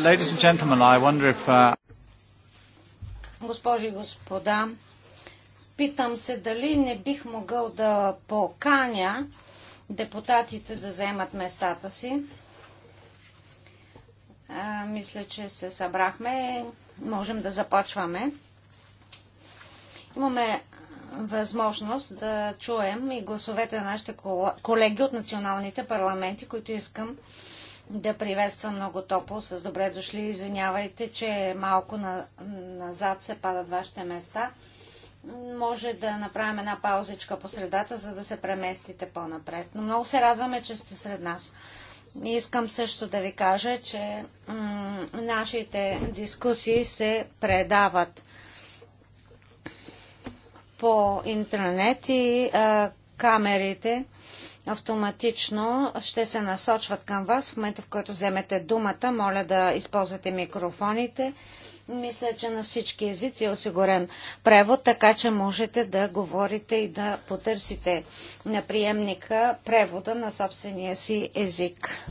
Ladies and gentlemen, I wonder if... Госпожи и господа, Питам се дали не бих могъл да поканя депутатите да заемат местата си. А, мисля, че се събрахме. Можем да започваме. Имаме възможност да чуем и гласовете на нашите колеги от националните парламенти, които искам да приветствам много топло. С добре дошли. Извинявайте, че малко назад се падат вашите места може да направим една паузичка по средата, за да се преместите по-напред. Но много се радваме, че сте сред нас. Искам също да ви кажа, че нашите дискусии се предават по интернет и а, камерите автоматично ще се насочват към вас. В момента, в който вземете думата, моля да използвате микрофоните. Мисля, че на всички езици е осигурен превод, така че можете да говорите и да потърсите на приемника превода на собствения си език.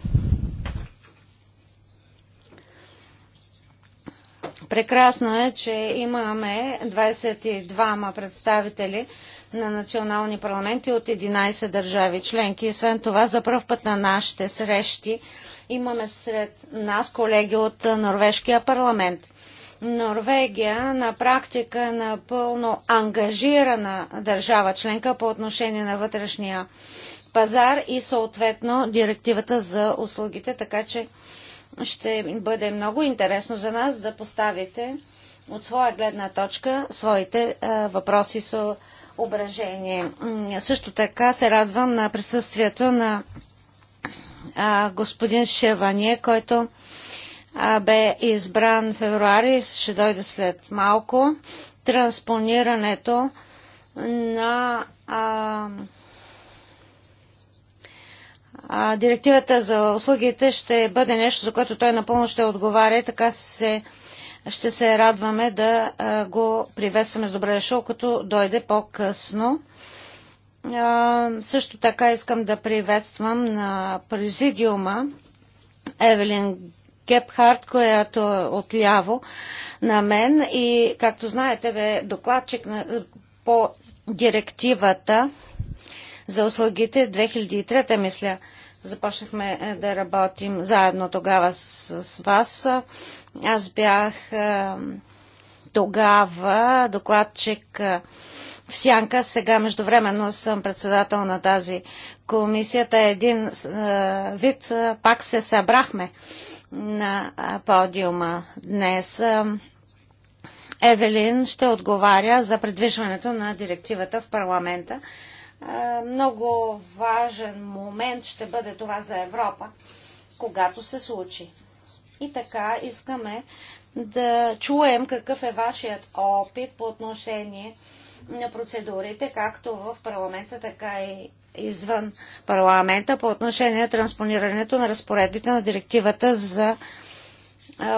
Прекрасно е, че имаме 22 представители на национални парламенти от 11 държави членки. Освен това, за първ път на нашите срещи имаме сред нас колеги от Норвежкия парламент. Норвегия на практика е напълно ангажирана държава членка по отношение на вътрешния пазар и съответно директивата за услугите, така че ще бъде много интересно за нас да поставите от своя гледна точка своите а, въпроси с ображение. Също така се радвам на присъствието на а, господин Шевание, който бе избран в февруари, ще дойде след малко, транспонирането на а, а, директивата за услугите ще бъде нещо, за което той напълно ще отговаря. Така се, ще се радваме да а, го приветстваме с добре шоу, като дойде по-късно. също така искам да приветствам на президиума Евелин Гепхарт, която е отляво на мен и, както знаете, бе докладчик по директивата за услугите 2003, мисля. Започнахме е, да работим заедно тогава с, с вас. Аз бях е, тогава докладчик е, в Сянка. Сега междувременно съм председател на тази комисията. Един вид пак се събрахме на подиума днес. Евелин ще отговаря за предвижването на директивата в парламента. Много важен момент ще бъде това за Европа, когато се случи. И така искаме да чуем какъв е вашият опит по отношение на процедурите, както в парламента, така и извън парламента по отношение на транспонирането на разпоредбите на директивата за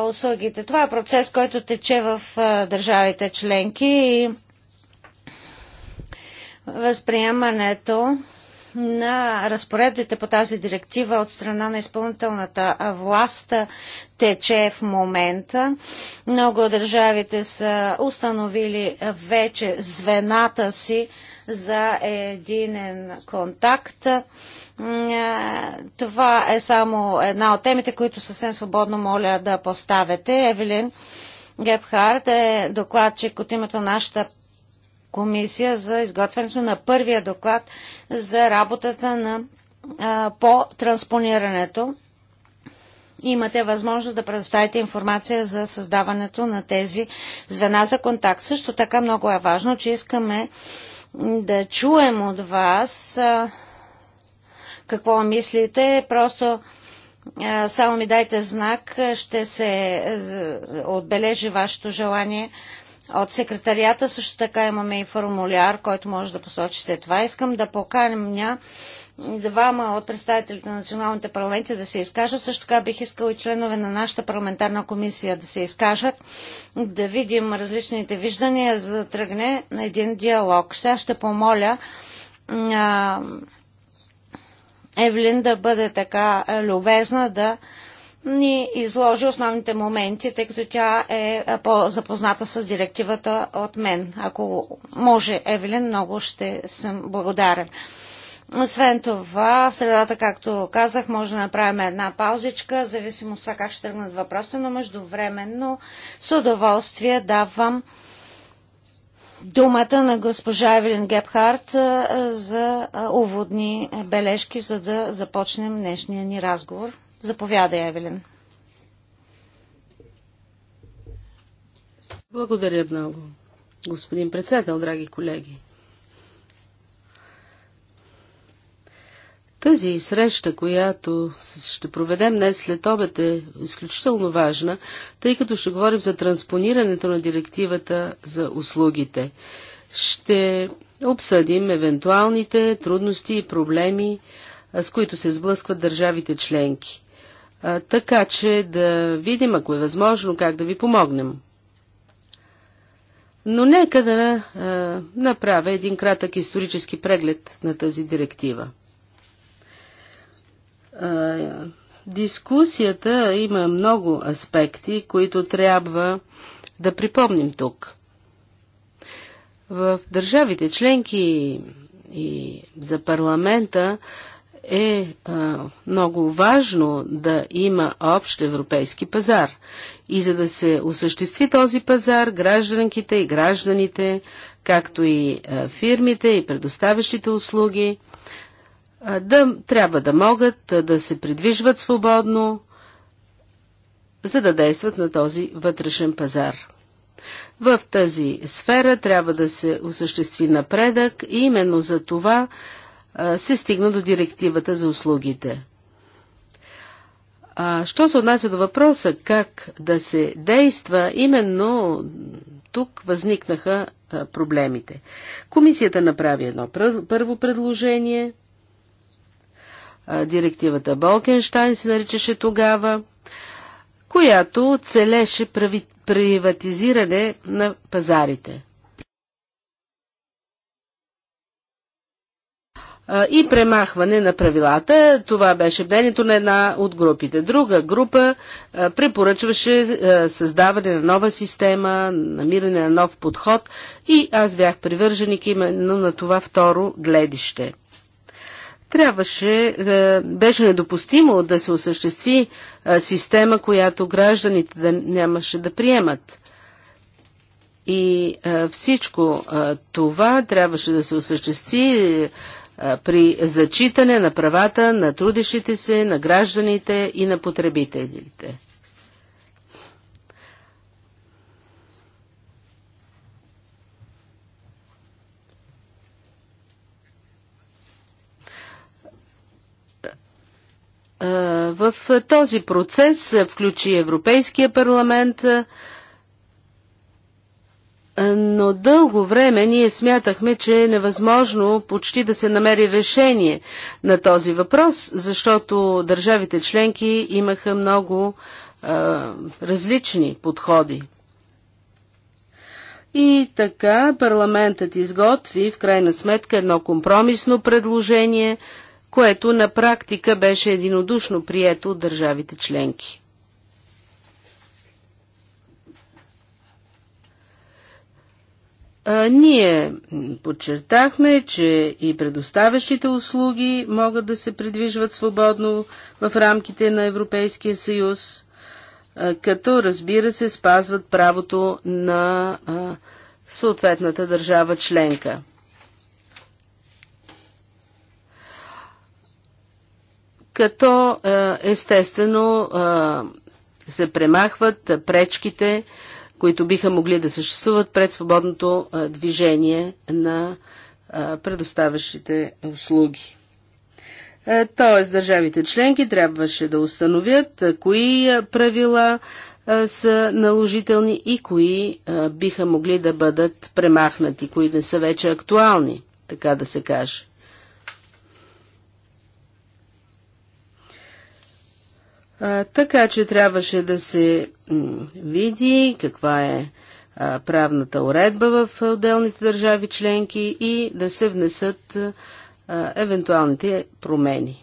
услугите. Това е процес, който тече в държавите членки и възприемането на разпоредбите по тази директива от страна на изпълнителната власт тече в момента. Много държавите са установили вече звената си за единен контакт. Е, това е само една от темите, които съвсем свободно моля да поставяте. Евелин Гепхард е докладчик от името на нашата комисия за изготвянето на първия доклад за работата на, а, по транспонирането. Имате възможност да предоставите информация за създаването на тези звена за контакт. Също така много е важно, че искаме да чуем от вас какво мислите. Просто само ми дайте знак, ще се отбележи вашето желание от секретарията също така имаме и формуляр, който може да посочите това. Искам да поканя двама от представителите на националните парламенти да се изкажат. Също така бих искал и членове на нашата парламентарна комисия да се изкажат, да видим различните виждания, за да тръгне един диалог. Сега ще помоля а, Евлин да бъде така любезна да ни изложи основните моменти, тъй като тя е, е по-запозната с директивата от мен. Ако може, Евелин, много ще съм благодарен. Освен това, в средата, както казах, може да направим една паузичка, зависимо от това как ще тръгнат въпроса, но междувременно с удоволствие давам думата на госпожа Евелин Гепхарт е, за е, уводни бележки, за да започнем днешния ни разговор. Заповядай, Евелин. Благодаря много, господин председател, драги колеги. Тази среща, която ще проведем днес след обед е изключително важна, тъй като ще говорим за транспонирането на директивата за услугите. Ще обсъдим евентуалните трудности и проблеми, с които се сблъскват държавите членки така че да видим, ако е възможно, как да ви помогнем. Но нека да а, направя един кратък исторически преглед на тази директива. А, дискусията има много аспекти, които трябва да припомним тук. В държавите членки и за парламента е а, много важно да има общ европейски пазар. И за да се осъществи този пазар, гражданките и гражданите, както и а, фирмите и предоставящите услуги, а, да, трябва да могат а, да се придвижват свободно, за да действат на този вътрешен пазар. В тази сфера трябва да се осъществи напредък и именно за това се стигна до директивата за услугите. А, що се отнася до въпроса как да се действа, именно тук възникнаха а, проблемите. Комисията направи едно първо предложение. А, директивата Болкенштайн се наричаше тогава, която целеше прави, приватизиране на пазарите. и премахване на правилата. Това беше мнението на една от групите. Друга група препоръчваше създаване на нова система, намиране на нов подход и аз бях привърженик именно на това второ гледище. Трябваше, беше недопустимо да се осъществи система, която гражданите да нямаше да приемат. И всичко това трябваше да се осъществи при зачитане на правата на трудещите се, на гражданите и на потребителите. В този процес включи Европейския парламент, е, но дълго време ние смятахме, че е невъзможно почти да се намери решение на този въпрос, защото държавите членки имаха много а, е, различни подходи. И така парламентът изготви в крайна сметка едно компромисно предложение, което на практика беше единодушно прието от държавите членки. А, ние подчертахме, че и предоставящите услуги могат да се придвижват свободно в рамките на Европейския съюз, а, като разбира се спазват правото на а, съответната държава членка. Като естествено се премахват пречките, които биха могли да съществуват пред свободното движение на предоставящите услуги. Тоест, държавите членки трябваше да установят кои правила са наложителни и кои биха могли да бъдат премахнати, кои не са вече актуални, така да се каже. А, така че трябваше да се види каква е а, правната уредба в отделните държави членки и да се внесат а, евентуалните промени.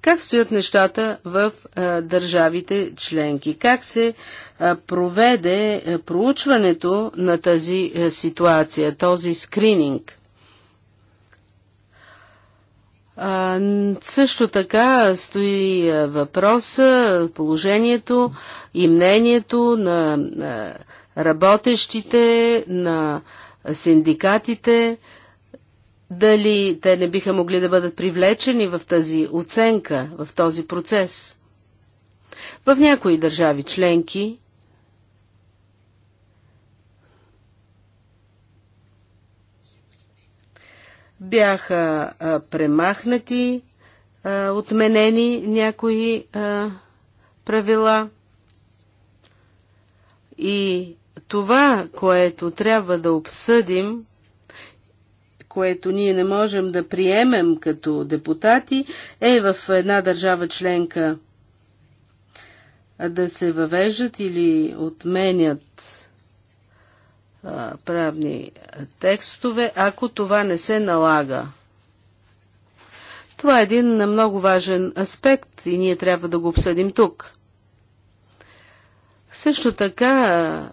Как стоят нещата в а, държавите членки? Как се а, проведе а, проучването на тази а, ситуация, този скрининг? А, също така стои въпроса, положението и мнението на, на работещите, на синдикатите, дали те не биха могли да бъдат привлечени в тази оценка, в този процес. В някои държави членки бяха премахнати, отменени някои правила. И това, което трябва да обсъдим, което ние не можем да приемем като депутати, е в една държава членка да се въвеждат или отменят правни текстове, ако това не се налага. Това е един много важен аспект и ние трябва да го обсъдим тук. Също така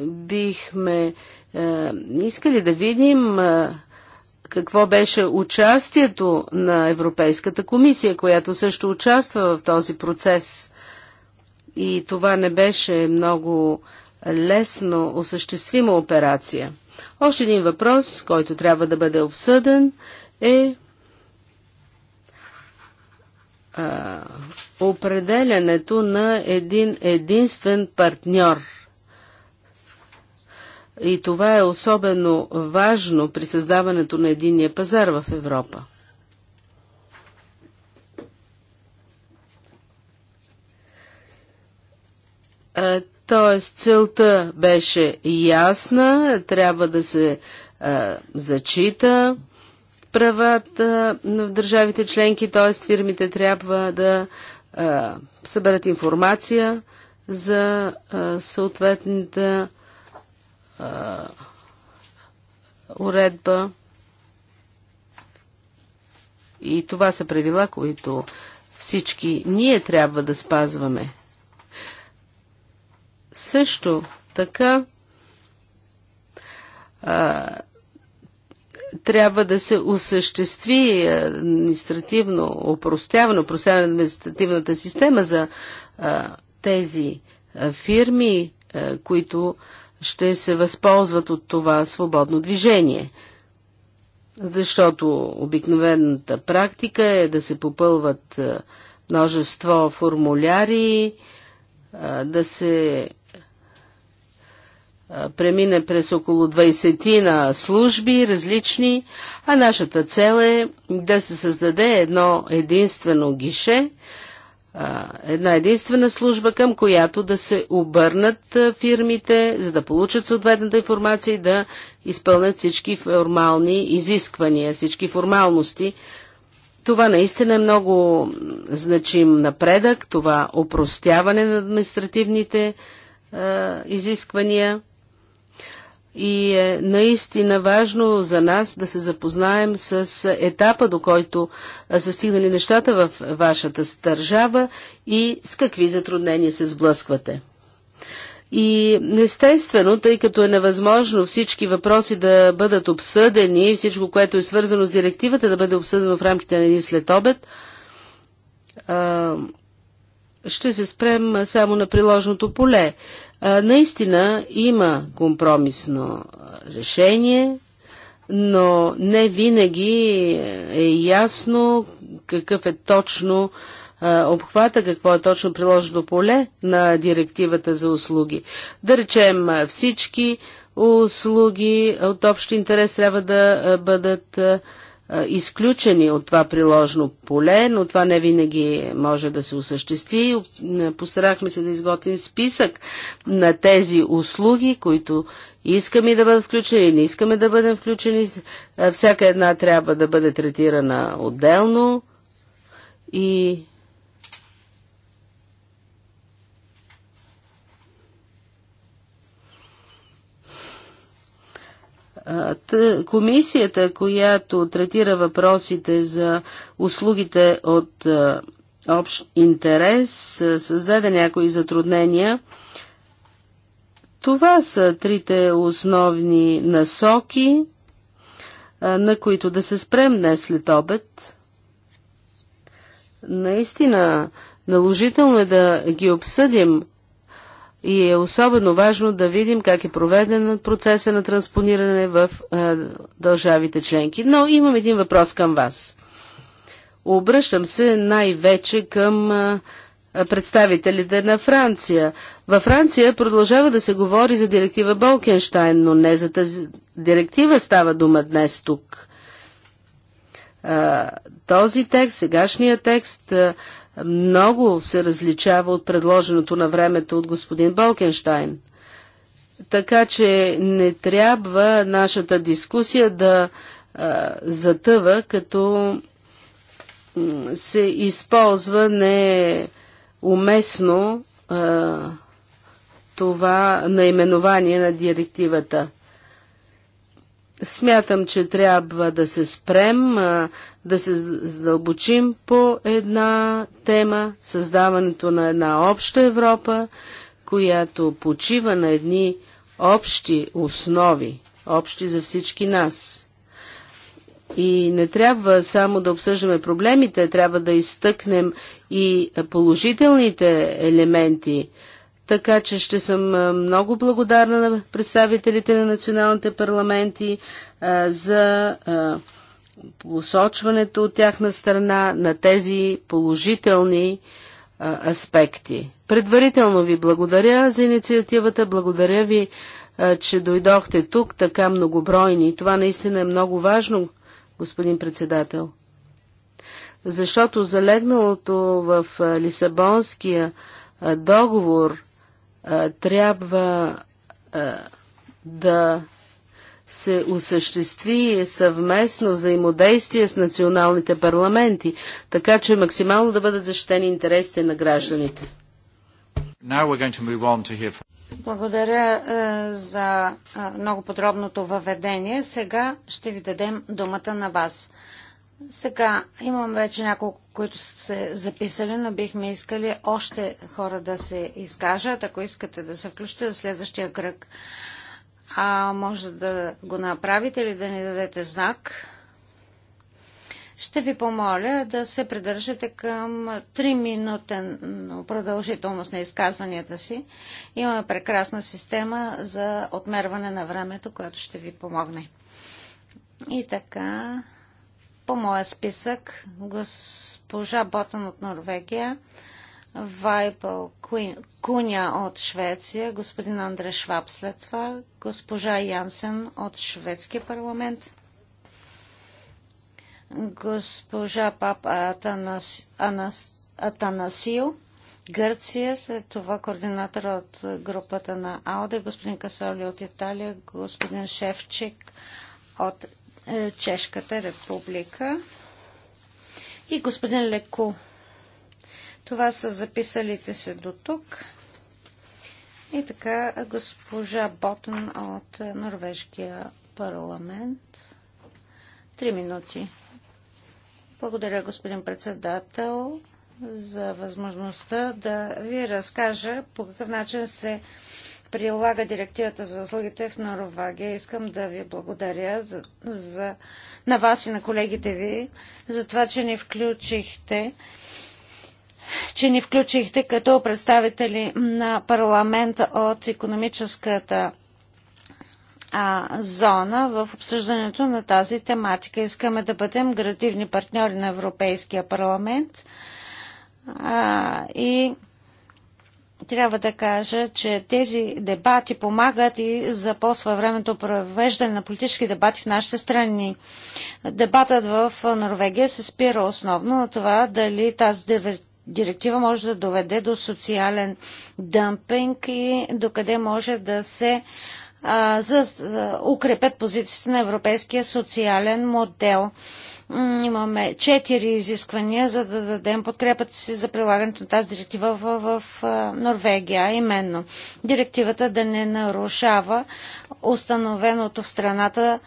бихме е, искали да видим е, какво беше участието на Европейската комисия, която също участва в този процес. И това не беше много лесно осъществима операция. Още един въпрос, който трябва да бъде обсъден е а, определянето на един единствен партньор. И това е особено важно при създаването на единния пазар в Европа. Тоест, целта беше ясна, трябва да се а, зачита правата в държавите членки, т.е. фирмите трябва да а, съберат информация за а, съответната а, уредба. И това са правила, които всички ние трябва да спазваме. Също така а, трябва да се осъществи административно опростяване, опростяване на административната система за а, тези а, фирми, а, които ще се възползват от това свободно движение. Защото обикновената практика е да се попълват множество формуляри, да се премине през около 20 на служби различни, а нашата цел е да се създаде едно единствено гише, една единствена служба, към която да се обърнат фирмите, за да получат съответната информация и да изпълнят всички формални изисквания, всички формалности. Това наистина е много значим напредък, това опростяване на административните изисквания. И е наистина важно за нас да се запознаем с етапа, до който са стигнали нещата в вашата държава и с какви затруднения се сблъсквате. И естествено, тъй като е невъзможно всички въпроси да бъдат обсъдени, всичко, което е свързано с директивата, да бъде обсъдено в рамките на един след обед, ще се спрем само на приложното поле. Наистина има компромисно решение, но не винаги е ясно какъв е точно обхвата, какво е точно приложено поле на директивата за услуги. Да речем всички услуги от общ интерес трябва да бъдат е, изключени от това приложно поле, но това не винаги може да се осъществи. Е, постарахме се да изготвим списък на тези услуги, които искаме да бъдат включени, не искаме да бъдем включени. Е, всяка една трябва да бъде третирана отделно и Комисията, която третира въпросите за услугите от общ интерес, създаде някои затруднения. Това са трите основни насоки, на които да се спрем днес след обед. Наистина, наложително е да ги обсъдим и е особено важно да видим как е проведен процеса на транспониране в а, е, държавите членки. Но имам един въпрос към вас. Обръщам се най-вече към а, е, представителите на Франция. Във Франция продължава да се говори за директива Болкенштайн, но не за тази директива става дума днес тук. А, е, този текст, сегашният текст много се различава от предложеното на времето от господин Болкенштайн. Така че не трябва нашата дискусия да а, затъва, като се използва неуместно а, това наименование на директивата. Смятам, че трябва да се спрем а, да се задълбочим по една тема, създаването на една обща Европа, която почива на едни общи основи, общи за всички нас. И не трябва само да обсъждаме проблемите, трябва да изтъкнем и положителните елементи. Така че ще съм много благодарна на представителите на националните парламенти а, за а, посочването от тяхна страна на тези положителни а, аспекти. Предварително ви благодаря за инициативата, благодаря ви, а, че дойдохте тук така многобройни. Това наистина е много важно, господин председател. Защото залегналото в а, Лисабонския договор трябва да се осъществи съвместно взаимодействие с националните парламенти, така че максимално да бъдат защитени интересите на гражданите. Благодаря е, за е, много подробното въведение. Сега ще ви дадем думата на вас. Сега имам вече няколко, които се записали, но бихме искали още хора да се изкажат, ако искате да се включите за следващия кръг а може да го направите или да ни дадете знак. Ще ви помоля да се придържате към 3-минутен продължителност на изказванията си. Имаме прекрасна система за отмерване на времето, което ще ви помогне. И така, по моя списък, госпожа Ботан от Норвегия, Вайпъл Куня от Швеция, господин Андре Шваб след това, госпожа Янсен от Шведския парламент, госпожа Пап Атанас, Атанасио, Гърция, след това координатор от групата на АОДЕ, господин Касоли от Италия, господин Шевчик от е, Чешката република и господин Леко това са записалите се до тук. И така, госпожа Ботън от Норвежкия парламент. Три минути. Благодаря, господин председател, за възможността да ви разкажа по какъв начин се прилага директивата за услугите в Норвегия. Искам да ви благодаря за, за, на вас и на колегите ви за това, че ни включихте че ни включихте като представители на парламент от економическата зона в обсъждането на тази тематика. Искаме да бъдем градивни партньори на Европейския парламент и трябва да кажа, че тези дебати помагат и за по-своевременното провеждане на политически дебати в нашите страни. Дебатът в Норвегия се спира основно на това дали тази директива може да доведе до социален дъмпинг и докъде може да се а, за, а, укрепят позициите на европейския социален модел. Имаме четири изисквания, за да дадем подкрепата си за прилагането на тази директива в, в, в Норвегия, именно директивата да не нарушава установеното в страната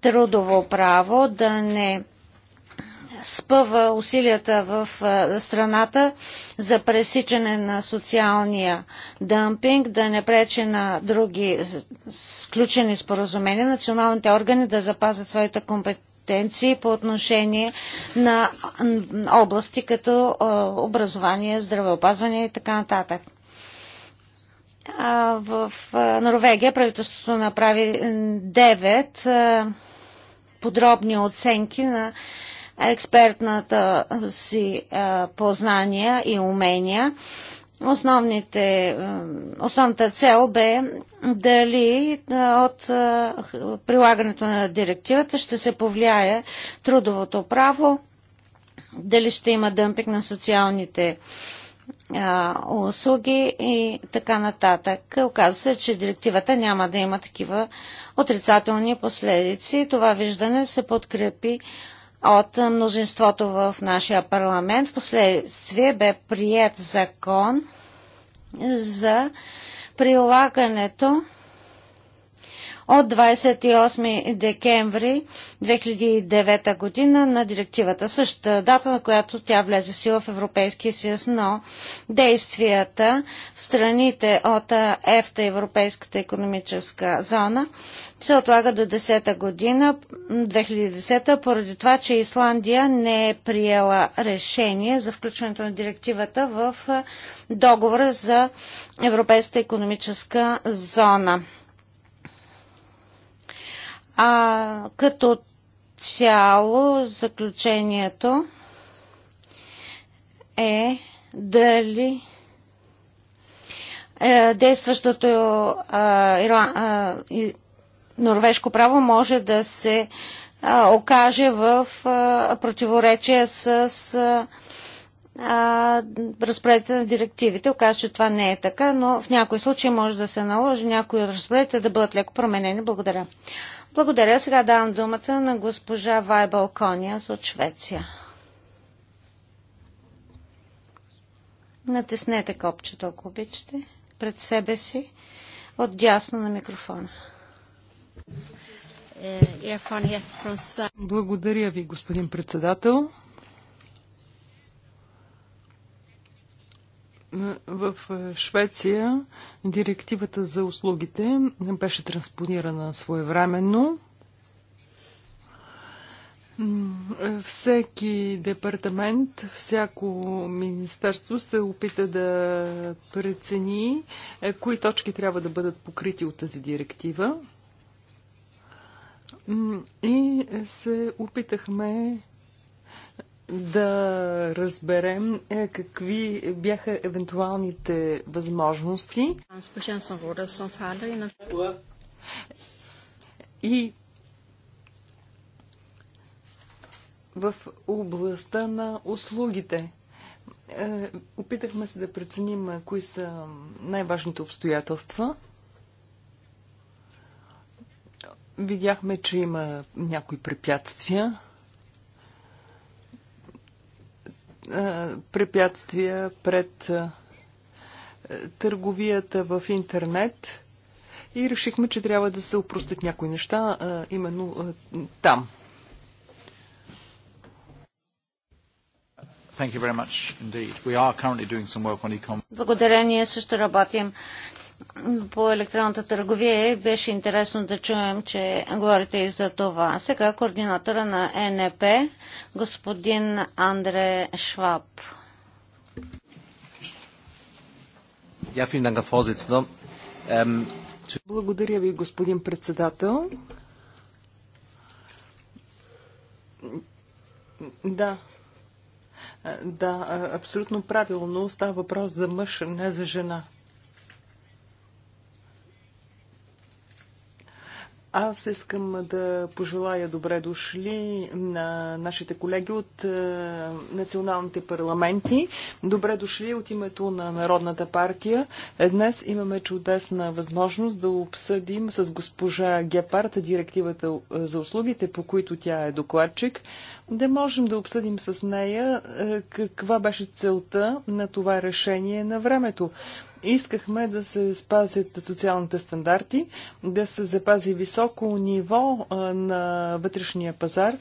трудово право, да не спъва усилията в страната за пресичане на социалния дъмпинг, да не пречи на други сключени споразумения, националните органи да запазят своите компетенции по отношение на области като образование, здравеопазване и така нататък в Норвегия правителството направи 9 подробни оценки на експертната си познания и умения. Основните, основната цел бе дали от прилагането на директивата ще се повлияе трудовото право, дали ще има дъмпинг на социалните услуги и така нататък. Оказва се, че директивата няма да има такива отрицателни последици. Това виждане се подкрепи от мнозинството в нашия парламент. Впоследствие бе прият закон за прилагането от 28 декември 2009 година на директивата. Същата дата, на която тя влезе в сила в Европейския съюз, но действията в страните от ЕФТА, Европейската економическа зона, се отлага до 10 година, 2010, поради това, че Исландия не е приела решение за включването на директивата в договора за Европейската економическа зона. А, като цяло заключението е дали е, действащото е, е, е, норвежко право може да се окаже в противоречие с разпределите на директивите. Оказва, че това не е така, но в някои случаи може да се наложи някои разпределите да бъдат леко променени. Благодаря. Благодаря. Сега давам думата на госпожа Вайбъл Коняс от Швеция. Натиснете копчето, ако обичате, пред себе си, от дясно на микрофона. Е, Благодаря ви, господин председател. В е, Швеция директивата за услугите беше транспонирана своевременно. Всеки департамент, всяко министерство се опита да прецени е, кои точки трябва да бъдат покрити от тази директива. И се опитахме да разберем е, какви бяха евентуалните възможности. И в областта на услугите. Е, опитахме се да преценим е, кои са най-важните обстоятелства. Видяхме, че има някои препятствия. препятствия пред търговията в интернет и решихме, че трябва да се упростят някои неща именно там. Благодаря, ние също работим по електронната търговия е, беше интересно да чуем, че говорите и за това. Сега координатора на НП, господин Андре Шваб. Ähm, Благодаря ви, господин председател. Да. Е, да, е, абсолютно правилно. Става въпрос за мъж, не за жена. Аз искам да пожелая добре дошли на нашите колеги от е, националните парламенти. Добре дошли от името на Народната партия. Днес имаме чудесна възможност да обсъдим с госпожа Гепард директивата е, за услугите, по които тя е докладчик. Да можем да обсъдим с нея е, каква беше целта на това решение на времето. Искахме да се спазят социалните стандарти, да се запази високо ниво на вътрешния пазар,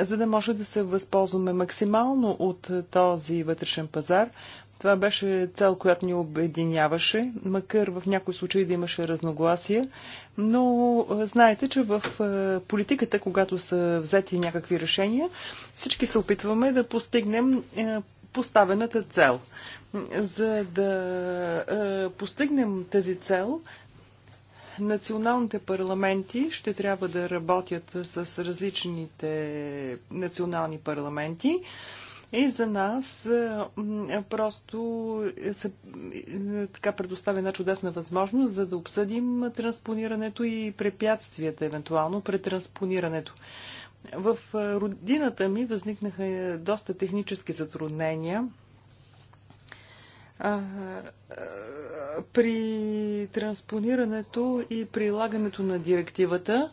за да може да се възползваме максимално от този вътрешен пазар. Това беше цел, която ни обединяваше, макар в някои случаи да имаше разногласия. Но знаете, че в политиката, когато са взети някакви решения, всички се опитваме да постигнем поставената цел. За да е, постигнем тази цел, националните парламенти ще трябва да работят с различните национални парламенти. И за нас е, просто се, е, така предоставя една чудесна възможност, за да обсъдим транспонирането и препятствията, евентуално, пред транспонирането. В родината ми възникнаха доста технически затруднения при транспонирането и прилагането на директивата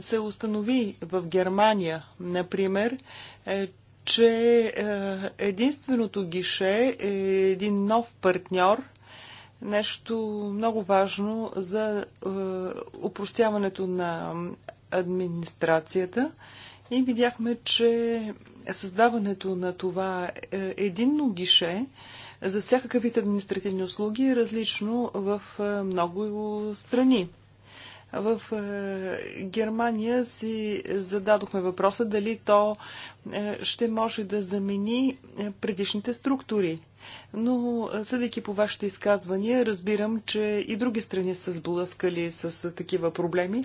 се установи в Германия, например, е, че е, единственото гише е един нов партньор, нещо много важно за е, упростяването на администрацията. И видяхме, че създаването на това единно гише за всякакъв вид административни услуги е различно в е, много страни. В е, Германия си зададохме въпроса дали то е, ще може да замени предишните структури. Но, съдейки по вашите изказвания, разбирам, че и други страни са сблъскали с такива проблеми.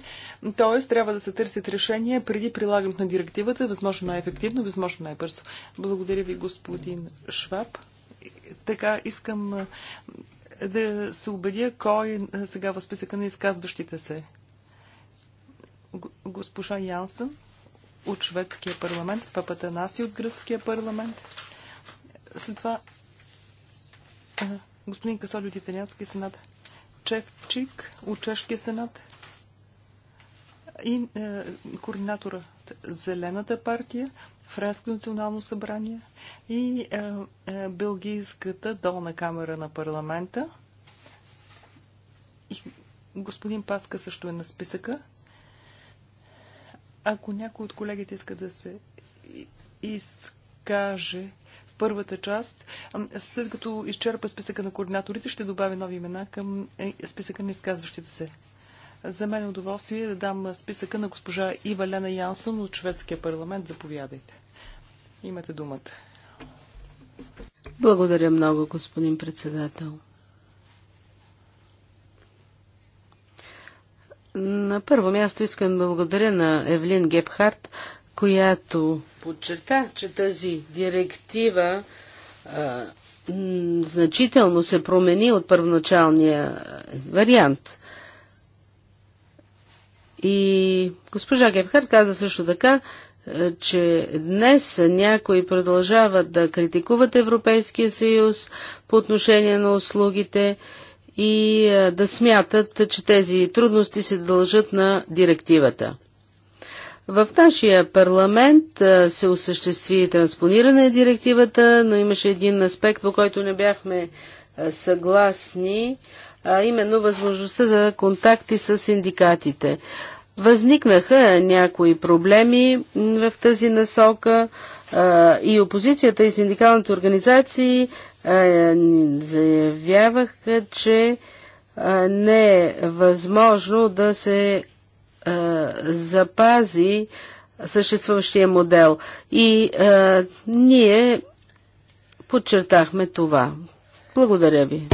Тоест, трябва да се търсят решения преди прилагането на директивата, възможно най-ефективно, възможно най-бързо. Благодаря ви, господин Шваб така искам да се убедя кой е сега в списъка на изказващите се. Госпожа Янсън от шведския парламент, папата Наси от гръцкия парламент. След това господин Касоли от италианския сенат, Чевчик от чешкия сенат и е, координатора Зелената партия Френско национално събрание и е, е, Белгийската долна камера на парламента. И господин Паска също е на списъка. Ако някой от колегите иска да се изкаже в първата част, след като изчерпа списъка на координаторите, ще добавя нови имена към е, списъка на изказващите се. За мен е удоволствие да дам списъка на госпожа Ива Лена Янсън от Шведския парламент. Заповядайте. Имате думата. Благодаря много, господин председател. На първо място искам да благодаря на Евлин Гепхарт, която подчерта, че тази директива а, значително се промени от първоначалния вариант. И госпожа Гепхарт каза също така, е, че днес някои продължават да критикуват Европейския съюз по отношение на услугите и е, да смятат, че тези трудности се дължат на директивата. В нашия парламент е, се осъществи транспониране на директивата, но имаше един аспект, по който не бяхме съгласни, а именно възможността за контакти с синдикатите. Възникнаха някои проблеми в тази насока и опозицията и синдикалните организации заявяваха, че не е възможно да се запази съществуващия модел. И ние подчертахме това. Благодаря ви.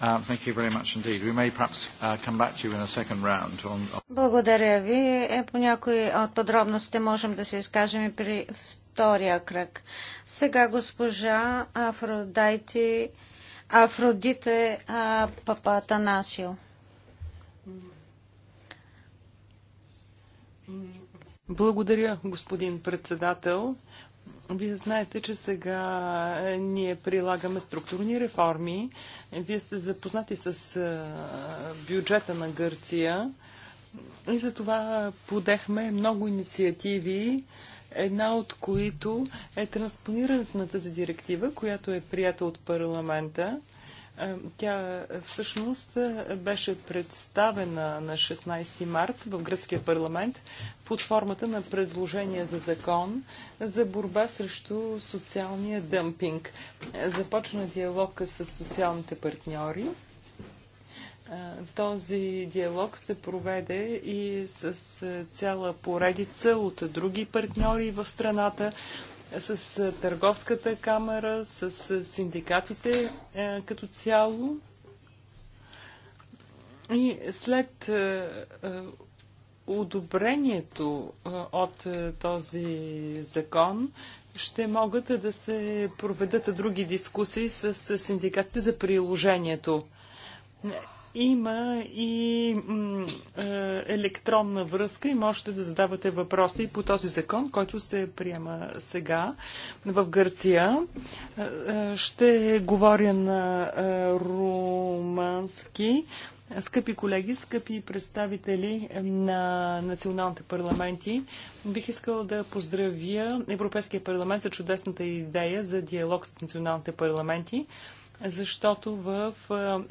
Uh, thank you very much indeed. We may perhaps uh, come back to you in a second round on... Благодаря ви. Е, по някои от подробностите можем да се изкажем и при втория кръг. Сега госпожа Афродайте, Афродите Папатанасио. Благодаря, господин председател. Вие знаете, че сега е, ние прилагаме структурни реформи. Вие сте запознати с е, бюджета на Гърция и за това подехме много инициативи, една от които е транспонирането на тази директива, която е прията от парламента. Е, тя всъщност беше представена на 16 март в гръцкия парламент под формата на предложение за закон за борба срещу социалния дъмпинг. Е, започна диалог с социалните партньори. Е, този диалог се проведе и с цяла поредица от други партньори в страната, с е, Търговската камера, с е, синдикатите е, като цяло. И след одобрението от този закон ще могат да се проведат други дискусии с синдикатите за приложението. Има и е, електронна връзка и можете да задавате въпроси по този закон, който се приема сега в Гърция. Е, е, ще говоря на румански. Скъпи колеги, скъпи представители на националните парламенти, бих искала да поздравя Европейския парламент за чудесната идея за диалог с националните парламенти защото в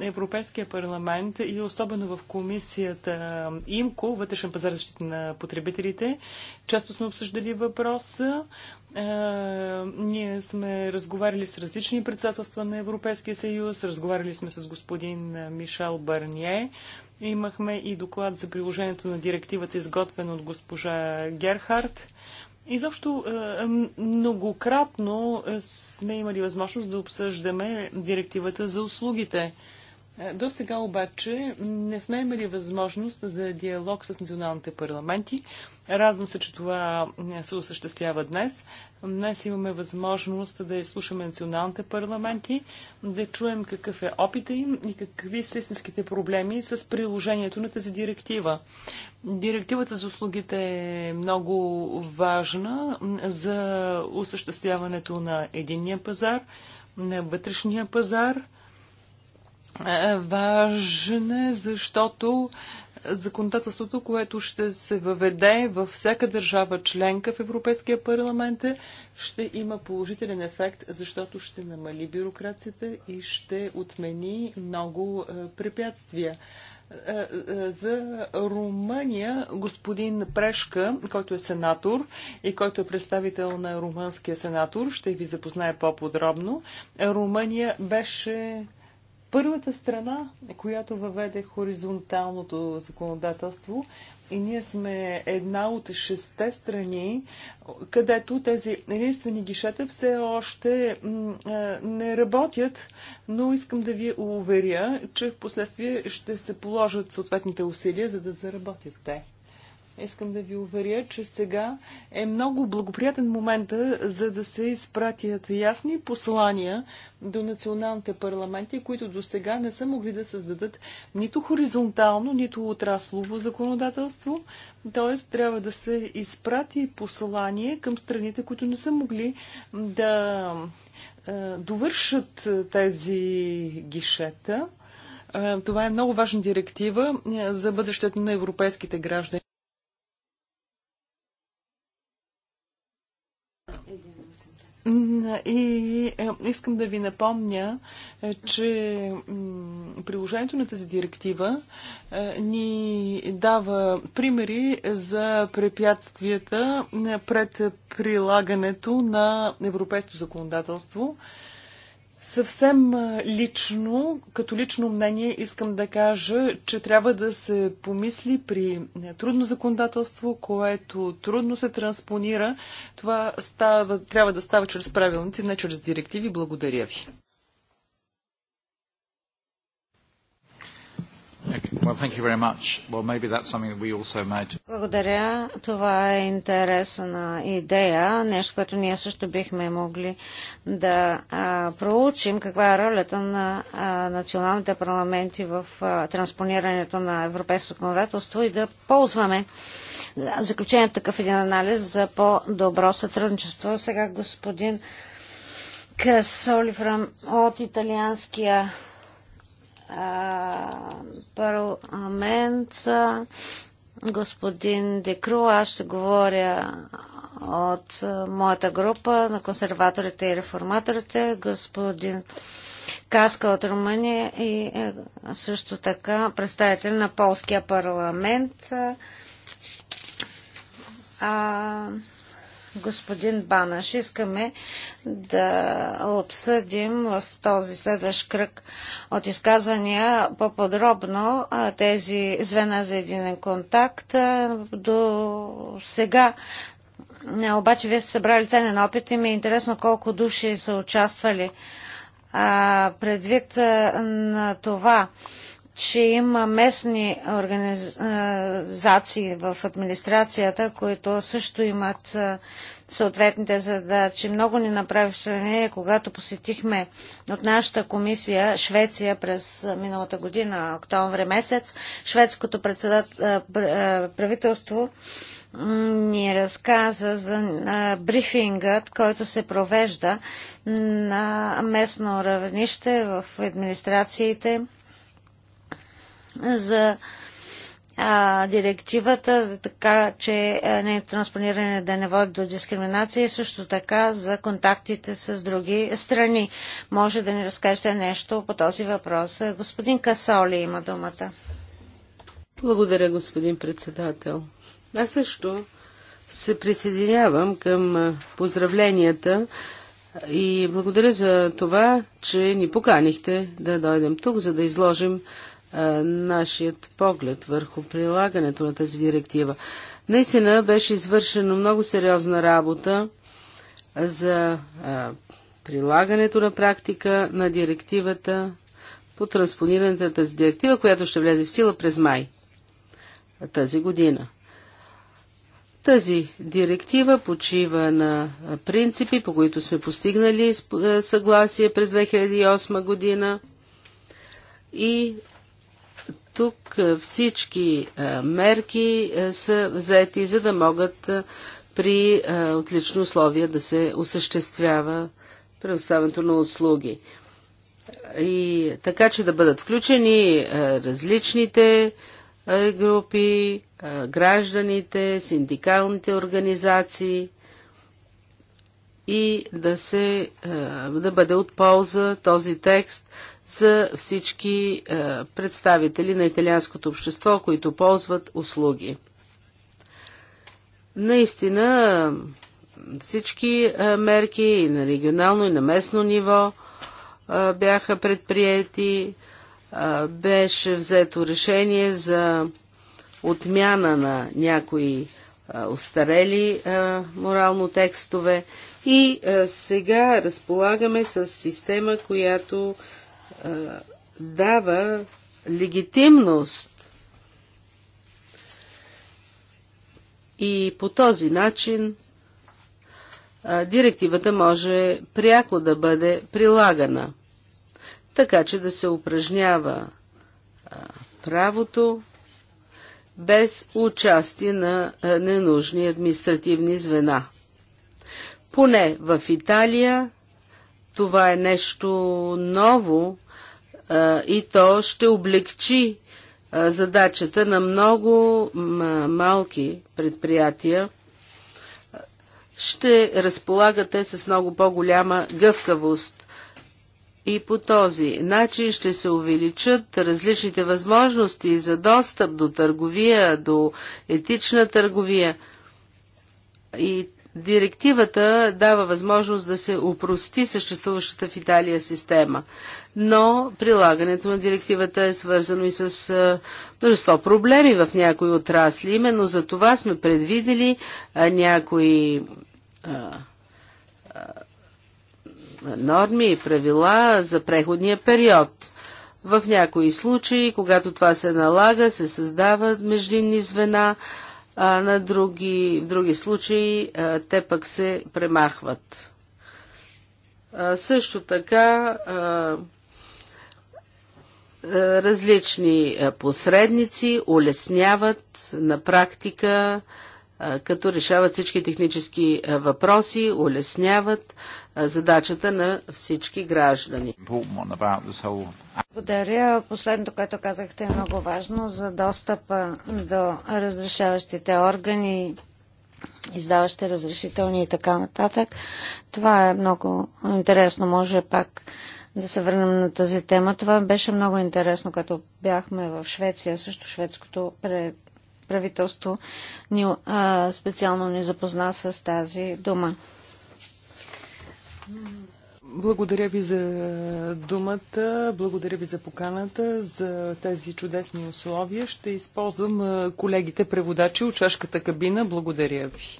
Европейския парламент и особено в комисията ИМКО, вътрешен пазар защита на потребителите, често сме обсъждали въпроса. ние сме разговаряли с различни председателства на Европейския съюз, разговаряли сме с господин Мишел Барние, имахме и доклад за приложението на директивата, изготвен от госпожа Герхард. Изобщо е, многократно е, сме имали възможност да обсъждаме директивата за услугите. Е, до сега обаче не сме имали възможност за диалог с националните парламенти. Радвам се, че това е, се осъществява днес. Днес имаме възможност да изслушаме националните парламенти, да чуем какъв е опита им и какви са истинските проблеми с приложението на тази директива. Директивата за услугите е много важна за осъществяването на единния пазар, на вътрешния пазар – е, важен, е, защото законодателството, което ще се въведе във всяка държава членка в Европейския парламент, ще има положителен ефект, защото ще намали бюрокрацията и ще отмени много е, препятствия. За Румъния господин Прешка, който е сенатор и който е представител на румънския сенатор, ще ви запознае по-подробно. Румъния беше първата страна, която въведе хоризонталното законодателство и ние сме една от шесте страни, където тези единствени гишета все още не работят, но искам да ви уверя, че в последствие ще се положат съответните усилия, за да заработят те. Искам да ви уверя, че сега е много благоприятен момент, за да се изпратят ясни послания до националните парламенти, които до сега не са могли да създадат нито хоризонтално, нито отраслово законодателство. Т.е. трябва да се изпрати послание към страните, които не са могли да е, довършат тези гишета. Е, това е много важна директива е, за бъдещето на европейските граждани. И е, искам да ви напомня, е, че приложението на тази директива е, ни дава примери за препятствията пред прилагането на европейското законодателство. Съвсем лично, като лично мнение, искам да кажа, че трябва да се помисли при е, трудно законодателство, което трудно се транспонира. Това става, трябва да става чрез правилници, не чрез директиви. Благодаря ви. Благодаря. Това е интересна идея. Нещо, което ние също бихме могли да а, проучим. Каква е ролята на а, националните парламенти в а, транспонирането на европейското законодателство и да ползваме заключението такъв един анализ за по-добро сътрудничество. Сега господин Касоли от Италианския парламент. Господин Декру, аз ще говоря от моята група на консерваторите и реформаторите, господин Каска от Румъния и е, също така представител на полския парламент. А, господин Банаш. Искаме да обсъдим с този следващ кръг от изказвания по-подробно тези звена за един контакт. До сега обаче вие сте събрали ценен опит и ми е интересно колко души са участвали. предвид на това, че има местни организации в администрацията, които също имат съответните задачи. Много ни направи впечатление, когато посетихме от нашата комисия Швеция през миналата година, октомври месец. Шведското правителство ни разказа за брифингът, който се провежда на местно равнище в администрациите за а, директивата, така че нейното транспониране да не води до дискриминация и също така за контактите с други страни. Може да ни разкажете нещо по този въпрос. Господин Касоли има думата. Благодаря, господин председател. Аз също се присъединявам към поздравленията и благодаря за това, че ни поканихте да дойдем тук, за да изложим е, нашият поглед върху прилагането на тази директива. Наистина беше извършено много сериозна работа за е, прилагането на практика на директивата по транспонирането на тази директива, която ще влезе в сила през май тази година. Тази директива почива на принципи, по които сме постигнали е, съгласие през 2008 година и тук всички мерки са взети, за да могат при отлични условия да се осъществява предоставянето на услуги. И така, че да бъдат включени различните групи, гражданите, синдикалните организации и да, се, да бъде от полза този текст са всички е, представители на италианското общество, които ползват услуги. Наистина всички е, мерки и на регионално и на местно ниво е, бяха предприяти. Е, беше взето решение за отмяна на някои е, устарели е, морално текстове и сега разполагаме с система, която е, дава легитимност и по този начин е, директивата може пряко да бъде прилагана, така че да се упражнява е, правото без участие на ненужни административни звена. Поне в Италия това е нещо ново и то ще облегчи задачата на много малки предприятия. Ще разполагате с много по-голяма гъвкавост. И по този начин ще се увеличат различните възможности за достъп до търговия, до етична търговия. И Директивата дава възможност да се упрости съществуващата в Италия система, но прилагането на директивата е свързано и с множество проблеми в някои отрасли. Именно за това сме предвидели някои норми и правила за преходния период. В някои случаи, когато това се налага, се създават междинни звена, а на други, в други случаи а, те пък се премахват. А, също така а, различни посредници улесняват на практика като решават всички технически въпроси, улесняват задачата на всички граждани. Благодаря. Последното, което казахте е много важно за достъпа до разрешаващите органи, издаващи разрешителни и така нататък. Това е много интересно. Може пак да се върнем на тази тема. Това беше много интересно, като бяхме в Швеция, също шведското пред правителство ни, а, специално ни запозна с тази дума. Благодаря ви за думата, благодаря ви за поканата, за тези чудесни условия. Ще използвам колегите преводачи от чашката кабина. Благодаря ви.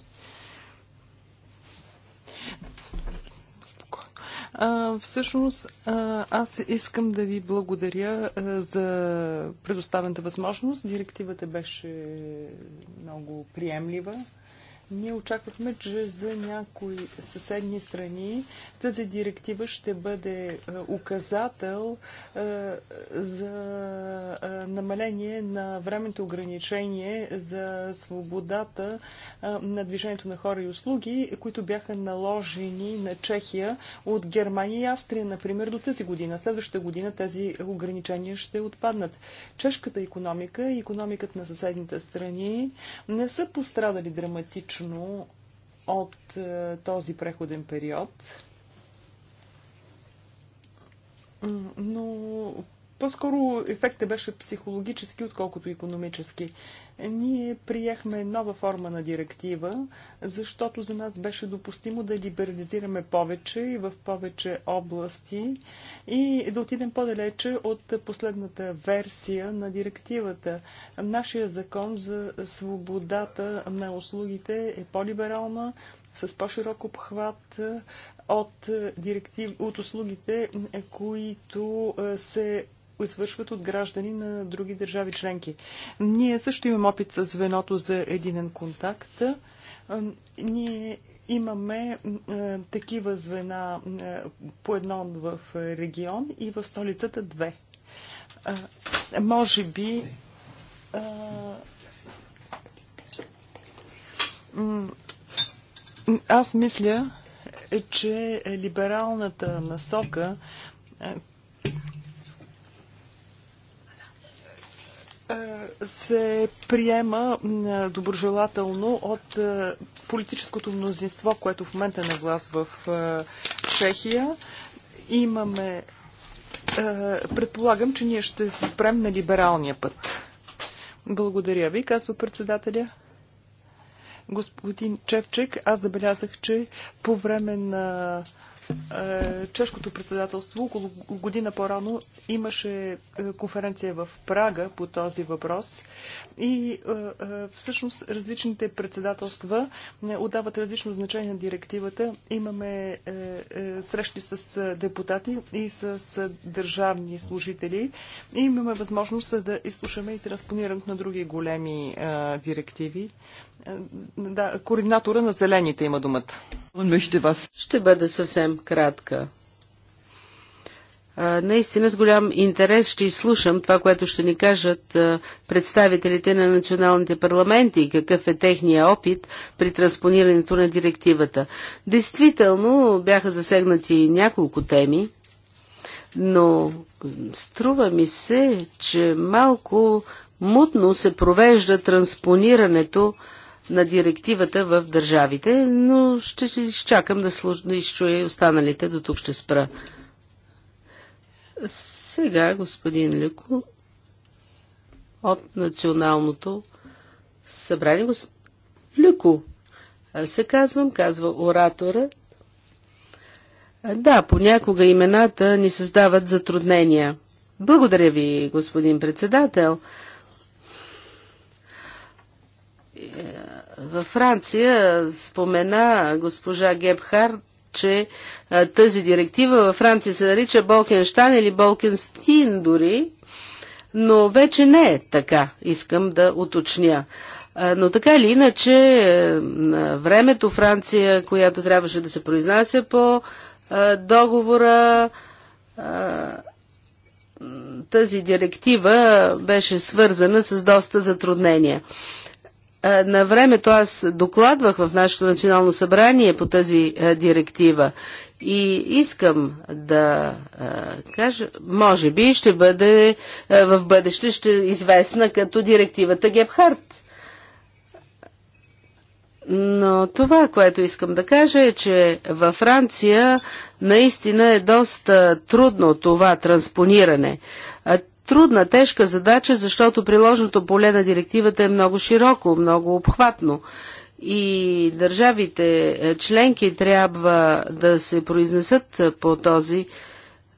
А, Всъщност, аз искам да ви благодаря за предоставената възможност. Директивата беше много приемлива. Ние очаквахме, че за някои съседни страни тази директива ще бъде е, указател е, за е, намаление на времето ограничение за свободата на движението на хора и услуги, които бяха наложени на Чехия от Германия и Австрия, например, до тази година. Следващата година тези ограничения ще отпаднат. Чешката економика и економиката на съседните страни не са пострадали драматично точно от е, този преходен период. Но по-скоро ефектът беше психологически, отколкото економически. Ние приехме нова форма на директива, защото за нас беше допустимо да либерализираме повече и в повече области и да отидем по-далече от последната версия на директивата. Нашия закон за свободата на услугите е по-либерална, с по-широк обхват, от, директив, от услугите, които е, се извършват от граждани на други държави членки. Ние също имаме опит с звеното за единен контакт. Ние имаме е, такива звена е, по едно в регион и в столицата две. Е, може би. Е, аз мисля, че либералната насока, се приема доброжелателно от е, политическото мнозинство, което в момента е на власт в е, Чехия. Имаме. Е, предполагам, че ние ще се спрем на либералния път. Благодаря ви, казва председателя. Господин Чевчек, аз забелязах, че по време на е, чешкото председателство около година по-рано имаше е, конференция в Прага по този въпрос и е, всъщност различните председателства отдават различно значение на директивата. Имаме срещи с депутати и с държавни служители и имаме възможност да изслушаме и транспонирането на други големи директиви. Да, координатора на зелените има думата. Ще бъда съвсем кратка. Наистина с голям интерес ще изслушам това, което ще ни кажат представителите на националните парламенти и какъв е техния опит при транспонирането на директивата. Действително бяха засегнати няколко теми, но струва ми се, че малко мутно се провежда транспонирането на директивата в държавите, но ще изчакам да, служ... да изчуя и останалите, до тук ще спра. Сега господин Люко от Националното събрание. Люко, се казвам, казва оратора. Да, понякога имената ни създават затруднения. Благодаря ви, господин председател. Във Франция спомена госпожа Гебхард, че а, тази директива във Франция се нарича Болкенштайн или Болкенстин дори, но вече не е така, искам да уточня. А, но така или иначе, е, на времето Франция, която трябваше да се произнася по а, договора, тази директива беше свързана с доста затруднения. На времето аз докладвах в нашето национално събрание по тази директива и искам да кажа, може би ще бъде в бъдеще ще известна като директивата Гебхарт. Но това, което искам да кажа е, че във Франция наистина е доста трудно това транспониране трудна, тежка задача, защото приложното поле на директивата е много широко, много обхватно. И държавите е, членки трябва да се произнесат е, по този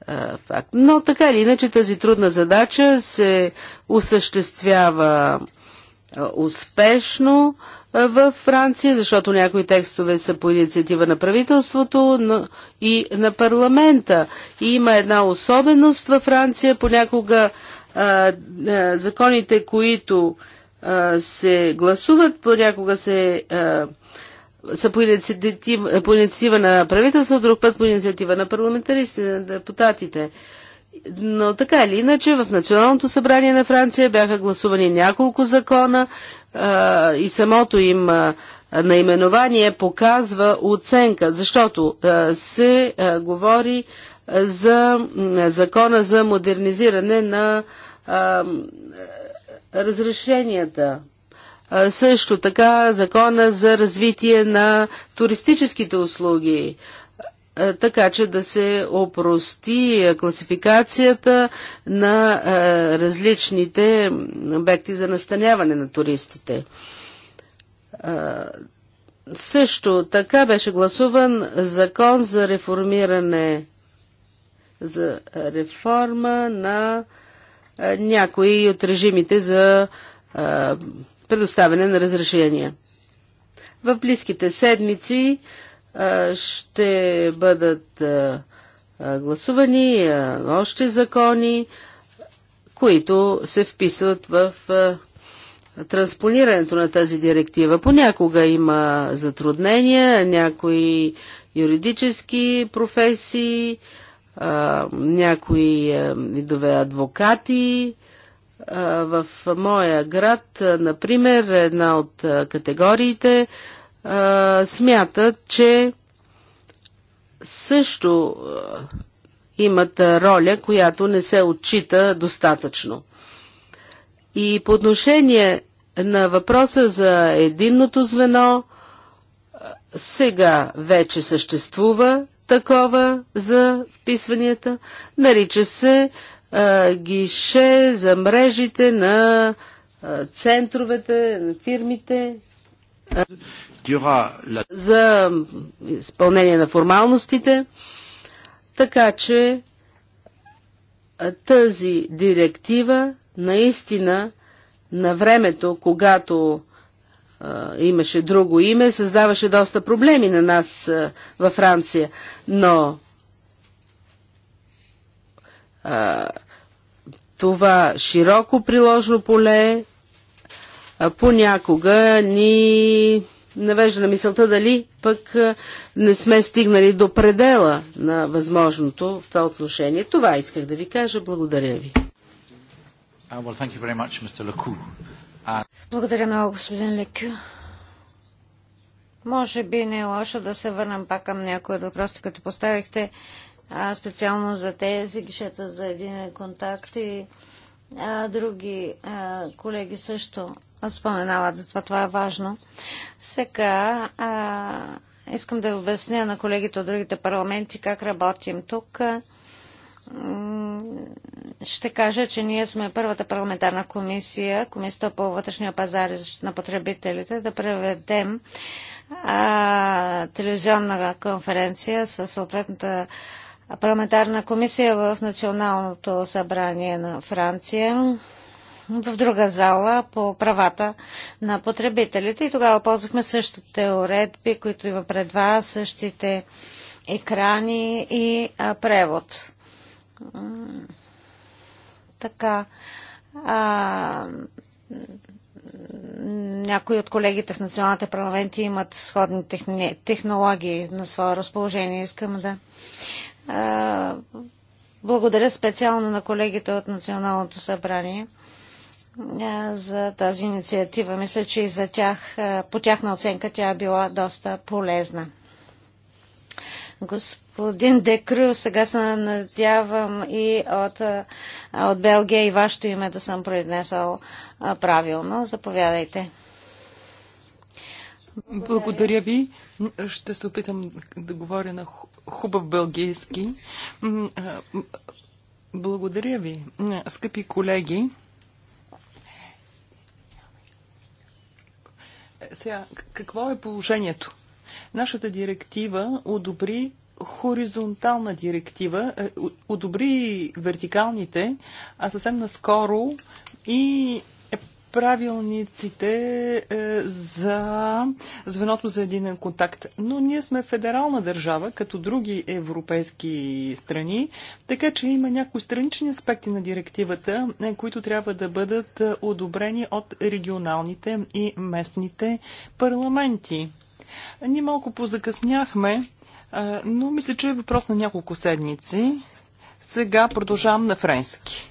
а, е, факт. Но така или иначе тази трудна задача се осъществява а, успешно. А, във Франция, защото някои текстове са по инициатива на правителството но и на парламента. И има една особеност във Франция. Понякога а, а, законите, които а, се гласуват, понякога се. А, са по инициатива, по инициатива на правителство, друг път по инициатива на парламентаристите, на депутатите. Но така или иначе, в Националното събрание на Франция бяха гласувани няколко закона, и самото им наименование показва оценка, защото се говори за закона за модернизиране на разрешенията. Също така закона за развитие на туристическите услуги. Е, така че да се опрости е, класификацията на е, различните обекти за настаняване на туристите. Също така беше гласуван закон за реформиране за реформа на някои от режимите за предоставяне на разрешения. В близките седмици ще бъдат гласувани още закони, които се вписват в транспонирането на тази директива. Понякога има затруднения, някои юридически професии, някои видове адвокати. В моя град, например, една от категориите а, смятат, че също а, имат роля, която не се отчита достатъчно. И по отношение на въпроса за единното звено, сега вече съществува такова за вписванията. Нарича се а, гише за мрежите на а, центровете, на фирмите за изпълнение на формалностите. Така че тази директива наистина на времето, когато а, имаше друго име, създаваше доста проблеми на нас а, във Франция. Но а, това широко приложно поле а, понякога ни навежда на мисълта дали пък не сме стигнали до предела на възможното в това отношение. Това исках да ви кажа. Благодаря ви. Uh, uh, Благодаря много, господин Лекю. Може би не е лошо да се върнем пак към някои от въпросите, поставихте, а, специално за тези гишета за един контакт и а, други а, колеги също споменават, затова това е важно. Сега а, искам да обясня на колегите от другите парламенти как работим тук. Ще кажа, че ние сме първата парламентарна комисия, комисията по вътрешния пазар и защита на потребителите, да преведем а, телевизионна конференция с съответната парламентарна комисия в Националното събрание на Франция в друга зала по правата на потребителите и тогава ползвахме същите уредби, които има пред вас, същите екрани и а, превод. Така. А, някои от колегите в националните парламенти имат сходни техни... технологии на свое разположение. Искам да а, благодаря специално на колегите от Националното събрание е, за тази инициатива. Мисля, че и за тях, е, по тяхна оценка тя е била доста полезна. Господин Декрю, сега се надявам и от, е, от Белгия и вашето име да съм произнесъл правилно. Заповядайте. Благодаря ви. Ще се опитам да говоря на хубав белгийски. Благодаря ви, скъпи колеги. Сега, какво е положението? Нашата директива одобри хоризонтална директива, е, одобри вертикалните, а съвсем наскоро и правилниците е, за звеното за един контакт. Но ние сме федерална държава, като други европейски страни, така че има някои странични аспекти на директивата, е, които трябва да бъдат е, одобрени от регионалните и местните парламенти. Ние малко позакъсняхме, но мисля, че е въпрос на няколко седмици. Сега продължавам на френски.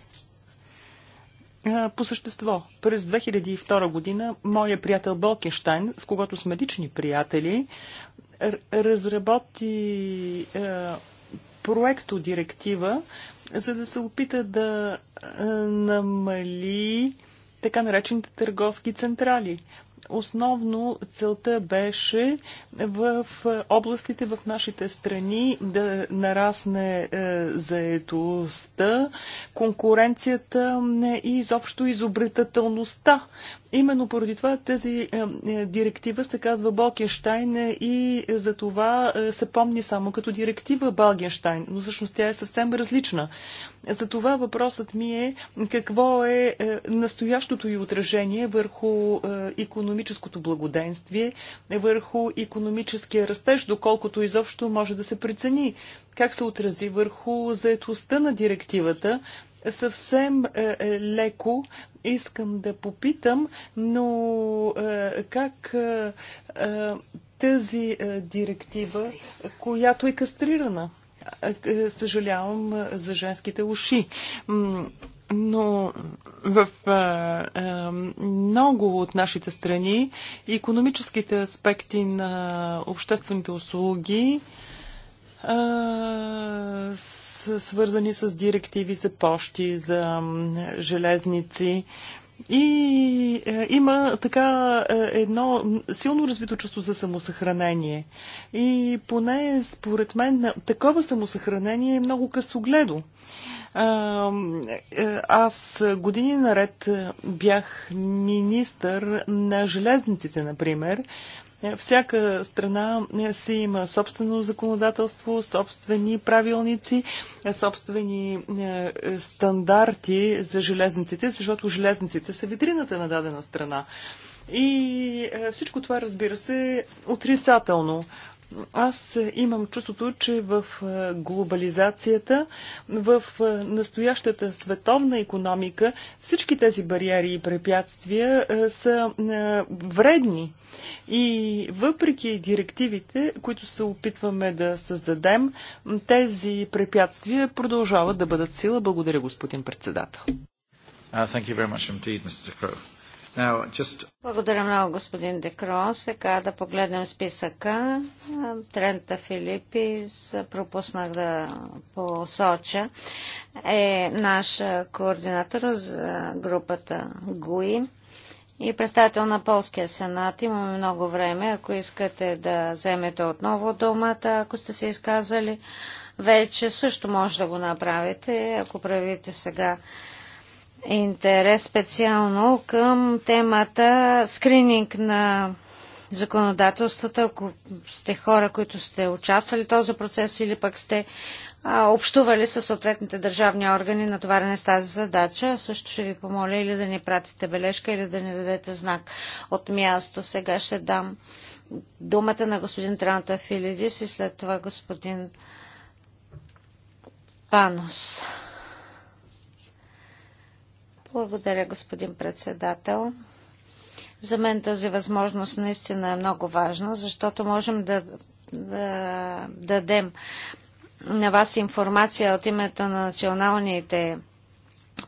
По същество, през 2002 година моя приятел Болкенштайн, с когато сме лични приятели, разработи проекто директива, за да се опита да намали така наречените търговски централи. Основно целта беше в областите в нашите страни да нарасне е, заетостта, конкуренцията е, и изобщо изобретателността Именно поради това тази е, е, директива се казва Балкенштайн и за това е, се помни само като директива Балкенштайн, но всъщност тя е съвсем различна. За това въпросът ми е какво е настоящото и отражение върху економическото благоденствие, върху економическия растеж, доколкото изобщо може да се прецени, как се отрази върху заетостта на директивата, съвсем е, е, леко искам да попитам, но е, как тази директива, която е кастрирана, съжалявам за женските уши, но в а, а, много от нашите страни економическите аспекти на обществените услуги а, свързани с директиви за пощи, за железници. И е, има така е, едно силно развито чувство за самосъхранение. И поне според мен такова самосъхранение е много късогледо. Е, е, аз години наред бях министър на железниците, например. Е, всяка страна е, си има собствено законодателство, собствени правилници, е, собствени стандарти за железниците, защото железниците са витрината на дадена страна. И всичко това, разбира се, отрицателно. Аз имам чувството, че в е, глобализацията, в е, настоящата световна економика, всички тези бариери и препятствия е, са вредни. И въпреки директивите, които се опитваме да създадем, тези препятствия продължават да бъдат сила. Благодаря, господин председател. Uh, thank you very much indeed, Mr. Crow. Благодаря много, господин Декро. Сега да погледнем списъка. Трента Филипис, пропуснах да посоча, е наш координатор за групата ГУИ и представител на Полския сенат. Имаме много време. Ако искате да вземете отново думата, ако сте се изказали, вече също може да го направите, ако правите сега интерес специално към темата скрининг на законодателствата, ако сте хора, които сте участвали в този процес или пък сте а, общували с съответните държавни органи, натоварени с тази задача. Също ще ви помоля или да ни пратите бележка, или да ни дадете знак от място. Сега ще дам думата на господин Транта Филидис и след това господин Панос. Благодаря, господин председател. За мен тази възможност наистина е много важна, защото можем да, да дадем на вас информация от името на националните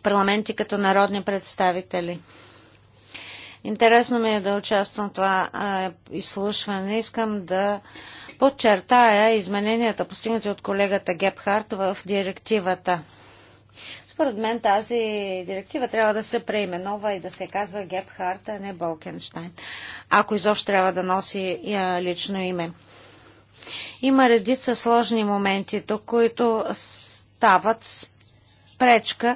парламенти като народни представители. Интересно ми е да участвам в това изслушване. Искам да подчертая измененията, постигнати от колегата Гепхарт в директивата – според мен тази директива трябва да се преименова и да се казва Гепхарт, а не Болкенштайн, ако изобщо трябва да носи лично име. Има редица сложни моменти тук, които стават с пречка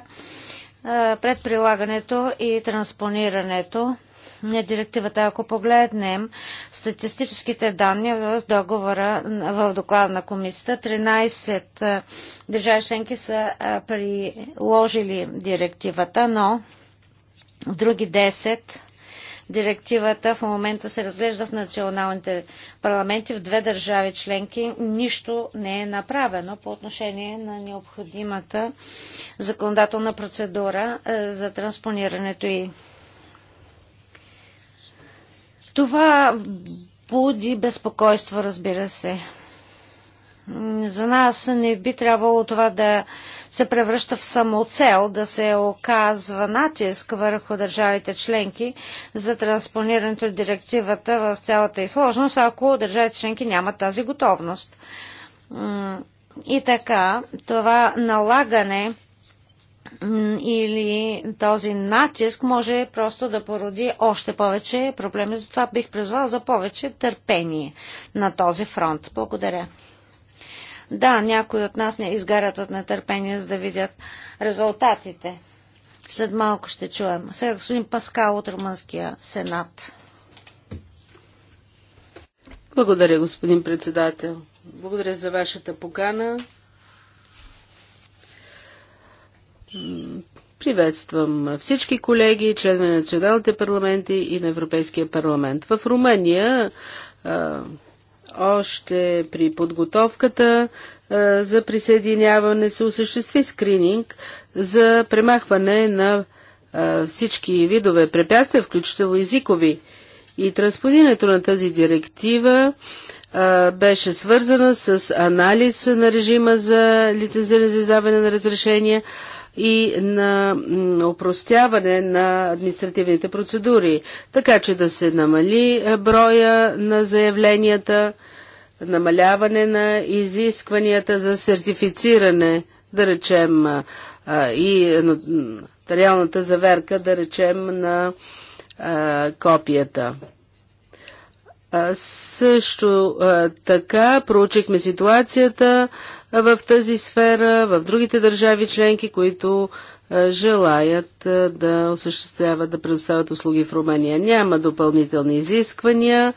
пред прилагането и транспонирането на директивата. Ако погледнем статистическите данни в договора, в доклада на комисията, 13 държави членки са приложили директивата, но в други 10 директивата в момента се разглежда в националните парламенти в две държави членки. Нищо не е направено по отношение на необходимата законодателна процедура за транспонирането и това буди безпокойство, разбира се. За нас не би трябвало това да се превръща в самоцел, да се оказва натиск върху държавите членки за транспонирането на директивата в цялата и сложност, ако държавите членки нямат тази готовност. И така, това налагане или този натиск може просто да породи още повече проблеми. Затова бих призвал за повече търпение на този фронт. Благодаря. Да, някои от нас не изгарят от нетърпение, за да видят резултатите. След малко ще чуем. Сега господин Паскал от Румънския сенат. Благодаря, господин председател. Благодаря за вашата покана. Приветствам всички колеги, членове на националните парламенти и на Европейския парламент. В Румъния още при подготовката за присъединяване се осъществи скрининг за премахване на всички видове препятствия, включително езикови. И транспонирането на тази директива беше свързана с анализ на режима за лицензиране за издаване на разрешения, и на опростяване на административните процедури, така че да се намали е, броя на заявленията, намаляване на изискванията за сертифициране, да речем, е, и реалната заверка, да речем, на е, копията. Също така проучихме ситуацията в тази сфера, в другите държави членки, които желаят да осъществяват, да предоставят услуги в Румъния. Няма допълнителни изисквания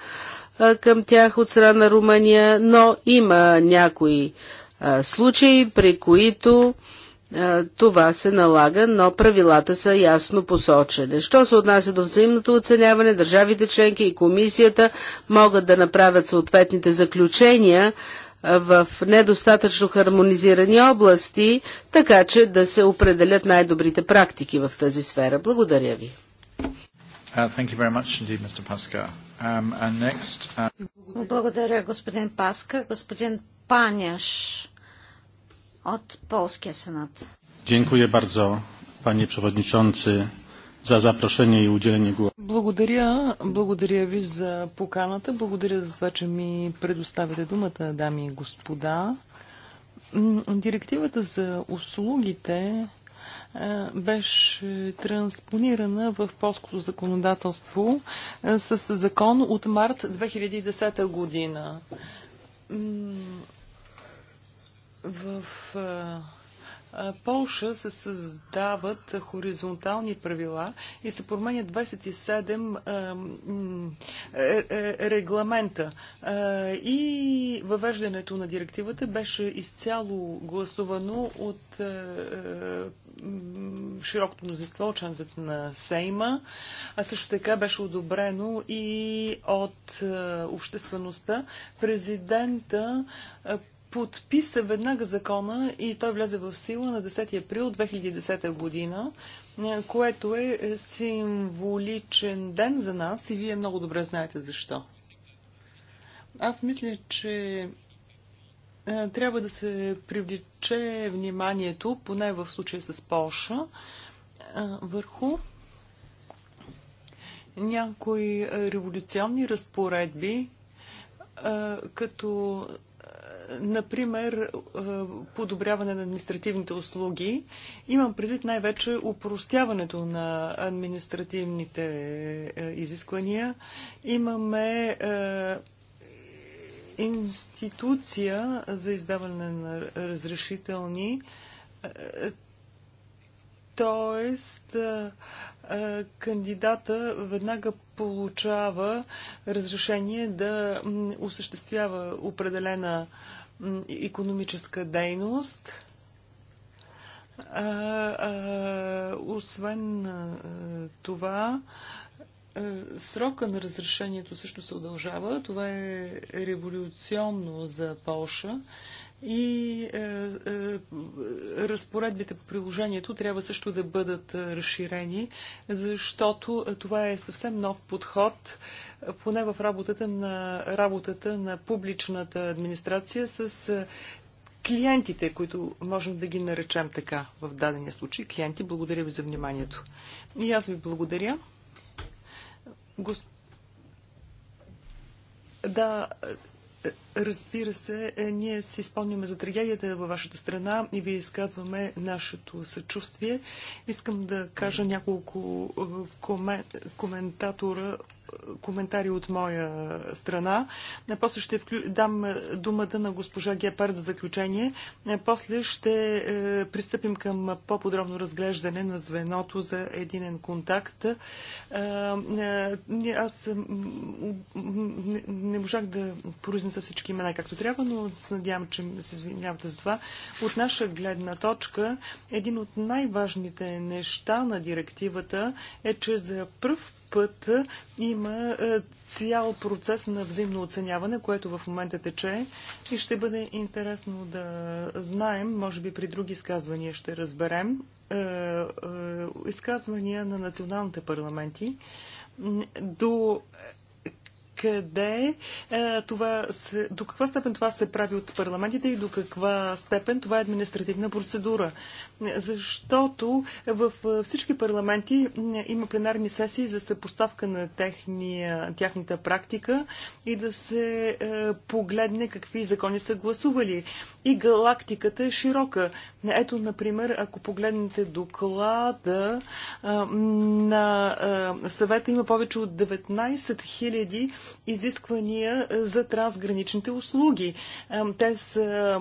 към тях от страна на Румъния, но има някои случаи, при които това се налага, но правилата са ясно посочени. Що се отнася до взаимното оценяване, държавите членки и комисията могат да направят съответните заключения в недостатъчно хармонизирани области, така че да се определят най-добрите практики в тази сфера. Благодаря ви. Uh, um, uh, Благодаря, господин Паска. Господин Паняш от Полския сенат. Dziękuję bardzo, panie przewodniczący за запрошение и уделение гласа. Благодаря, благодаря ви за поканата, благодаря за това, че ми предоставяте думата, дами и господа. Директивата за услугите е, беше транспонирана в полското законодателство е, с закон от март 2010 година. В е, Полша се създават хоризонтални правила и се променят 27 е, е, регламента. И въвеждането на директивата беше изцяло гласувано от е, широкото мнозинство членовете на Сейма, а също така беше одобрено и от обществеността. Президента подписа веднага закона и той влезе в сила на 10 април 2010 година, е, което е символичен ден за нас и вие много добре знаете защо. Аз мисля, че е, трябва да се привлече вниманието, поне в случая с Полша, е, върху някои революционни разпоредби, като Например, е, подобряване на административните услуги. Имам предвид най-вече упростяването на административните е, изисквания. Имаме е, институция за издаване на разрешителни, т.е. кандидата веднага получава разрешение да осъществява определена економическа дейност. А, а, освен а, това, срока на разрешението също се удължава. Това е революционно за Полша. И е, е, разпоредбите по приложението трябва също да бъдат разширени, защото това е съвсем нов подход поне в работата на, работата на публичната администрация с клиентите, които можем да ги наречем така в дадения случай. Клиенти, благодаря ви за вниманието. И аз ви благодаря. Гос... Да, разбира се, ние се изпълняме за трагедията във вашата страна и ви изказваме нашето съчувствие. Искам да кажа няколко комен... коментатора коментари от моя страна. После ще вклю... дам думата на госпожа Гепард за заключение. После ще е, пристъпим към по-подробно разглеждане на звеното за единен контакт. Е, е, аз не можах да произнеса всички имена както трябва, но се надявам, че се извинявате за това. От наша гледна точка, един от най-важните неща на директивата е, че за първ път има е, цял процес на взаимно оценяване, което в момента тече и ще бъде интересно да знаем, може би при други изказвания ще разберем, е, е, изказвания на националните парламенти до къде е, това се, до каква степен това се прави от парламентите и до каква степен това е административна процедура. Защото в е, всички парламенти е, има пленарни сесии за съпоставка на техния, тяхната практика и да се е, погледне какви закони са гласували. И галактиката е широка. Ето, например, ако погледнете доклада на съвета, има повече от 19 000 изисквания за трансграничните услуги. Те са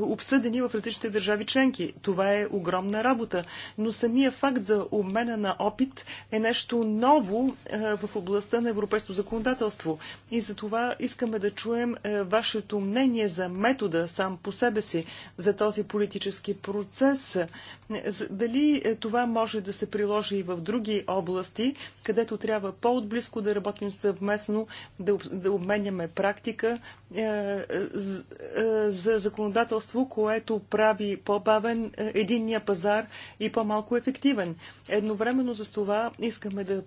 обсъдени в различните държави членки. Това е огромна работа. Но самия факт за обмена на опит е нещо ново в областта на европейското законодателство. И за това искаме да чуем вашето мнение за метода сам по себе си за този политически процес. Дали е, това може да се приложи и в други области, където трябва по-отблизко да работим съвместно, да, да обменяме практика е, е, е, за законодателство, което прави по-бавен е, единния пазар и по-малко ефективен. Едновременно с това искаме да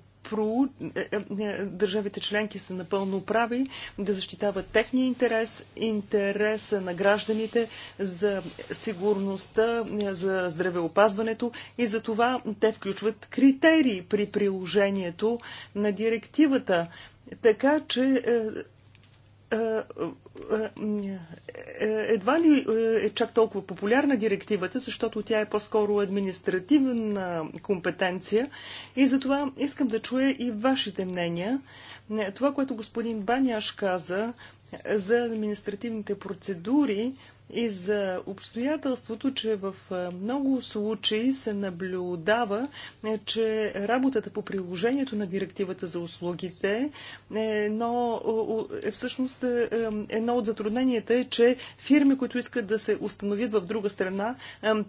е, е, е, държавите членки са напълно прави да защитават техния интерес, интереса на гражданите за сигурността, за здравеопазването и за това те включват критерии при приложението на директивата. Така че е, е, едва ли е, е чак толкова популярна директивата, защото тя е по-скоро административна компетенция и затова искам да чуя и вашите мнения. Това, което господин Баняш каза за административните процедури, и за обстоятелството, че в много случаи се наблюдава, е, че работата по приложението на директивата за услугите е, но, е всъщност е, е, едно от затрудненията е, че фирми, които искат да се установят в друга страна,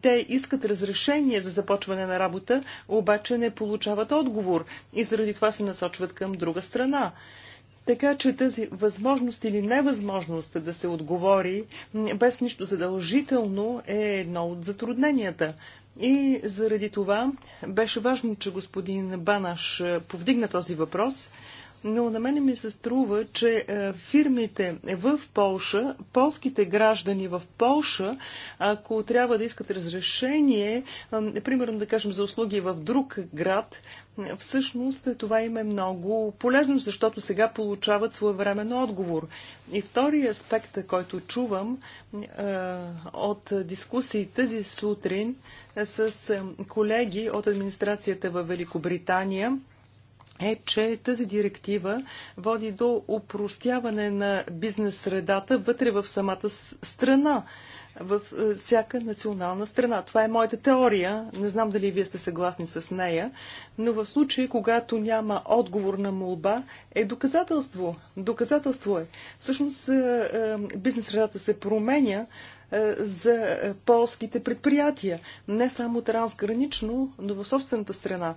те искат разрешение за започване на работа, обаче не получават отговор и заради това се насочват към друга страна. Така че тази възможност или невъзможност да се отговори без нищо задължително е едно от затрудненията. И заради това беше важно, че господин Банаш повдигна този въпрос – но на мен ми се струва, че е, фирмите в Полша, полските граждани в Полша, ако трябва да искат разрешение, е, примерно да кажем за услуги в друг град, е, всъщност това им е много полезно, защото сега получават своевременно отговор. И втори аспект, който чувам от дискусии тази сутрин с колеги от администрацията във Великобритания, е, че тази директива води до упростяване на бизнес средата вътре в самата страна, в е, всяка национална страна. Това е моята теория. Не знам дали вие сте съгласни с нея, но в случай, когато няма отговор на молба, е доказателство. Доказателство е. Всъщност е, е, бизнес средата се променя, за полските предприятия. Не само трансгранично, но в собствената страна.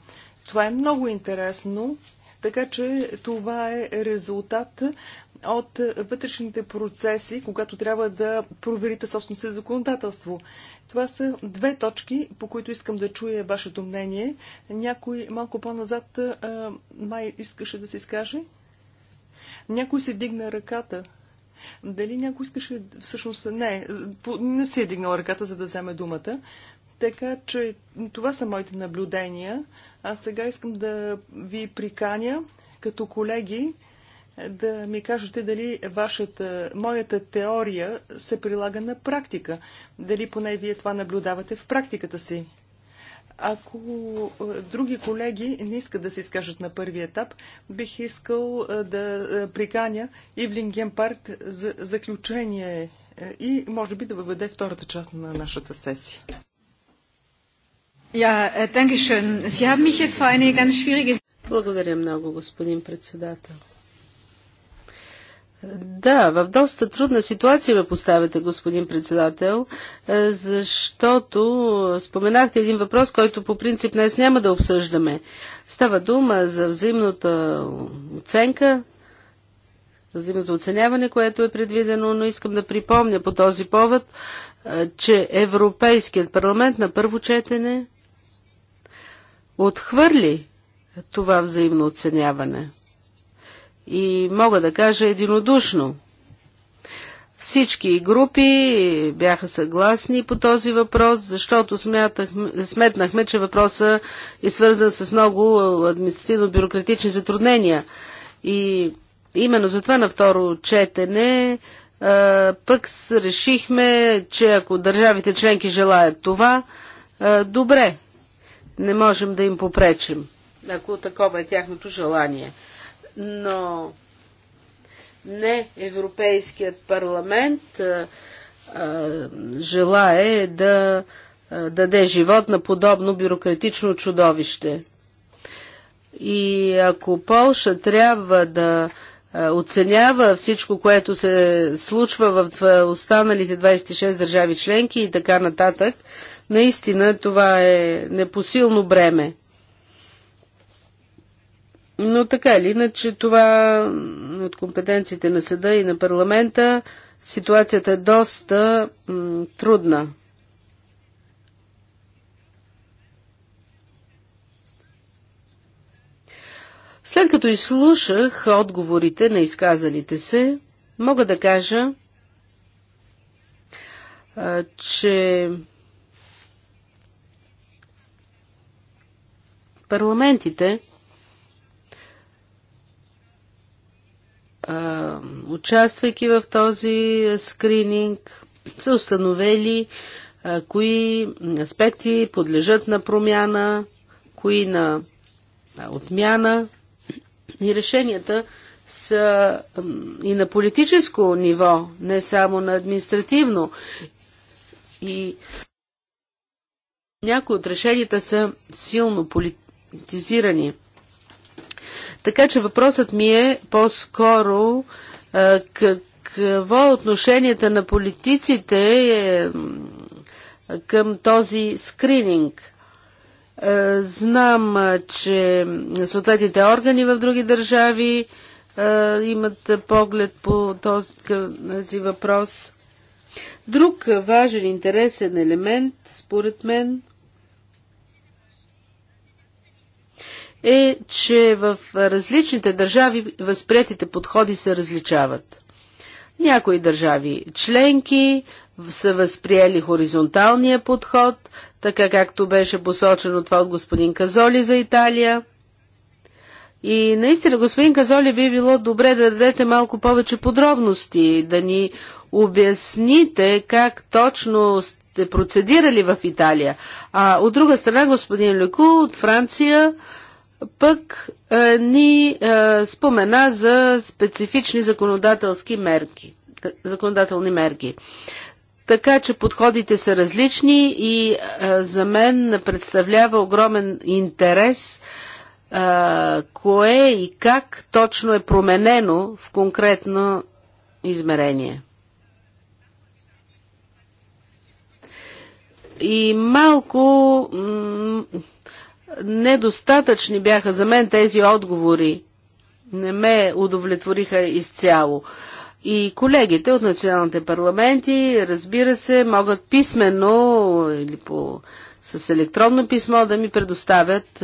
Това е много интересно, така че това е резултат от вътрешните процеси, когато трябва да проверите собственото си законодателство. Това са две точки, по които искам да чуя вашето мнение. Някой малко по-назад май искаше да се изкаже. Някой се дигна ръката. Дали някой искаше... Всъщност не, не си е дигнал ръката, за да вземе думата. Така че това са моите наблюдения. Аз сега искам да ви приканя като колеги да ми кажете дали вашата, моята теория се прилага на практика. Дали поне вие това наблюдавате в практиката си. Ако е, други колеги не искат да се изкажат на първи етап, бих искал е, да е, приканя Ивлин Гемпарт за заключение и може би да въведе втората част на нашата сесия. Благодаря много, господин председател. Е, да, в доста трудна ситуация ме поставяте, господин председател, е, защото споменахте един въпрос, който по принцип днес няма да обсъждаме. Става дума за взаимната оценка, за взаимното оценяване, което е предвидено, но искам да припомня по този повод, е, че Европейският парламент на първо четене отхвърли това взаимно оценяване. И мога да кажа единодушно. Всички групи бяха съгласни по този въпрос, защото смятахме, сметнахме, че въпросът е свързан с много административно-бюрократични затруднения. И именно затова на второ четене пък решихме, че ако държавите членки желаят това, добре, не можем да им попречим, ако такова е тяхното желание. Но не Европейският парламент а, а, желае да а, даде живот на подобно бюрократично чудовище. И ако Полша трябва да оценява всичко, което се случва в останалите 26 държави членки и така нататък, Наистина това е непосилно бреме. Но така или иначе това от компетенциите на съда и на парламента ситуацията е доста трудна. След като изслушах отговорите на изказалите се, мога да кажа, че парламентите участвайки в този скрининг, са установили кои аспекти подлежат на промяна, кои на отмяна и решенията са и на политическо ниво, не само на административно. И някои от решенията са силно поли стандартизирани. Така че въпросът ми е по-скоро какво е отношенията на политиците е, към този скрининг – Знам, че съответните органи в други държави имат поглед по този въпрос. Друг важен интересен елемент, според мен, е, че в различните държави възприятите подходи се различават. Някои държави членки са възприели хоризонталния подход, така както беше посочено това от господин Казоли за Италия. И наистина, господин Казоли, би било добре да дадете малко повече подробности, да ни обясните как точно сте процедирали в Италия. А от друга страна, господин Леку от Франция пък е, ни е, спомена за специфични законодателски мерки, законодателни мерки. Така че подходите са различни и а, е, за мен представлява огромен интерес а, кое и как точно е променено в конкретно измерение. И малко Недостатъчни бяха за мен тези отговори. Не ме удовлетвориха изцяло. И колегите от националните парламенти, разбира се, могат писменно или по, с електронно писмо да ми предоставят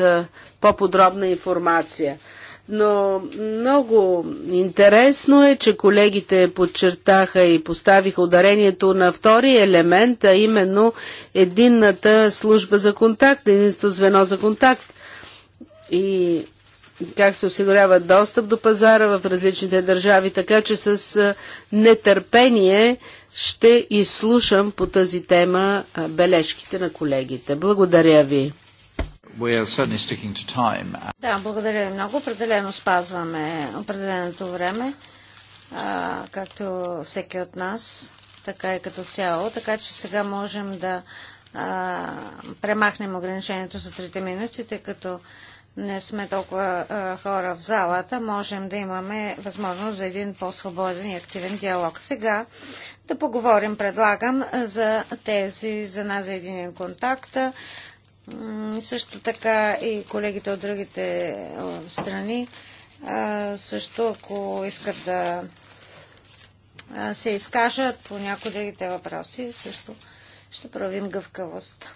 по-подробна информация. Но много интересно е, че колегите подчертаха и поставиха ударението на втори елемент, а именно единната служба за контакт, единството звено за контакт. И как се осигурява достъп до пазара в различните държави, така че с нетърпение ще изслушам по тази тема бележките на колегите. Благодаря ви. Да, благодаря много. Определено спазваме определеното време, както всеки от нас, така и като цяло. Така че сега можем да премахнем ограничението за трите минути, тъй като не сме толкова хора в залата, можем да имаме възможност за един по-свободен и активен диалог. Сега да поговорим, предлагам, за тези за нас за един контакт. Също така и колегите от другите страни, също ако искат да се изкажат по някои другите въпроси, също ще правим гъвкавост.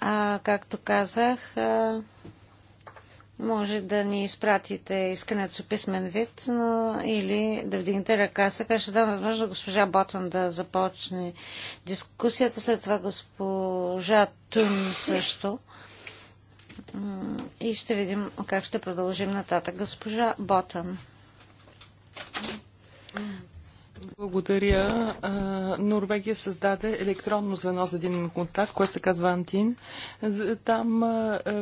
А, както казах, може да ни изпратите искането си писмен вид, но или да вдигнете ръка. Сега ще дам възможност госпожа Ботън да започне дискусията, след това госпожа Тун също. И ще видим как ще продължим нататък. Госпожа Ботън. Благодаря. Норвегия създаде електронно звено за един контакт, което се казва Антин. Там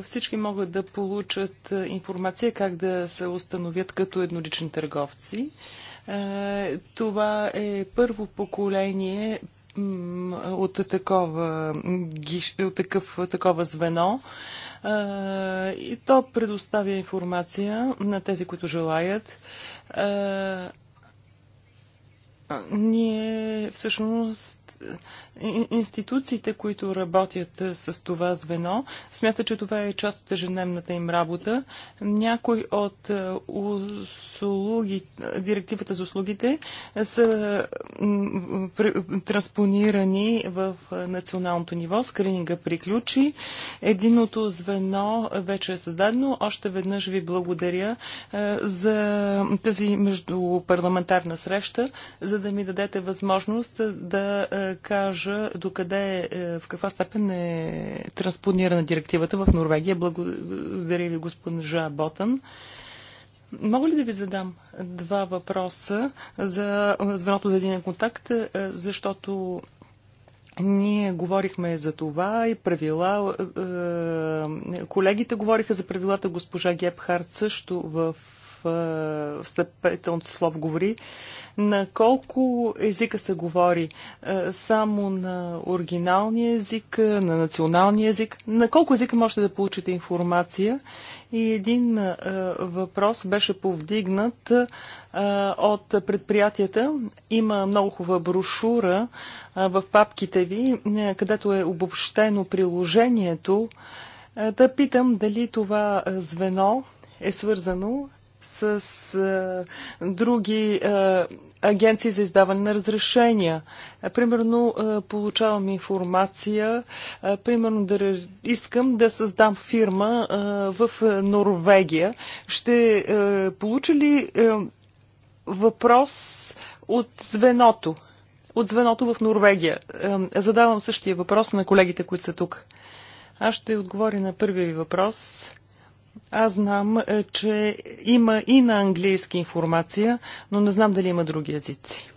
всички могат да получат информация как да се установят като еднолични търговци. Това е първо поколение от такова, от такъв, такова звено. И то предоставя информация на тези, които желаят ние всъщност институциите, които работят е, с това звено, смятат, че това е част от ежедневната им работа. Някои от е, услуги, директивата за услугите е, са транспонирани в националното ниво. Скрининга приключи. Единото звено вече е създадено. Още веднъж ви благодаря за тази междупарламентарна среща, за да ми дадете възможност да кажа докъде, е, в каква степен е транспонирана директивата в Норвегия. Благодаря ви, Жа Ботан. Мога ли да ви задам два въпроса за звеното за един контакт, е, защото ние говорихме за това и правила. Е, колегите говориха за правилата, госпожа Гепхард също в встъпителното слово говори. На колко езика се говори? Е, само на оригиналния език, на националния език? На колко езика можете да получите информация? И един е, въпрос беше повдигнат е, от предприятията. Има много хубава брошура в папките ви, където е обобщено приложението. Да питам дали това звено е свързано с други агенции за издаване на разрешения. Примерно получавам информация, примерно да искам да създам фирма в Норвегия. Ще получа ли въпрос от звеното? От звеното в Норвегия. Задавам същия въпрос на колегите, които са тук. Аз ще отговоря на първия ви въпрос. Аз знам, е, че има и на английски информация, но не знам дали има други езици.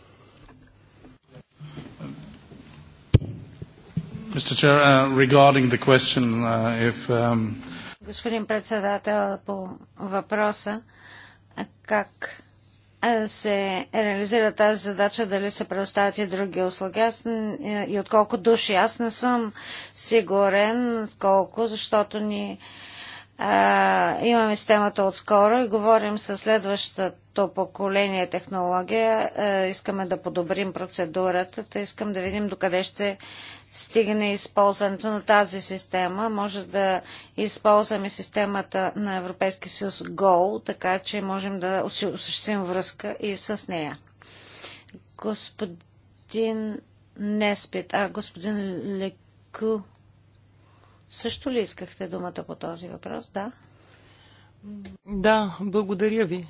Uh, uh, um, Господин председател, по въпроса как е, се реализира тази задача, дали се предоставят и други услуги. Аз, е, и отколко души. Аз не съм сигурен колко, защото ни а, имаме системата отскоро и говорим с следващото поколение технология. А, искаме да подобрим процедурата. Та искам да видим докъде ще стигне използването на тази система. Може да използваме системата на Европейския съюз GO, така че можем да осъществим връзка и с нея. Господин Неспит, а господин Леку също ли искахте думата по този въпрос? Да. Да, благодаря ви.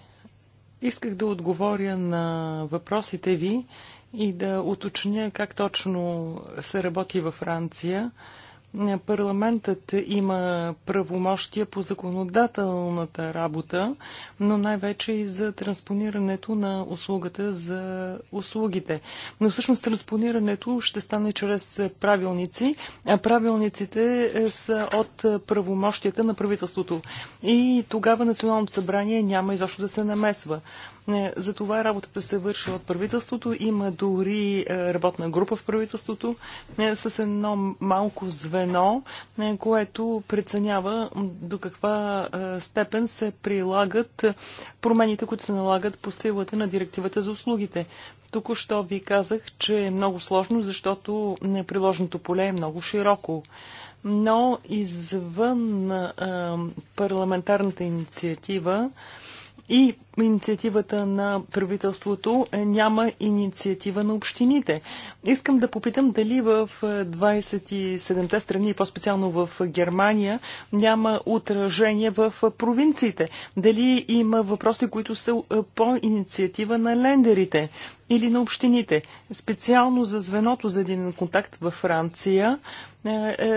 Исках да отговоря на въпросите ви и да уточня как точно се работи във Франция. Парламентът има правомощия по законодателната работа, но най-вече и за транспонирането на услугата за услугите. Но всъщност транспонирането ще стане чрез правилници, а правилниците е, са от правомощията на правителството. И тогава Националното събрание няма изобщо да се намесва. За това работата се върши от правителството. Има дори е, работна група в правителството е, с едно малко звено, е, което преценява до каква степен се прилагат промените, които се налагат по силата на директивата за услугите. Току-що ви казах, че е много сложно, защото неприложното поле е много широко. Но извън парламентарната инициатива и инициативата на правителството, е, няма инициатива на общините. Искам да попитам дали в 27-те е, страни, по-специално в Германия, няма отражение в е, провинциите. Дали има въпроси, които са по инициатива на лендерите или на общините. Специално за звеното за един контакт във Франция,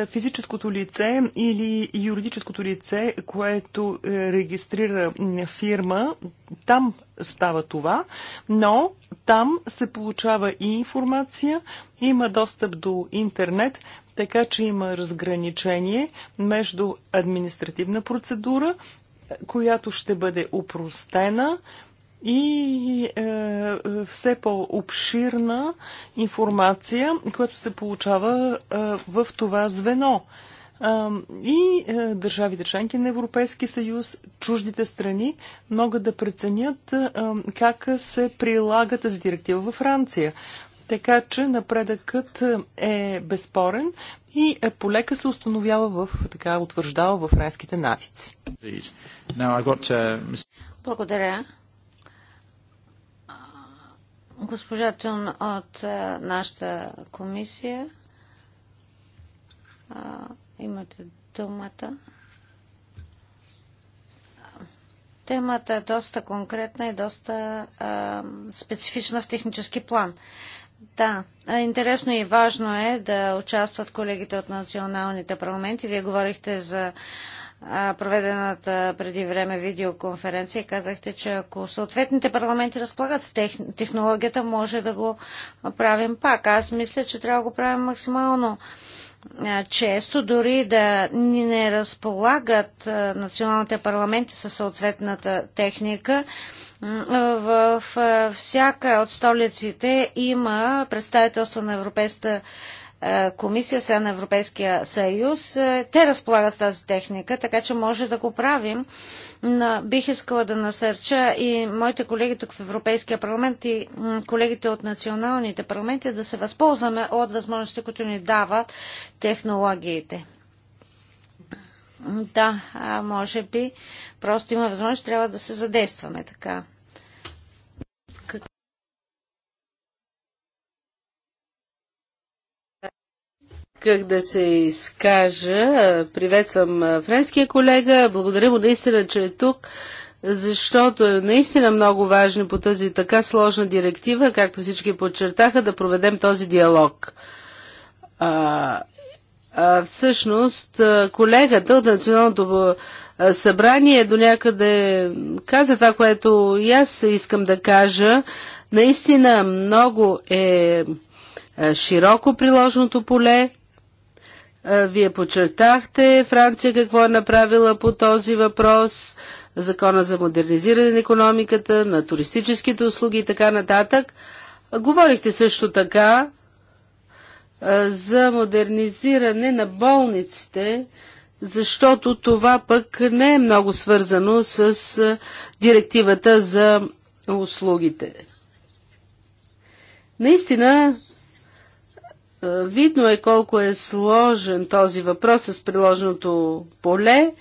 физическото лице или юридическото лице, което регистрира фирма, там става това, но там се получава и информация, има достъп до интернет, така че има разграничение между административна процедура, която ще бъде упростена и е, все по-обширна информация, която се получава е, в това звено и е, държавите членки на Европейски съюз, чуждите страни могат да преценят е, как се прилага тази директива във Франция. Така че напредъкът е безспорен и е, полека се установява в, така утвърждава в френските навици. Uh, Благодаря. Госпожа Тун от нашата комисия. Имате думата. Темата е доста конкретна и доста а, специфична в технически план. Да, интересно и важно е да участват колегите от националните парламенти. Вие говорихте за проведената преди време видеоконференция и казахте, че ако съответните парламенти разполагат с тех... технологията, може да го правим пак. Аз мисля, че трябва да го правим максимално често, дори да не разполагат националните парламенти със съответната техника. В всяка от столиците има представителство на Европейската е, комисия, сега на Европейския съюз, е, те разполагат с тази техника, така че може да го правим. Но бих искала да насърча и моите колеги тук в Европейския парламент и колегите от националните парламенти да се възползваме от възможностите, които ни дават технологиите. Да, може би просто има възможност, трябва да се задействаме така. исках да се изкажа. Приветствам френския колега. Благодаря му наистина, че е тук, защото е наистина много важно по тази така сложна директива, както всички подчертаха, да проведем този диалог. А, а, всъщност, колегата от Националното събрание до някъде каза това, което и аз искам да кажа. Наистина много е широко приложното поле вие подчертахте Франция какво е направила по този въпрос, закона за модернизиране на економиката, на туристическите услуги и така нататък. Говорихте също така за модернизиране на болниците, защото това пък не е много свързано с директивата за услугите. Наистина, е, видно е колко е сложен този въпрос с приложеното поле.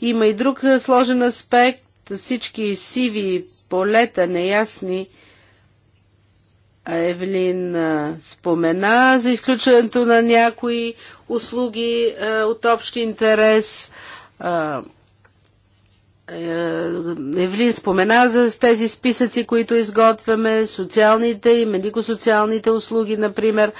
Има и друг е, сложен аспект. Всички сиви полета, неясни. Евлин е, спомена за изключването на някои услуги от общ интерес е, Евлин спомена за тези списъци, които изготвяме, социалните и медико-социалните услуги, например.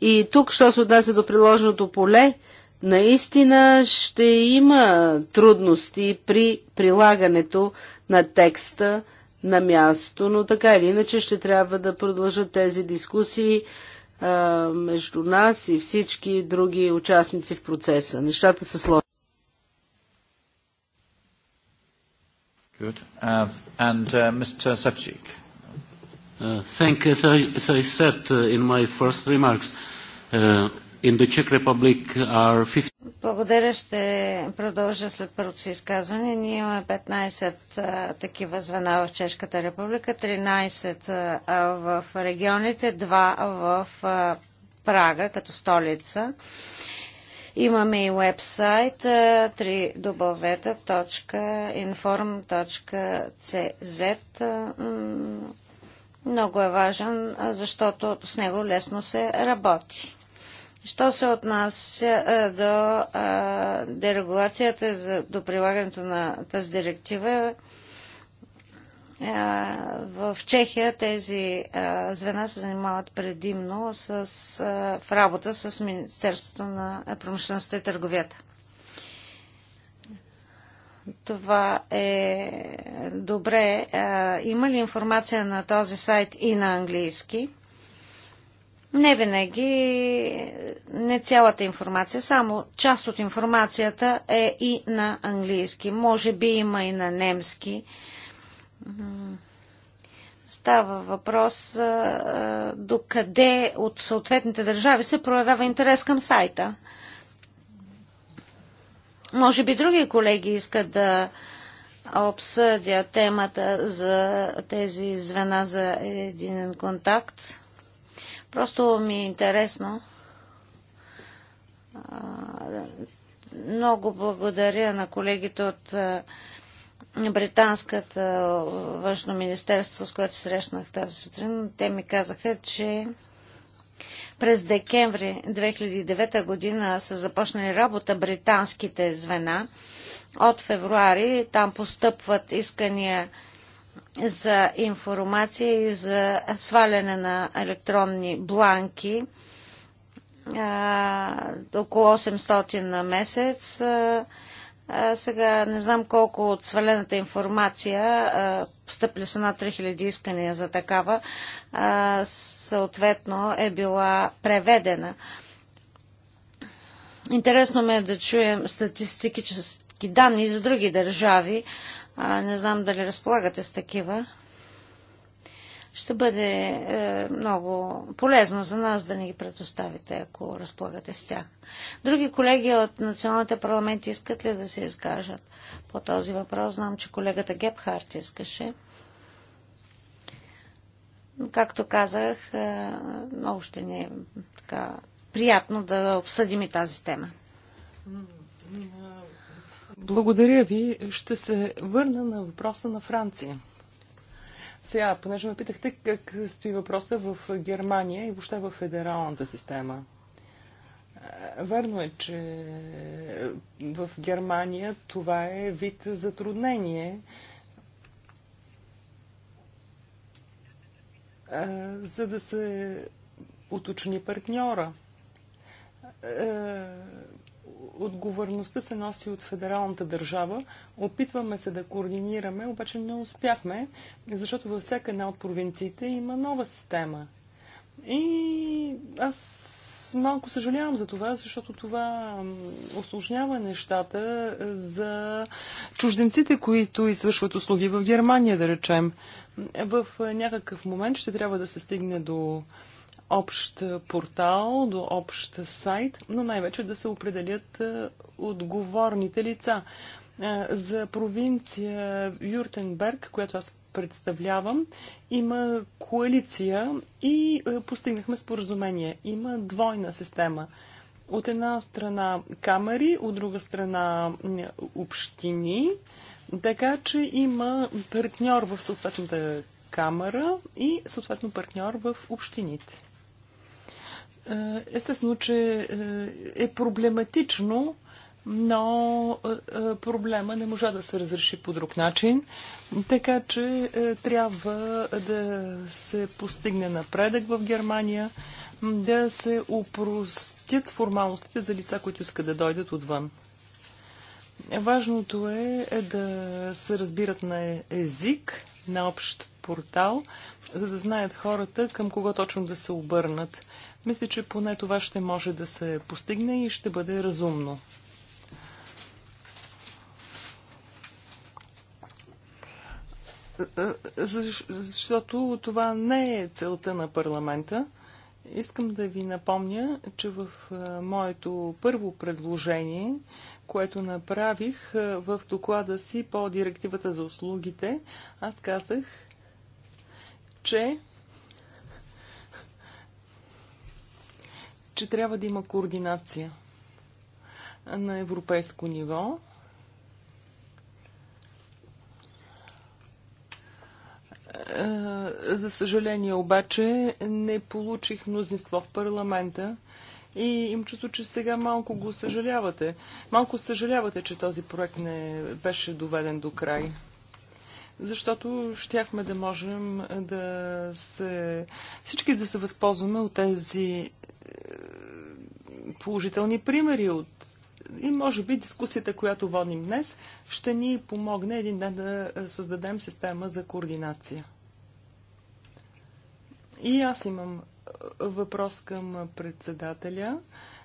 И тук, що се отнася до приложеното поле, наистина ще има трудности при прилагането на текста на място, но така или иначе ще трябва да продължат тези дискусии а, между нас и всички други участници в процеса. Нещата са сложни. Good. Uh, and uh, Mr. Uh, thank you. As I, as I said uh, in my first remarks, uh, in the Czech Republic are 50... Благодаря. Ще продължа след първото си изказване. Ние имаме 15 а, такива звена в Чешката република, 13 а, в регионите, 2 в а, Прага като столица. А, Имаме и вебсайт www.inform.cz. winformcz много е важен, защото с него лесно се работи. Що се отнася до дерегулацията до прилагането на тази директива, е, в Чехия тези е, звена се занимават предимно с, е, в работа с Министерството на промишлеността и търговията. Това е добре. Има ли информация на този сайт и на английски? Не винаги, не цялата информация, само част от информацията е и на английски. Може би има и на немски Става въпрос а, къде от съответните държави се проявява интерес към сайта. Може би други колеги искат да обсъдя темата за тези звена за един контакт. Просто ми е интересно. Много благодаря на колегите от британската външно министерство, с което срещнах тази сутрин, те ми казаха, че през декември 2009 година са започнали работа британските звена. От февруари там постъпват искания за информация и за сваляне на електронни бланки а, около 800 на месец. А, сега не знам колко от свалената информация, а, постъпили са над 3000 искания за такава, съответно е била преведена. Интересно ме е да чуем статистически данни за други държави. не знам дали разполагате с такива. Ще бъде е, много полезно за нас да ни ги предоставите, ако разполагате с тях. Други колеги от националните парламенти искат ли да се изкажат по този въпрос? Знам, че колегата Гепхарт искаше. Както казах, е, много ще ни е така, приятно да обсъдим и тази тема. Благодаря ви. Ще се върна на въпроса на Франция. Сега, понеже ме питахте как стои въпроса в Германия и въобще в федералната система. Е, верно е, че в Германия това е вид затруднение. Е, за да се уточни партньора. Е, отговорността се носи от федералната държава. Опитваме се да координираме, обаче не успяхме, защото във всяка една от провинциите има нова система. И аз малко съжалявам за това, защото това осложнява нещата е, за чужденците, които извършват услуги в Германия, да речем. В някакъв момент ще трябва да се стигне до общ портал, до общ сайт, но най-вече да се определят е, отговорните лица. Е, за провинция Юртенберг, която аз представлявам, има коалиция и е, постигнахме споразумение. Има двойна система. От една страна камери, от друга страна общини, така че има партньор в съответната камера и съответно партньор в общините. Е, естествено, че е, е проблематично, но е, проблема не можа да се разреши по друг начин, така че трябва да се постигне напредък в Германия, да се упростят формалностите за лица, които искат да дойдат отвън. Важното е да се разбират на език, на общ портал, за да знаят хората към кого точно да се обърнат. Мисля, че поне това ще може да се постигне и ще бъде разумно. Е, е, защото това не е целта на парламента. Искам да ви напомня, че в е, моето първо предложение, което направих в доклада си по директивата за услугите, аз казах, че че трябва да има координация на европейско ниво. Е, за съжаление обаче не получих мнозинство в парламента и им чувство, че сега малко го съжалявате. Малко съжалявате, че този проект не беше доведен до край. Защото щяхме да можем да се... всички да се възползваме от тези положителни примери от и може би дискусията, която водим днес, ще ни помогне един ден да е, създадем система за координация. И аз имам е, въпрос към председателя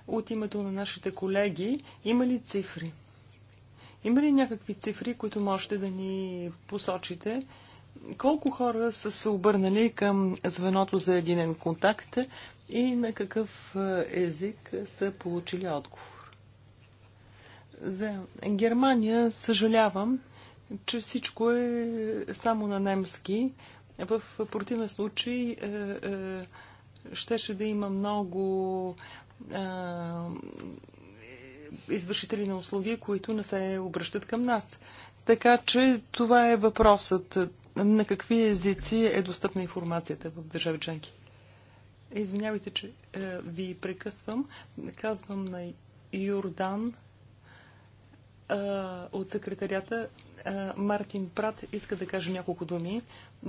от името на нашите колеги. Има ли цифри? Има ли някакви цифри, които можете да ни посочите? Колко хора са се обърнали към звеното за единен контакт? и на какъв е, език са получили отговор. За Германия съжалявам, че всичко е само на немски. В противен случай е, е, щеше да има много извършители на услуги, които не се обръщат към нас. Така че това е въпросът на какви езици е достъпна информацията в държави членки. Извинявайте, че е, ви прекъсвам. Казвам на Йордан е, от секретарята. Е, Мартин Прат иска да каже няколко думи.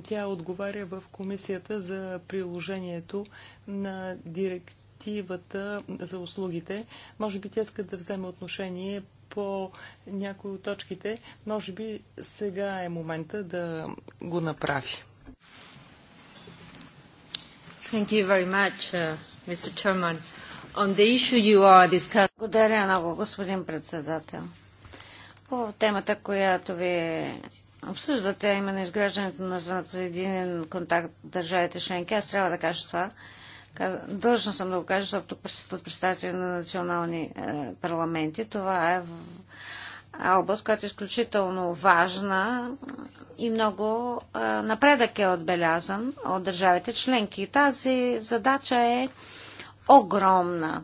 Тя отговаря в комисията за приложението на директивата за услугите. Може би тя иска да вземе отношение по някои от точките. Може би сега е момента да го направи. Thank you very much, uh, Mr. Chairman. On the issue you are discussing... Благодаря много, господин председател. По темата, която ви обсъждате, именно изграждането на звената за един контакт държавите членки, аз трябва да кажа това. Дължна съм да го кажа, защото присъстват представители на национални е, парламенти. Това е област, която е изключително важна и много напредък е отбелязан от държавите членки. Тази задача е огромна.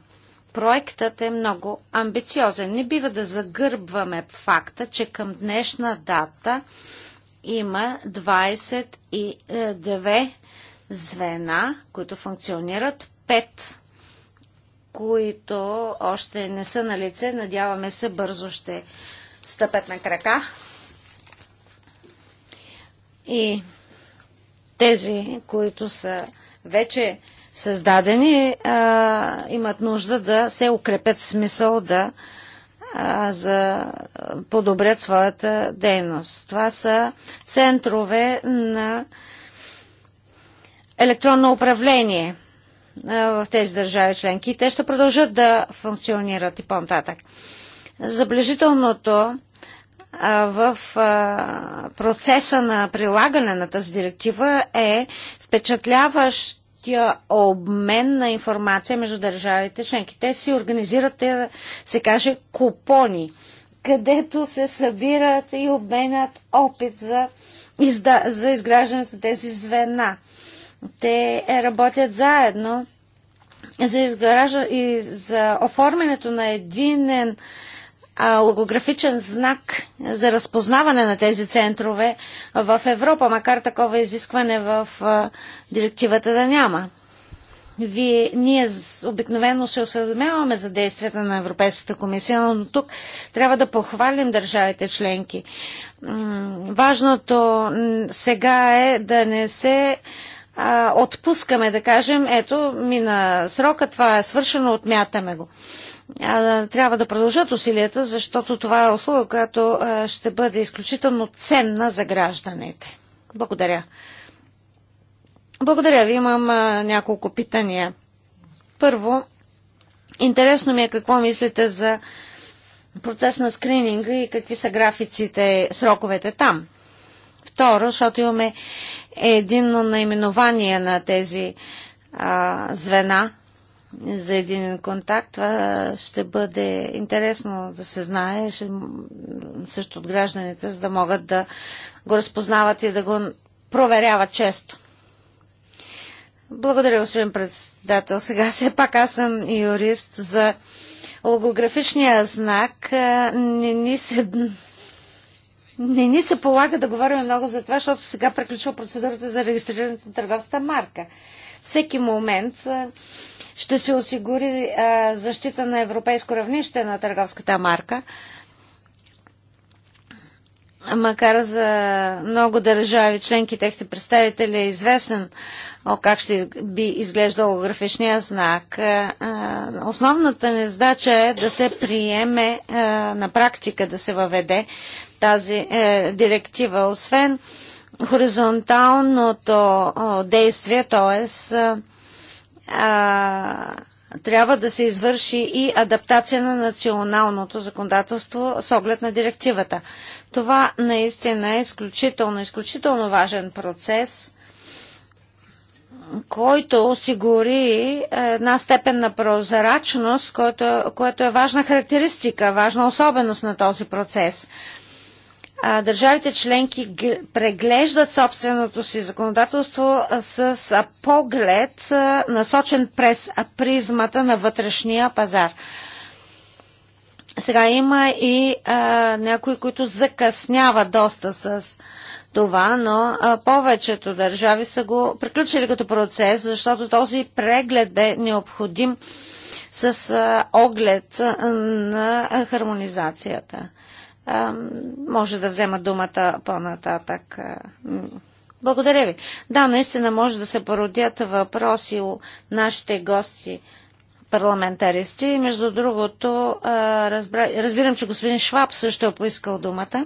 Проектът е много амбициозен. Не бива да загърбваме факта, че към днешна дата има 22 звена, които функционират, 5 които още не са на лице, надяваме се бързо ще стъпят на крака. И тези, които са вече създадени, а, имат нужда да се укрепят в смисъл да а, за подобрят своята дейност. Това са центрове на електронно управление а, в тези държави членки. Те ще продължат да функционират и по-нататък. Заближителното в процеса на прилагане на тази директива е впечатляващ обмен на информация между държавите членки. Те си организират, се каже, купони, където се събират и обменят опит за, изда, за изграждането тези звена. Те работят заедно за, изгражда, и за оформянето на единен а, логографичен знак за разпознаване на тези центрове в Европа, макар такова изискване в а, директивата да няма. Вие, ние обикновено се осведомяваме за действията на Европейската комисия, но тук трябва да похвалим държавите членки. Важното сега е да не се а, отпускаме, да кажем, ето, мина срока, това е свършено, отмятаме го трябва да продължат усилията, защото това е услуга, която ще бъде изключително ценна за гражданите. Благодаря. Благодаря ви. Имам няколко питания. Първо, интересно ми е какво мислите за процес на скрининга и какви са графиците, сроковете там. Второ, защото имаме единно наименование на тези а, звена за един контакт. Това ще бъде интересно да се знае ще, също от гражданите, за да могат да го разпознават и да го проверяват често. Благодаря, господин председател. Сега все пак аз съм юрист за логографичния знак. Не ни се не ни се полага да говорим много за това, защото сега приключва процедурата за регистрирането на търговска марка. Всеки момент ще се осигури а, защита на европейско равнище на търговската марка. Макар за много държави членки, техните представители е известен о, как ще би изглеждал графичния знак. А, основната ни задача е да се приеме а, на практика, да се въведе тази е, директива. Освен хоризонталното действие, т.е а, трябва да се извърши и адаптация на националното законодателство с оглед на директивата. Това наистина е изключително, изключително важен процес – който осигури една степен на прозрачност, което, което е важна характеристика, важна особеност на този процес държавите членки преглеждат собственото си законодателство с поглед насочен през призмата на вътрешния пазар. Сега има и а, някои, които закъснява доста с това, но а, повечето държави са го приключили като процес, защото този преглед бе необходим с а, оглед а, на хармонизацията може да взема думата по-нататък. Благодаря ви. Да, наистина може да се породят въпроси у нашите гости парламентаристи. Между другото, разбра... разбирам, че господин Шваб също е поискал думата.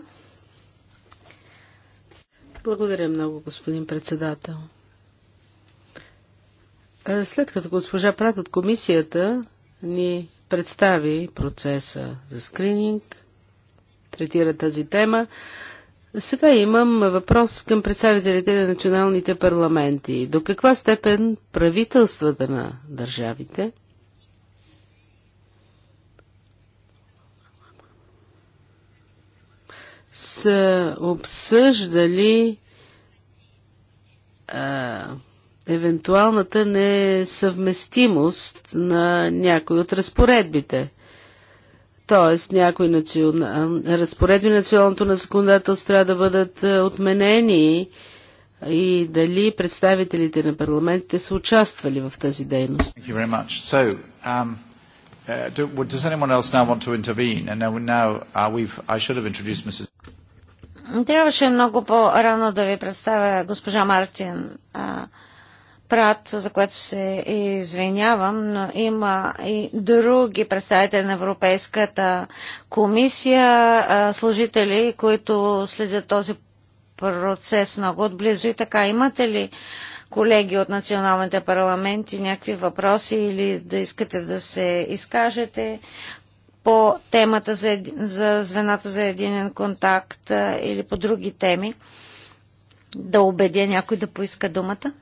Благодаря много, господин председател. След като госпожа Прат от комисията ни представи процеса за скрининг, третира тази тема. Сега имам въпрос към представителите на националните парламенти. До каква степен правителствата на държавите са обсъждали а, евентуалната несъвместимост на някои от разпоредбите. Тоест, някои национ... разпоредби на националното на законодателство трябва да бъдат отменени и дали представителите на парламентите са участвали в тази дейност. Um, uh, uh, Трябваше много по-рано да ви представя госпожа Мартин. Uh, Прат, за което се извинявам, но има и други представители на Европейската комисия, служители, които следят този процес много отблизо и така. Имате ли колеги от националните парламенти някакви въпроси или да искате да се изкажете по темата за, еди... за звената за единен контакт или по други теми? Да убедя някой да поиска думата?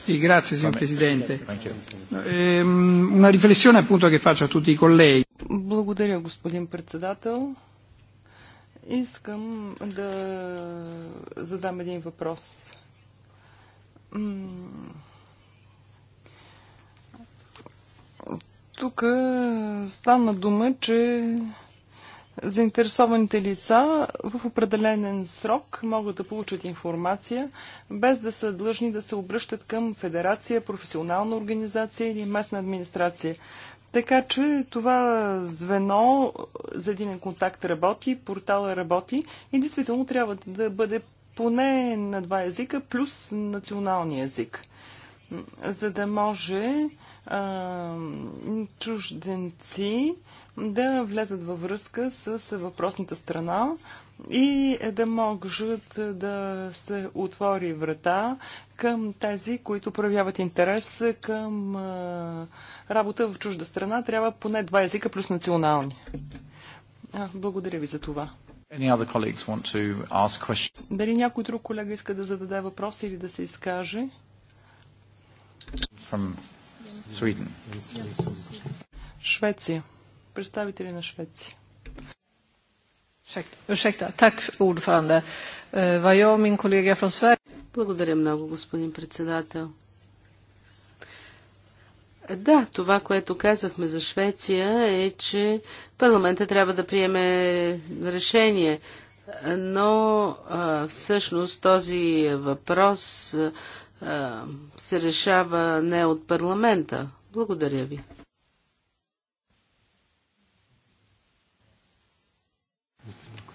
Sì, grazie signor Presidente. Una riflessione appunto che faccio a tutti i colleghi. Благодаря, господин председател. Искам да задам един въпрос. Тук стана дума, че Заинтересованите лица в определен срок могат да получат информация, без да са длъжни да се обръщат към федерация, професионална организация или местна администрация. Така че това звено за един контакт работи, портала работи и действително трябва да бъде поне на два езика плюс националния език, за да може а, чужденци да влезат във връзка с въпросната страна и да могат да се отвори врата към тези, които проявяват интерес към работа в чужда страна. Трябва поне два езика плюс национални. Благодаря ви за това. Дали някой друг колега иска да зададе въпрос или да се изкаже? Швеция представители на Швеция. Eh, Благодаря много, господин председател. Да, това, което казахме за Швеция е, че парламента трябва да приеме решение, но всъщност този въпрос се решава не от парламента. Благодаря ви.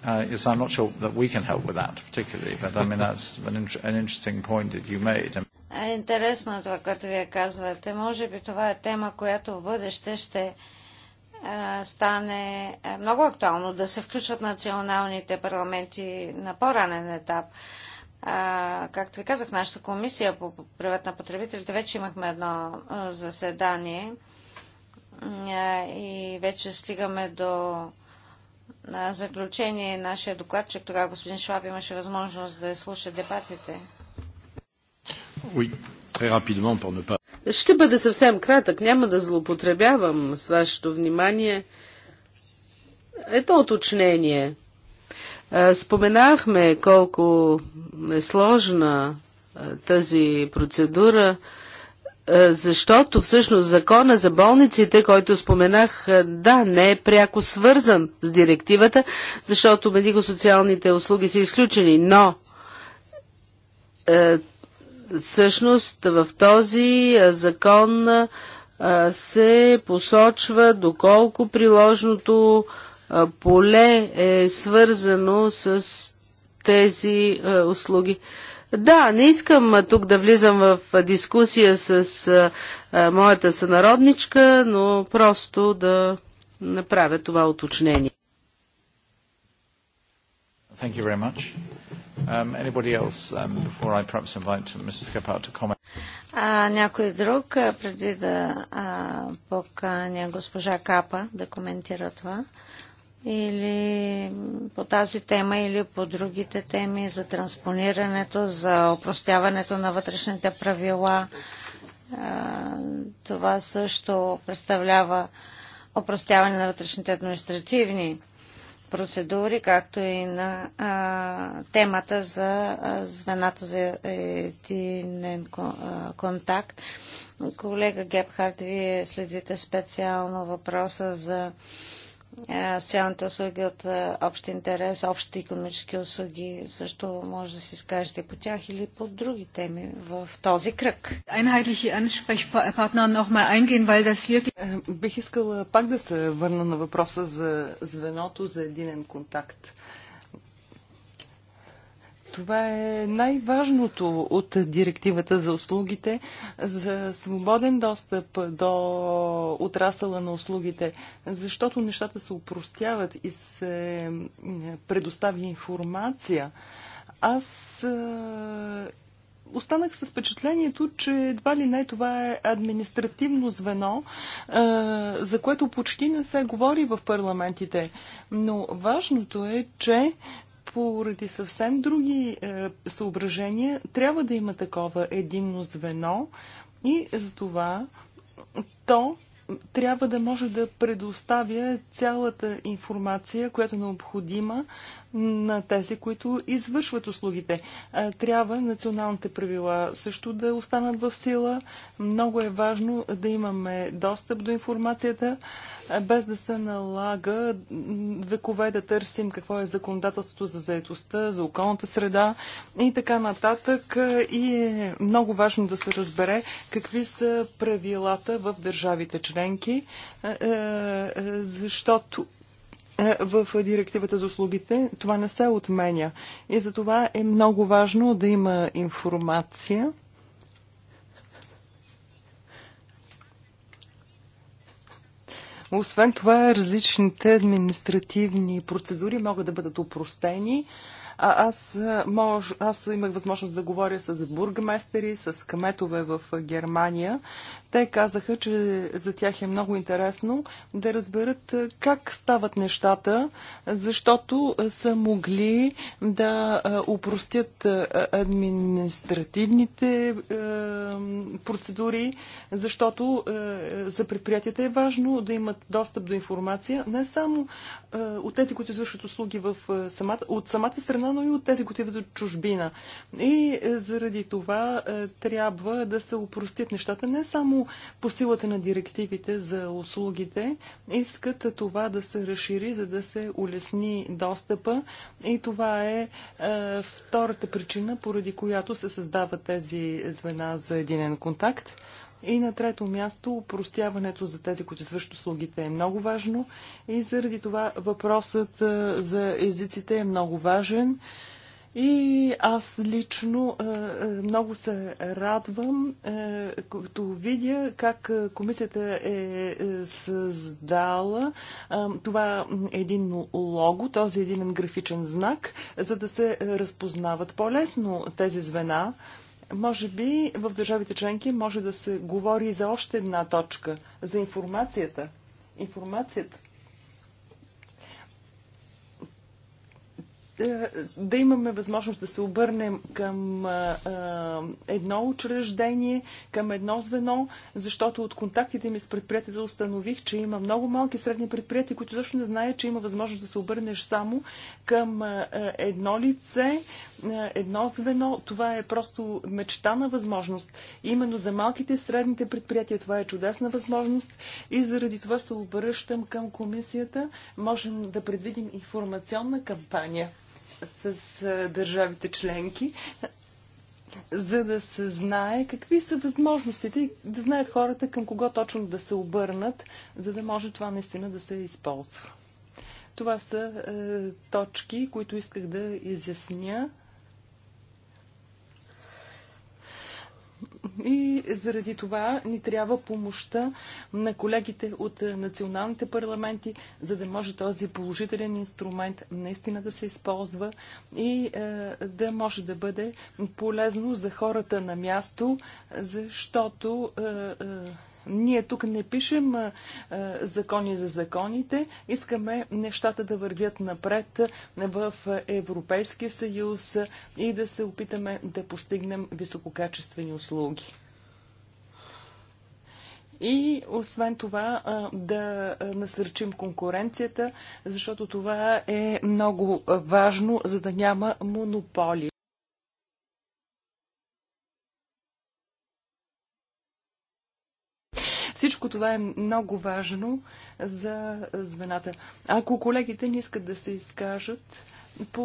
uh, I'm not sure that we can help with that particularly, but I mean that's an, an interesting point that you made. Е интересно е това, което вие казвате. Може би това е тема, която в бъдеще ще а, е, стане е, много актуално, да се включат националните парламенти на по-ранен етап. А, както ви казах, нашата комисия по правата на потребителите вече имахме едно заседание а, и вече стигаме до на заключение нашия докладчик, тогава господин Шваб имаше възможност да слуша дебатите. Oui, pas... Ще бъде съвсем кратък, няма да злоупотребявам с вашето внимание. Ето уточнение. Споменахме колко е сложна тази процедура. Е, защото всъщност закона за болниците, който споменах, е, да, не е пряко свързан с директивата, защото медико-социалните услуги са изключени, но е, всъщност в този закон се посочва доколко приложното поле е свързано с тези услуги. Да, не искам тук да влизам в дискусия с моята сънародничка, но просто да направя това уточнение. Thank you very much. Um, anybody else um, before I perhaps invite Mrs. to comment? А, някой друг, преди да а, поканя госпожа Капа да коментира това. А, или по тази тема или по другите теми за транспонирането, за опростяването на вътрешните правила. Това също представлява опростяване на вътрешните административни процедури, както и на а, темата за а, звената за единен контакт. Колега Гепхард, вие следите специално въпроса за а, е, социалните услуги от е, общ интерес, общите економически услуги, също може да се изкажете по тях или по други теми в този кръг. Е, бих искала пак да се върна на въпроса за звеното за единен контакт. Това е най-важното от директивата за услугите, за свободен достъп до отрасъла на услугите, защото нещата се упростяват и се предоставя информация. Аз останах с впечатлението, че едва ли не това е административно звено, за което почти не се говори в парламентите. Но важното е, че поради съвсем други е, съображения трябва да има такова единно звено и за това то трябва да може да предоставя цялата информация, която е необходима на тези, които извършват услугите. Трябва националните правила също да останат в сила. Много е важно да имаме достъп до информацията, без да се налага векове да търсим какво е законодателството за заедостта, за околната среда и така нататък. И е много важно да се разбере какви са правилата в държавите членки, защото е, в директивата за услугите. Това не се отменя. И за това е много важно да има информация. Освен това, различните административни процедури могат да бъдат упростени. А, аз, е, мож, аз имах възможност да говоря с бургместери, с кметове в Германия. Те казаха, че за тях е много интересно да разберат е, как стават нещата, защото са могли да е, упростят е, административните процедури, защото за предприятията е важно да имат достъп до информация не само от тези, които извършват услуги в самата, от самата страна, но и от тези, които идват от чужбина. И заради това трябва да се упростят нещата не само по силата на директивите за услугите искат това да се разшири, за да се улесни достъпа и това е, е втората причина, поради която се създава тези звена за единен контакт. И на трето място, упростяването за тези, които свършат услугите е много важно и заради това въпросът е, за езиците е много важен. И аз лично е, е, много се радвам, е, като видя как комисията е създала това един лого, този един графичен знак, за да се разпознават по-лесно тези звена. Може би в държавите членки може да се говори за още една точка, за информацията. Информацията. Е, да имаме възможност да се обърнем към е, е, едно учреждение, към едно звено, защото от контактите ми с предприятията да установих, че има много малки средни предприятия, които точно не знаят, че има възможност да се обърнеш само към едно лице, едно звено. Това е просто мечтана възможност. Именно за малките и средните предприятия това е чудесна възможност и заради това се обръщам към комисията. Можем да предвидим информационна кампания с държавите членки, за да се знае какви са възможностите и да знаят хората към кого точно да се обърнат, за да може това наистина да се използва. Това са е, точки, които исках да изясня. И заради това ни трябва помощта на колегите от националните парламенти, за да може този положителен инструмент наистина да се използва и е, да може да бъде полезно за хората на място, защото е, е, ние тук не пишем а, закони за законите, искаме нещата да вървят напред в Европейския съюз и да се опитаме да постигнем висококачествени услуги. И освен това да насърчим конкуренцията, защото това е много важно, за да няма монополи. това е много важно за звената. Ако колегите не искат да се изкажат по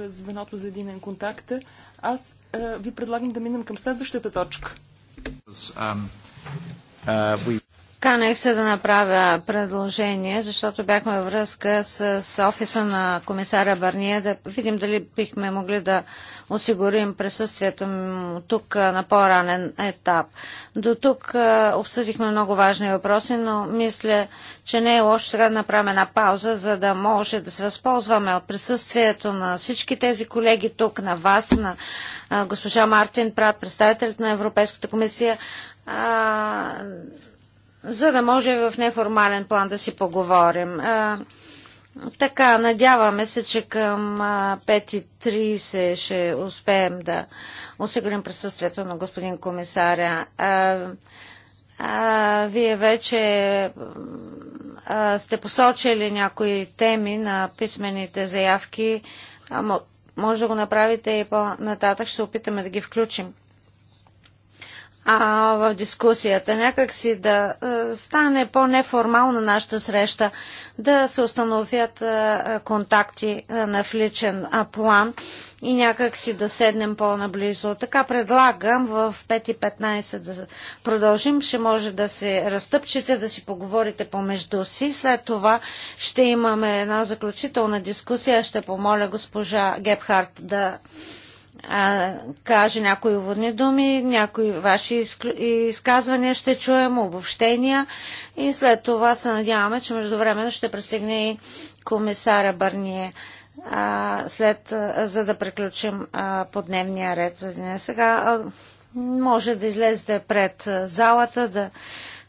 е, звеното за единен контакт, аз е, ви предлагам да минем към следващата точка. Um, uh, we... Канех се да направя предложение, защото бяхме във връзка с, офиса на комисаря Барния да видим дали бихме могли да осигурим присъствието тук на по-ранен етап. До тук обсъдихме много важни въпроси, но мисля, че не е лошо сега да направим една пауза, за да може да се възползваме от присъствието на всички тези колеги тук, на вас, на госпожа Мартин Прат, представителите на Европейската комисия за да може в неформален план да си поговорим. А, така, надяваме се, че към 5.30 ще успеем да осигурим присъствието на господин комисаря. А, а, вие вече а, сте посочили някои теми на писмените заявки. А, може да го направите и по-нататък. Ще опитаме да ги включим а, в дискусията. Някак си да е, стане по-неформална нашата среща, да се установят е, контакти е, на в личен план и някак си да седнем по-наблизо. Така предлагам в 5.15 да продължим. Ще може да се разтъпчете, да си поговорите помежду си. След това ще имаме една заключителна дискусия. Ще помоля госпожа Гепхарт да а, каже някои уводни думи, някои ваши изказвания ще чуем, обобщения и след това се надяваме, че междувременно ще пристигне и комисара Барние а, след, а, за да приключим а, по дневния ред за деня. Сега а, може да излезете пред залата, да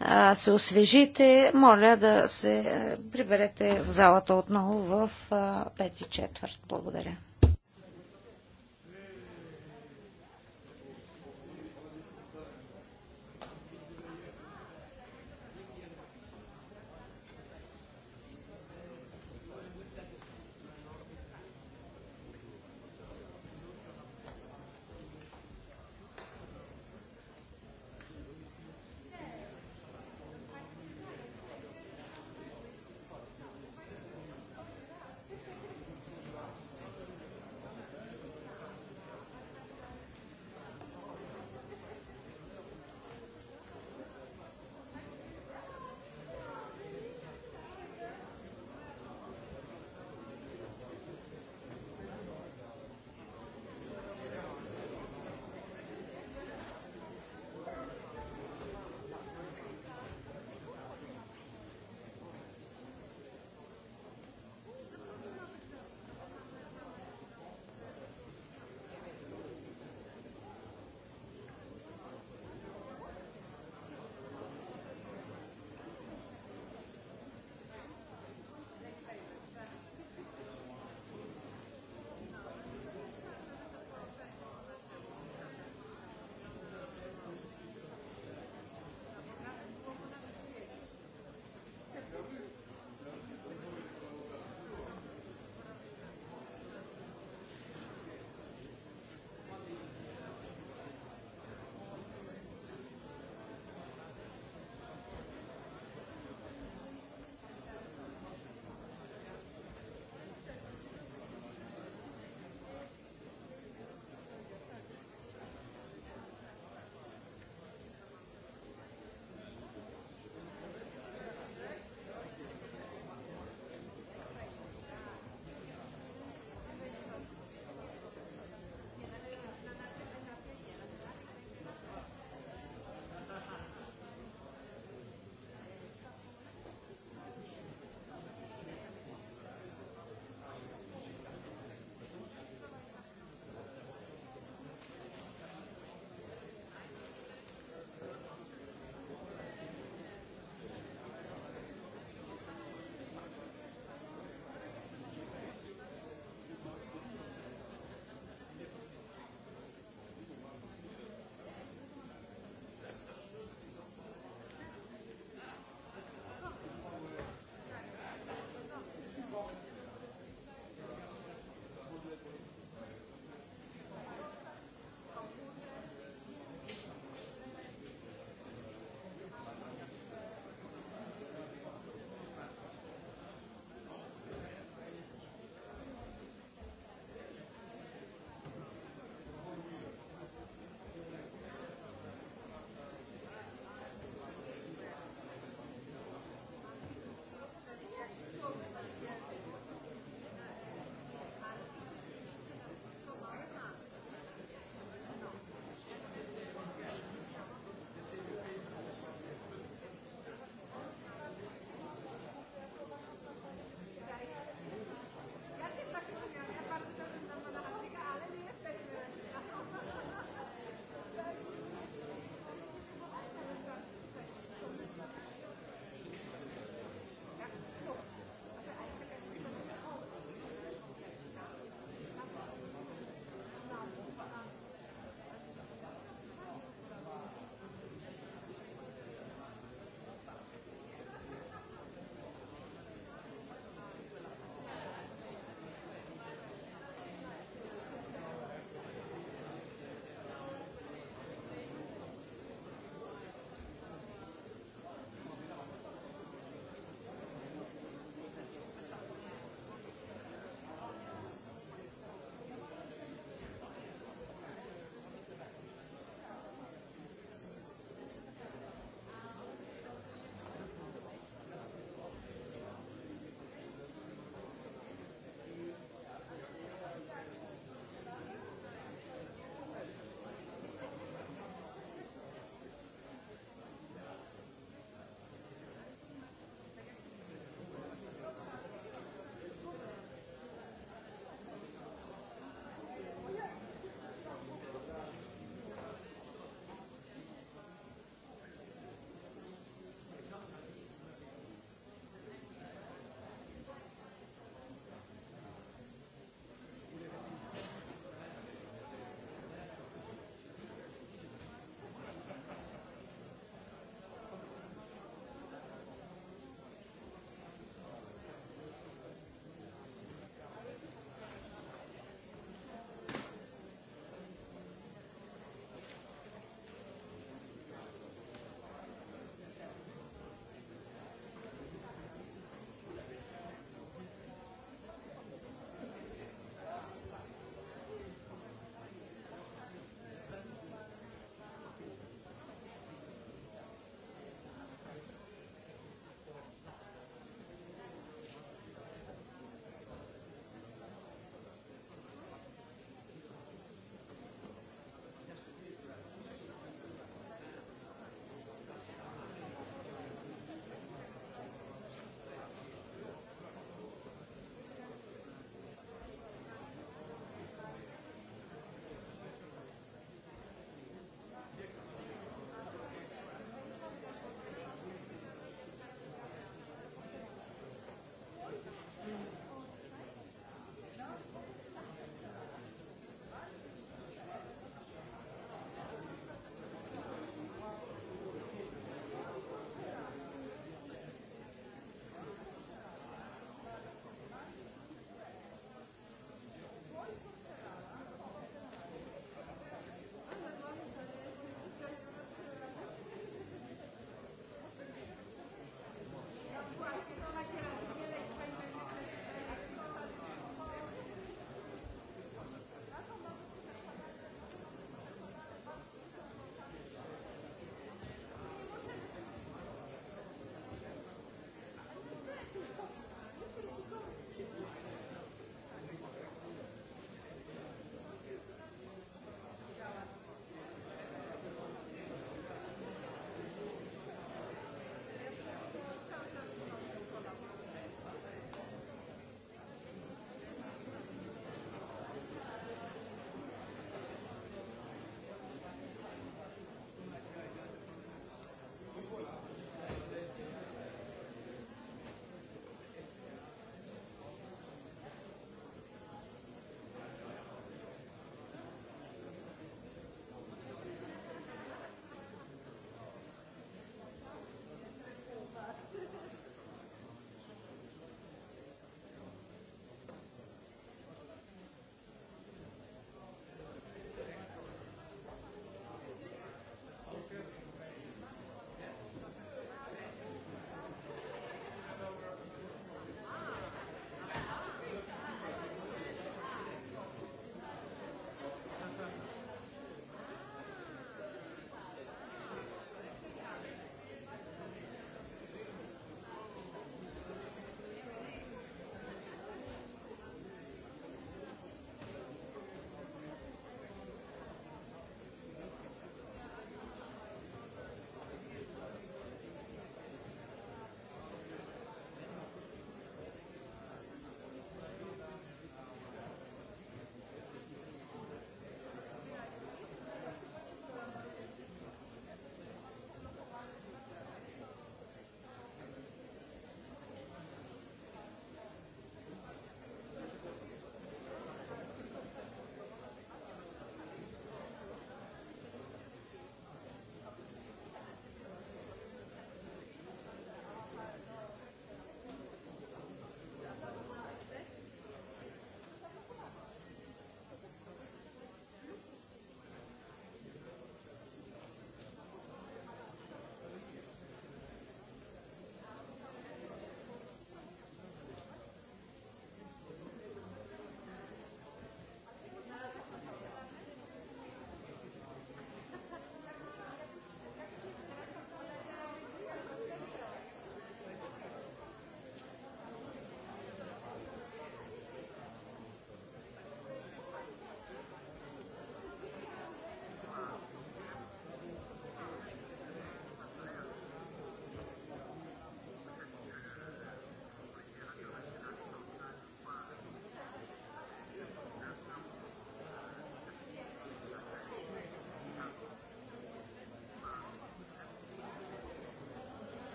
а, се освежите. Моля да се приберете в залата отново в а, 5 и четвърт. Благодаря.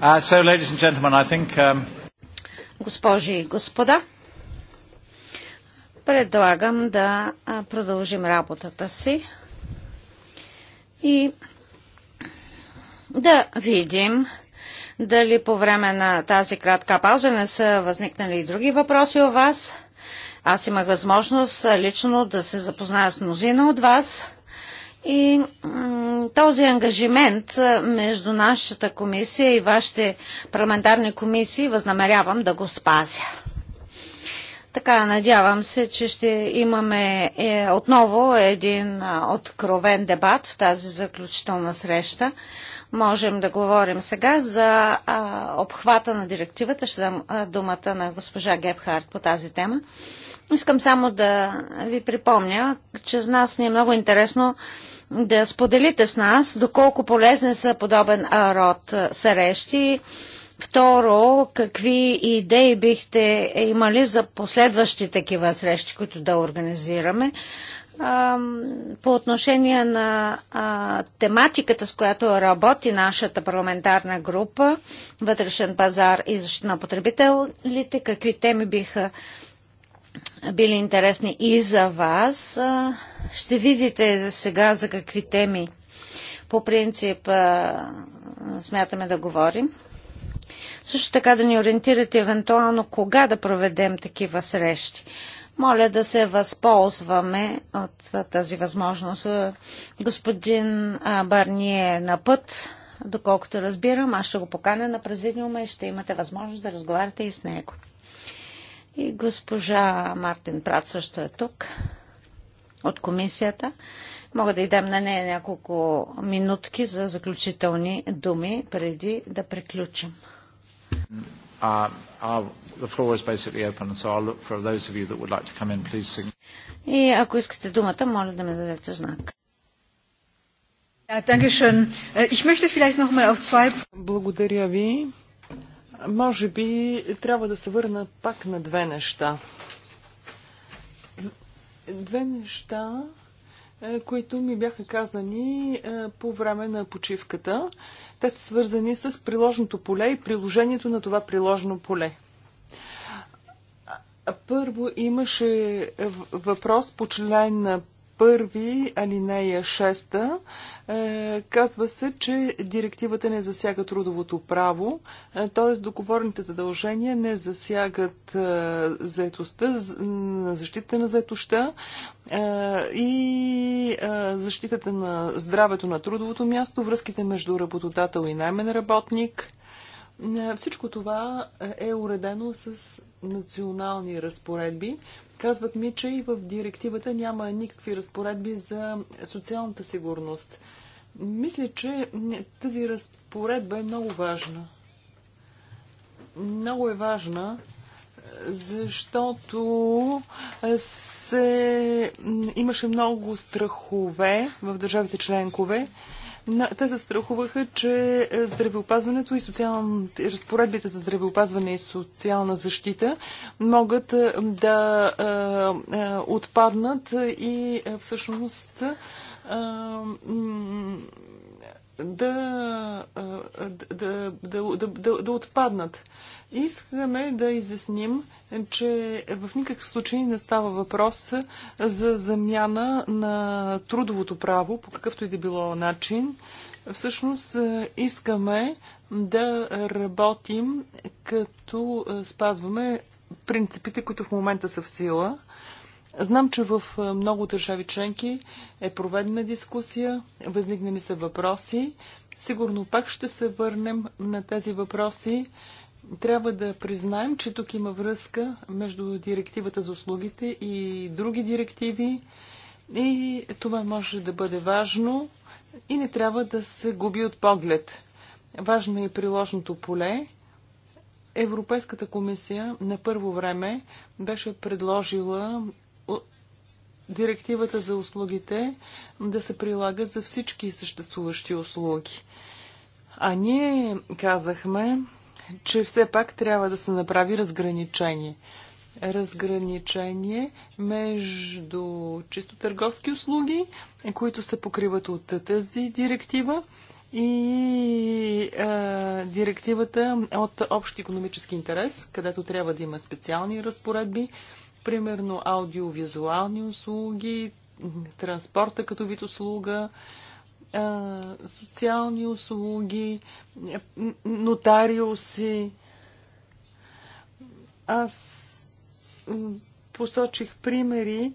Uh, um, Госпожи и господа, предлагам да продължим работата си и да видим дали по време на тази кратка пауза не са възникнали и други въпроси у вас. Аз имах възможност лично да се запозная с мнозина от вас и този ангажимент между нашата комисия и вашите парламентарни комисии възнамерявам да го спазя. Така, надявам се, че ще имаме е, отново един откровен дебат в тази заключителна среща. Можем да говорим сега за а, обхвата на директивата. Ще дам а, думата на госпожа Гебхарт по тази тема. Искам само да ви припомня, че за нас ни е много интересно а, да споделите с нас доколко полезни са подобен род срещи. Второ, какви идеи бихте имали за последващи такива срещи, които да организираме? по отношение на тематиката, с която работи нашата парламентарна група, вътрешен пазар и защита на потребителите, какви теми биха били интересни и за вас. Ще видите за сега за какви теми по принцип смятаме да говорим. Също така да ни ориентирате евентуално кога да проведем такива срещи. Моля да се възползваме от тази възможност. Господин Барни, е на път, доколкото разбирам, аз ще го поканя на президиума и ще имате възможност да разговаряте и с него. И госпожа Мартин Прат също е тук от комисията. Мога да й дам на нея няколко минутки за заключителни думи преди да приключим. Uh, uh, И ако искате думата, моля да ми дадете знак. Yeah, äh, Благодаря ви. Може би трябва да се върна пак на две неща. Две неща, е, които ми бяха казани е, по време на почивката. Те са свързани с приложното поле и приложението на това приложено поле. Първо имаше въпрос по член първи, алинея 6, е, казва се, че директивата не засяга трудовото право, е, т.е. договорните задължения не засягат е, заетостта, защита на заетостта и защитата на здравето на трудовото място, връзките между работодател и наймен работник. Всичко това е уредено с национални разпоредби, Казват ми, че и в директивата няма никакви разпоредби за социалната сигурност. Мисля, че тази разпоредба е много важна. Много е важна, защото се... имаше много страхове в държавите членкове те се страхуваха, че е, здравеопазването и социалните разпоредбите за здравеопазване и социална защита могат е, да е, отпаднат и всъщност да а, да, да, да, да, да отпаднат. Искаме да изясним, че в никакъв случай не става въпрос за замяна на трудовото право по какъвто и да било начин. Всъщност искаме да работим като спазваме принципите, които в момента са в сила. Знам, че в много държави членки е проведена дискусия, възникнали са въпроси. Сигурно пак ще се върнем на тези въпроси. Трябва да признаем, че тук има връзка между директивата за услугите и други директиви. И това може да бъде важно и не трябва да се губи от поглед. Важно е приложното поле. Европейската комисия на първо време беше предложила директивата за услугите да се прилага за всички съществуващи услуги. А ние казахме, че все пак трябва да се направи разграничение. Разграничение между чисто търговски услуги, които се покриват от тази директива, и а, е, директивата от общ економически интерес, където трябва да има специални разпоредби примерно аудиовизуални услуги, транспорта като вид услуга, социални услуги, нотариуси. Аз посочих примери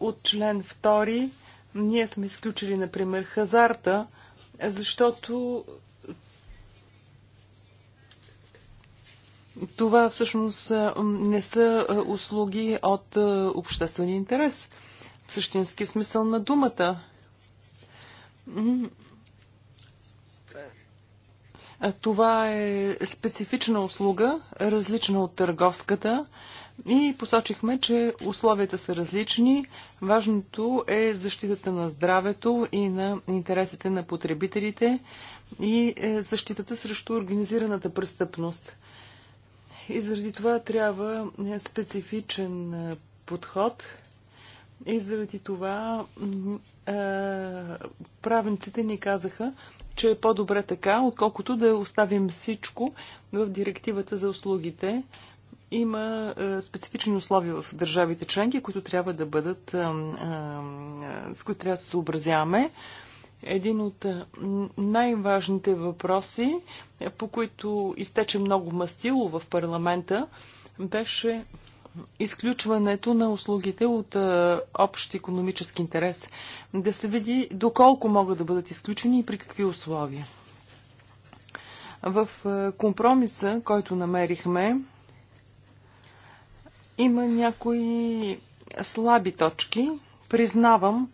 от член 2. Ние сме изключили, например, хазарта, защото това всъщност не са услуги от обществен интерес. В същински смисъл на думата. Това е специфична услуга, различна от търговската. И посочихме, че условията са различни. Важното е защитата на здравето и на интересите на потребителите и е, защитата срещу организираната престъпност. И заради това трябва е, специфичен е, подход. И заради това е, правенците ни казаха, че е по-добре така, отколкото да оставим всичко в директивата за услугите. Има специфични условия в държавите членки, които трябва да бъдат, с които трябва да се съобразяваме един от най-важните въпроси, по които изтече много мастило в парламента, беше изключването на услугите от а, общ економически интерес. Да се види доколко могат да бъдат изключени и при какви условия. В а, компромиса, който намерихме, има някои слаби точки. Признавам,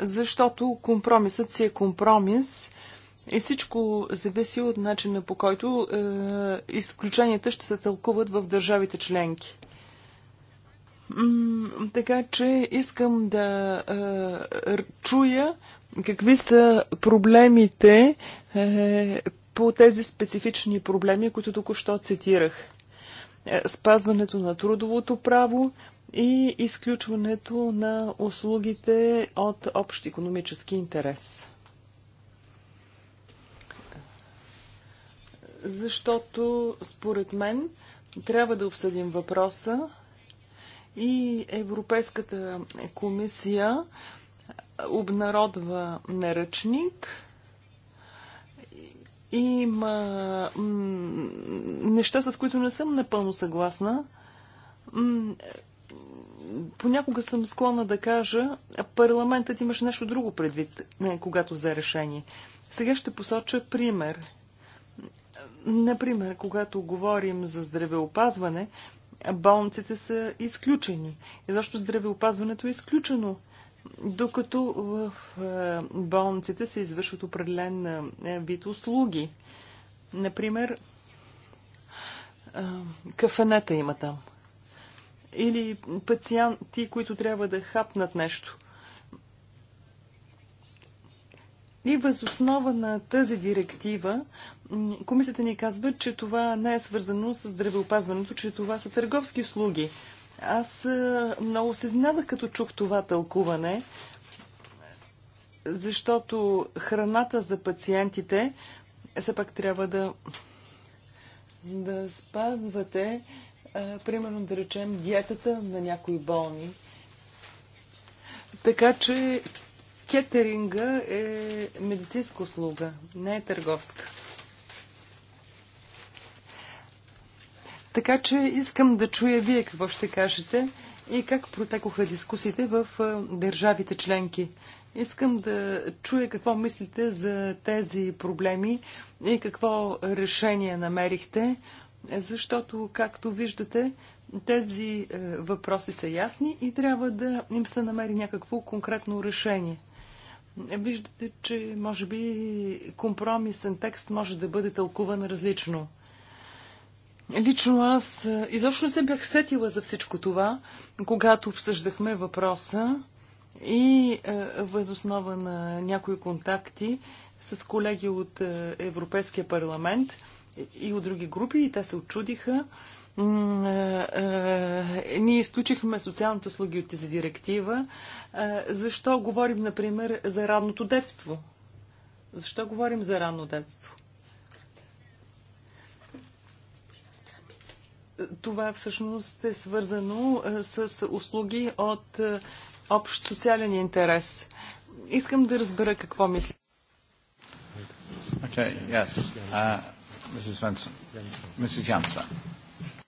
защото компромисът си е компромис и всичко зависи от начина по който е, изключенията ще се тълкуват в държавите членки. М така че искам да е, чуя какви са проблемите е, по тези специфични проблеми, които току-що цитирах. Е, спазването на трудовото право, и изключването на услугите от общ економически интерес. Защото, според мен, трябва да обсъдим въпроса и Европейската комисия обнародва наръчник. Има неща, с които не съм напълно съгласна понякога съм склонна да кажа, парламентът имаше нещо друго предвид, когато взе решение. Сега ще посоча пример. Например, когато говорим за здравеопазване, болниците са изключени. И защо здравеопазването е изключено? Докато в е, болниците се извършват определен е, вид услуги. Например, е, кафенета има там или пациенти, които трябва да хапнат нещо. И възоснова на тази директива, комисията ни казва, че това не е свързано с здравеопазването, че това са търговски услуги. Аз много се изненадах, като чух това тълкуване, защото храната за пациентите все пак трябва да, да спазвате примерно да речем диетата на някои болни. Така че кетеринга е медицинска услуга, не е търговска. Така че искам да чуя вие какво ще кажете и как протекоха дискусиите в държавите членки. Искам да чуя какво мислите за тези проблеми и какво решение намерихте защото, както виждате, тези е, въпроси са ясни и трябва да им се намери някакво конкретно решение. Виждате, че може би компромисен текст може да бъде тълкуван различно. Лично аз е, изобщо не се бях сетила за всичко това, когато обсъждахме въпроса и е, възоснова на някои контакти с колеги от е, Европейския парламент – и от други групи и те се очудиха. Ние изключихме социалните услуги от тези директива. Защо говорим, например, за ранното детство? Защо говорим за ранно детство? Това всъщност е свързано с услуги от общ социален интерес. Искам да разбера какво мисля. Okay, yes. Uh... Mrs. Svensson. Mrs. Janssen.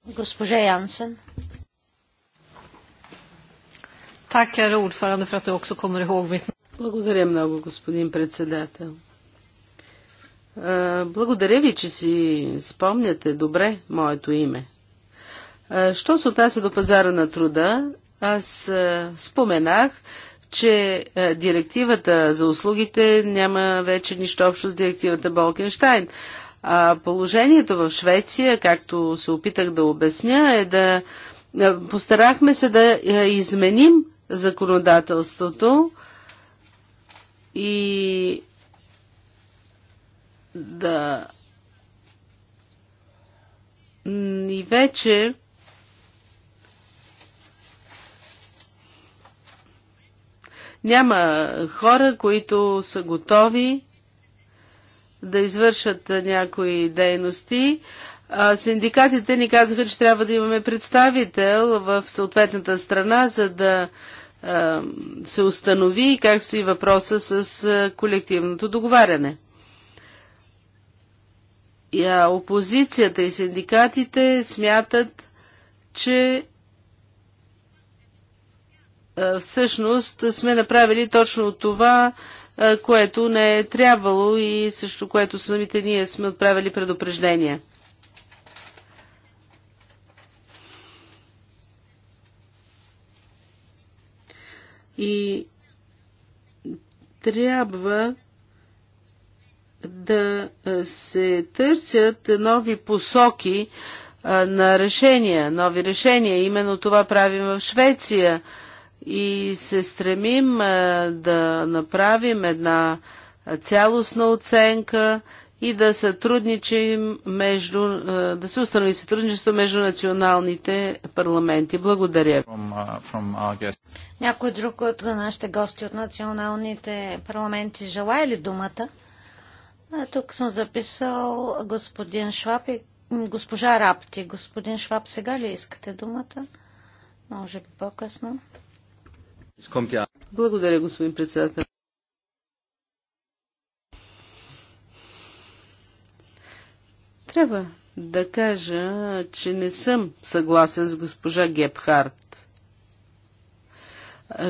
Госпожа Tack, herr ordförande, för att du också kommer ihåg mitt Благодаря много, господин председател. Благодаря ви, че си спомняте добре моето име. Що се отнася до пазара на труда, аз споменах, че директивата за услугите няма вече нищо общо с директивата Болкенштайн. А положението в Швеция, както се опитах да обясня, е да е, постарахме се да е, изменим законодателството и да и вече няма хора, които са готови да извършат някои дейности. Синдикатите ни казаха, че трябва да имаме представител в съответната страна, за да се установи как стои въпроса с колективното договаряне. И, а, опозицията и синдикатите смятат, че всъщност сме направили точно това, което не е трябвало и също което самите ние сме отправили предупреждение. И трябва да се търсят нови посоки на решения, нови решения. Именно това правим в Швеция и се стремим да направим една цялостна оценка и да сътрудничим между, да се установи сътрудничество между националните парламенти. Благодаря. From, uh, from Някой друг от нашите гости от националните парламенти желая ли думата? Тук съм записал господин Шваб и госпожа Рапти. Господин Шваб, сега ли искате думата? Може би по-късно. Благодаря, господин председател. Трябва да кажа, че не съм съгласен с госпожа Гепхарт.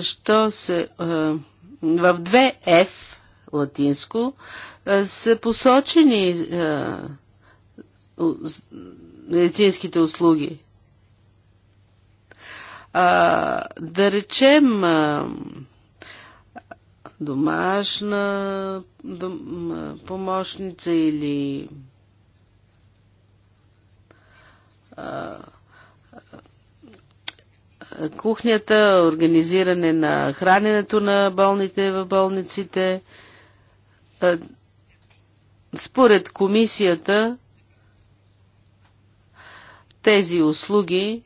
Що се... В 2F, латинско, са посочени медицинските услуги. А, да речем, а, домашна дом, а, помощница или а, кухнята, организиране на храненето на болните в болниците. Според комисията тези услуги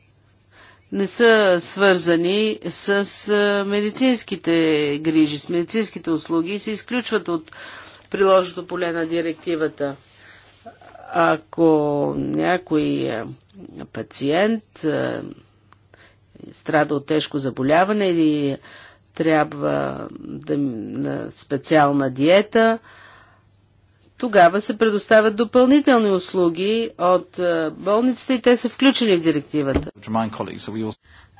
не са свързани с медицинските грижи, с медицинските услуги и се изключват от приложното поле на директивата. Ако някой пациент страда от тежко заболяване или трябва да на специална диета, тогава се предоставят допълнителни услуги от е, болниците и те са включени в директивата.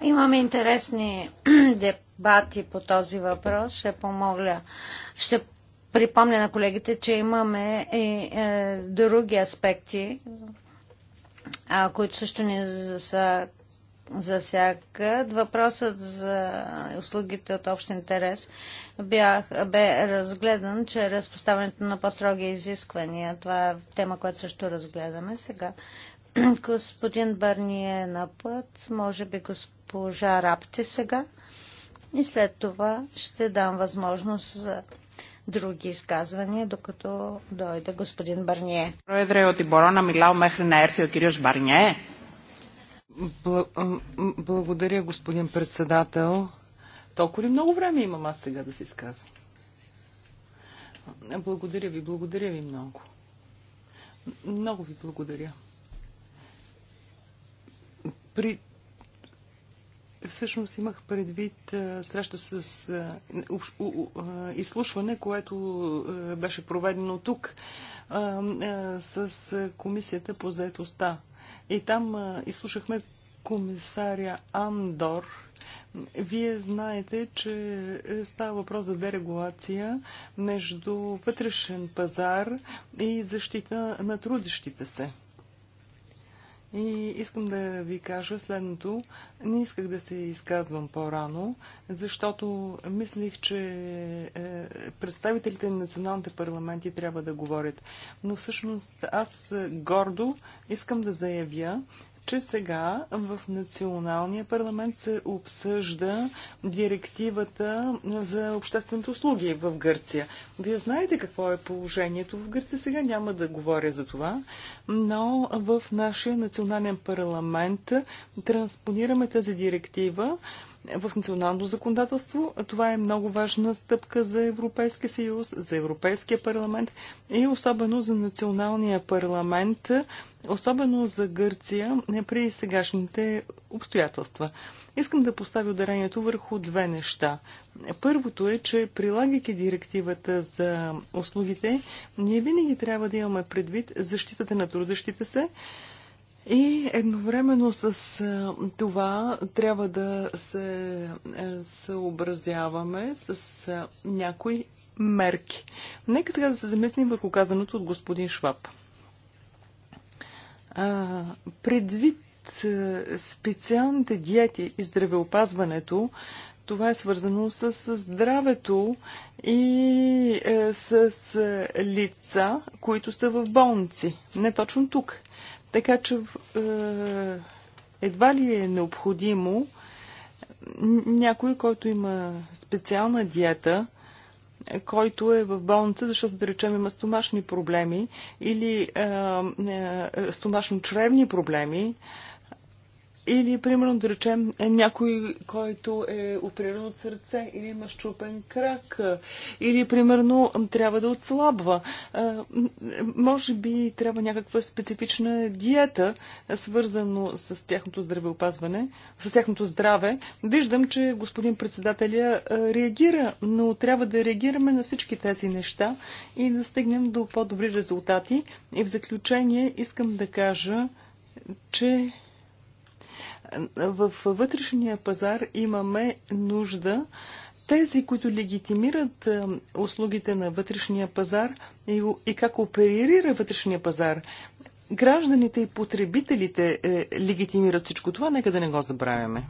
Имаме интересни дебати по този въпрос. Ще помогля. Ще припомня на колегите, че имаме и е, други аспекти, а, които също не са Засяга. Въпросът за услугите от общ интерес бях, бе разгледан чрез поставянето на по-строги изисквания. Това е тема, която също разгледаме сега. Господин Бърни е на път, може би госпожа Рапти е сега. И след това ще дам възможност за други изказвания, докато дойде господин Барние. Проедре от Иборона, να μιλάω на να έρθει ο благодаря, господин председател. Толкова ли много време имам аз сега да се изказвам? Благодаря ви, благодаря ви много. Много ви благодаря. При... Всъщност имах предвид среща с изслушване, което беше проведено тук с Комисията по заетостта. И там изслушахме комисаря Андор. Вие знаете, че е, става въпрос за дерегулация между вътрешен пазар и защита на трудещите се. И искам да ви кажа следното. Не исках да се изказвам по-рано, защото мислих, че е, представителите на националните парламенти трябва да говорят. Но всъщност аз е, гордо искам да заявя, че сега в националния парламент се обсъжда директивата за обществените услуги в Гърция. Вие знаете какво е положението в Гърция, сега няма да говоря за това, но в нашия национален парламент транспонираме тази директива в национално законодателство. Това е много важна стъпка за Европейския съюз, за Европейския парламент и особено за националния парламент, особено за Гърция е, при сегашните обстоятелства. Искам да поставя ударението върху две неща. Първото е, че прилагайки директивата за услугите, ние винаги трябва да имаме предвид защитата на трудещите се, и едновременно с това трябва да се съобразяваме с някои мерки. Нека сега да се замислим върху казаното от господин Шваб. А, предвид специалните диети и здравеопазването, това е свързано с здравето и е, с е, лица, които са в болници. Не точно тук. Така че е, едва ли е необходимо някой, който има специална диета, който е в болница, защото да речем има стомашни проблеми или е, е, стомашно-чревни проблеми, е, или, примерно, да речем, е, някой, който е опериран от сърце или има щупен крак, е, или, примерно, трябва да отслабва. Е, може би трябва някаква специфична диета, свързано с тяхното здравеопазване, с тяхното здраве. Виждам, че господин председателя реагира, но трябва да реагираме на всички тези неща и да стигнем до по-добри резултати. И в заключение искам да кажа, че в вътрешния пазар имаме нужда тези, които легитимират е, услугите на вътрешния пазар и как оперира вътрешния пазар. Гражданите и потребителите е, легитимират всичко това, нека да не го забравяме.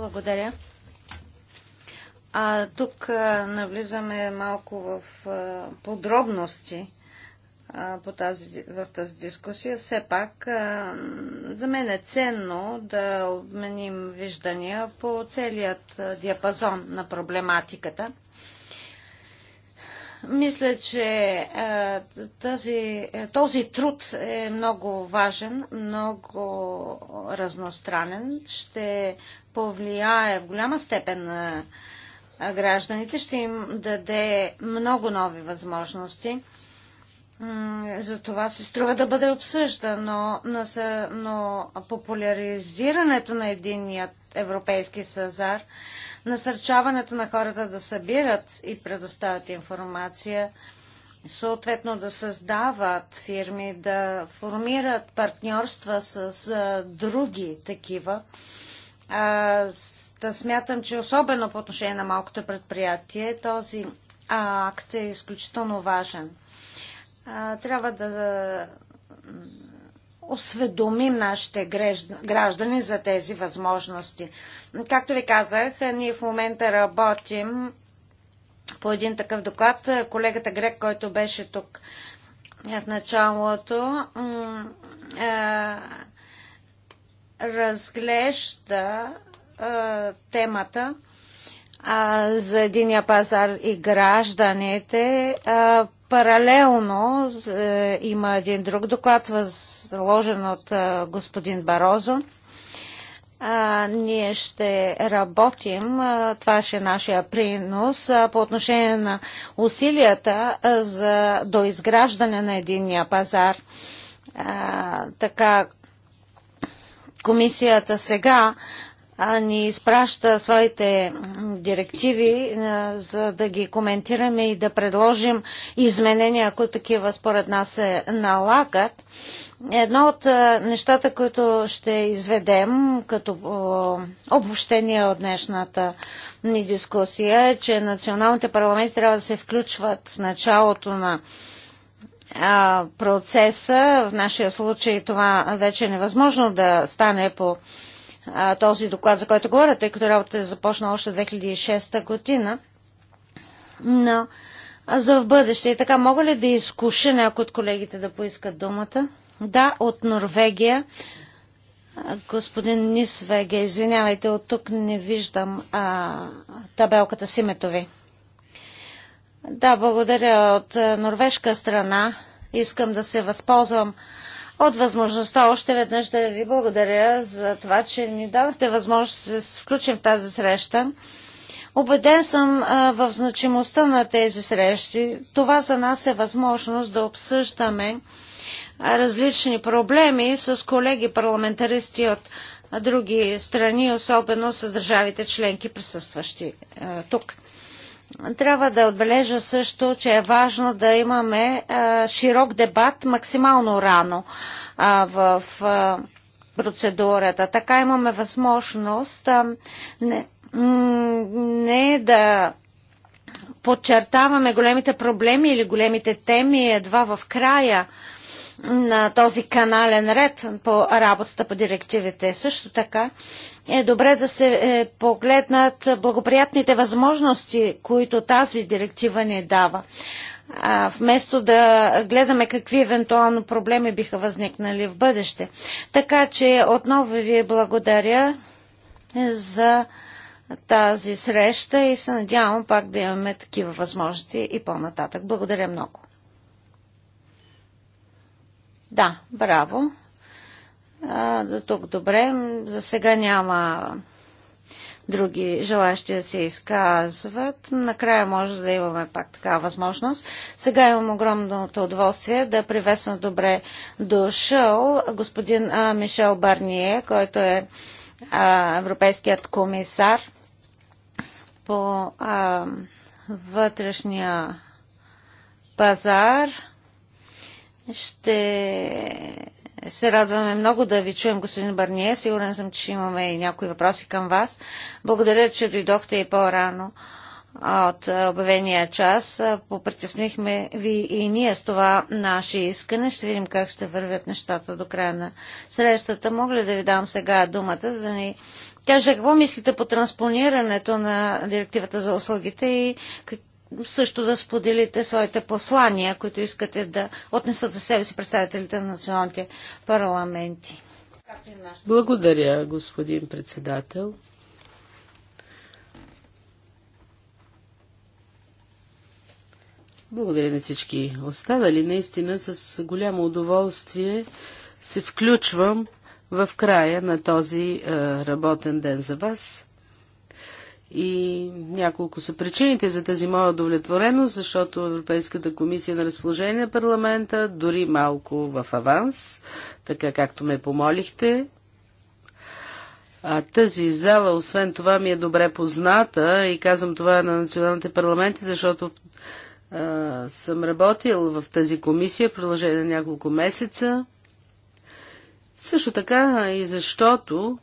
Благодаря. А, тук е, навлизаме малко в подробности по тази, в тази дискусия. Все пак за мен е ценно да обменим виждания по целият диапазон на проблематиката. Мисля, че тази, е, този труд е много важен, много разностранен, ще повлияе в голяма степен на гражданите, ще им даде много нови възможности за това се струва да бъде обсъждано, но, но популяризирането на единият европейски съзар, насърчаването на хората да събират и предоставят информация, съответно да създават фирми, да формират партньорства с, други такива. А, да смятам, че особено по отношение на малкото предприятие, този акт е изключително важен трябва да осведомим нашите граждани за тези възможности. Както ви казах, ние в момента работим по един такъв доклад. Колегата Грек, който беше тук е, в началото, е, разглежда е, темата за единия пазар и гражданите Паралелно е, има един друг доклад, възложен от е, господин Барозо. А, ние ще работим, а, е, това ще е нашия принос а, е, по отношение на усилията а, е, за доизграждане на единния пазар. А, така, комисията сега ни изпраща своите директиви, за да ги коментираме и да предложим изменения, ако такива според нас се налагат. Едно от нещата, които ще изведем като обобщение от днешната ни дискусия е, че националните парламенти трябва да се включват в началото на процеса. В нашия случай това вече е невъзможно да стане по този доклад, за който говоря, тъй като работата е започна още 2006 година. Но за в бъдеще. И така, мога ли да изкуша някой от колегите да поискат думата? Да, от Норвегия. Господин Нисвеге, извинявайте, от тук не виждам а, табелката с името ви. Да, благодаря. От норвежка страна искам да се възползвам от възможността. Още веднъж да ви благодаря за това, че ни дадохте възможност да се включим в тази среща. Обеден съм в значимостта на тези срещи. Това за нас е възможност да обсъждаме различни проблеми с колеги парламентаристи от други страни, особено с държавите членки присъстващи тук. Трябва да отбележа също, че е важно да имаме а, широк дебат максимално рано а, в а, процедурата. Така имаме възможност а, не, не да подчертаваме големите проблеми или големите теми едва в края на този канален ред по работата по директивите. Също така е добре да се е, погледнат благоприятните възможности, които тази директива ни дава. вместо да гледаме какви евентуално проблеми биха възникнали в бъдеще. Така че отново ви благодаря за тази среща и се надявам пак да имаме такива възможности и по-нататък. Благодаря много. Да, браво. А, до тук добре. За сега няма други желащи да се изказват. Накрая може да имаме пак такава възможност. Сега имам огромното удоволствие да приветствам добре дошъл господин а, Мишел Барние, който е а, европейският комисар по а, вътрешния пазар. Ще се радваме много да ви чуем, господин Барние. Сигурен съм, че имаме и някои въпроси към вас. Благодаря, че дойдохте и по-рано от обявения час. Попритеснихме ви и ние с това наше искане. Ще видим как ще вървят нещата до края на срещата. Мога ли да ви дам сега думата, за да ни каже какво мислите по транспонирането на директивата за услугите и как, също да споделите своите послания, които искате да отнесат за себе си представителите на националните парламенти. Благодаря, господин председател. Благодаря на всички останали. Наистина с голямо удоволствие се включвам в края на този е, работен ден за вас. И няколко са причините за тази моя удовлетвореност, защото Европейската комисия е на разположение на парламента, дори малко в аванс, така както ме помолихте. А тази зала, освен това, ми е добре позната и казвам това на националните парламенти, защото а, съм работил в тази комисия в продължение на няколко месеца. Също така и защото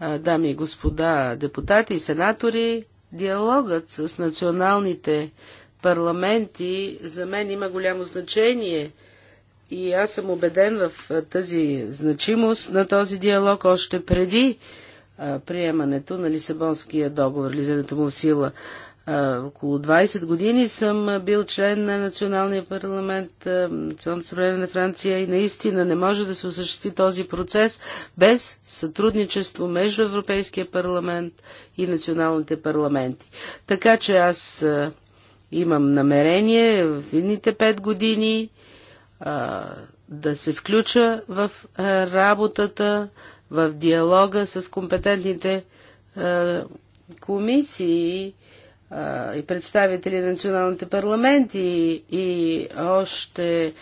дами и господа депутати и сенатори, диалогът с националните парламенти за мен има голямо значение и аз съм убеден в тази значимост на този диалог още преди приемането на Лисабонския договор, влизането му в сила около 20 години съм бил член на Националния парламент, Националното събрание на Франция и наистина не може да се осъществи този процес без сътрудничество между Европейския парламент и националните парламенти. Така че аз имам намерение в едните 5 години да се включа в работата, в диалога с компетентните комисии и представители на националните парламенти и още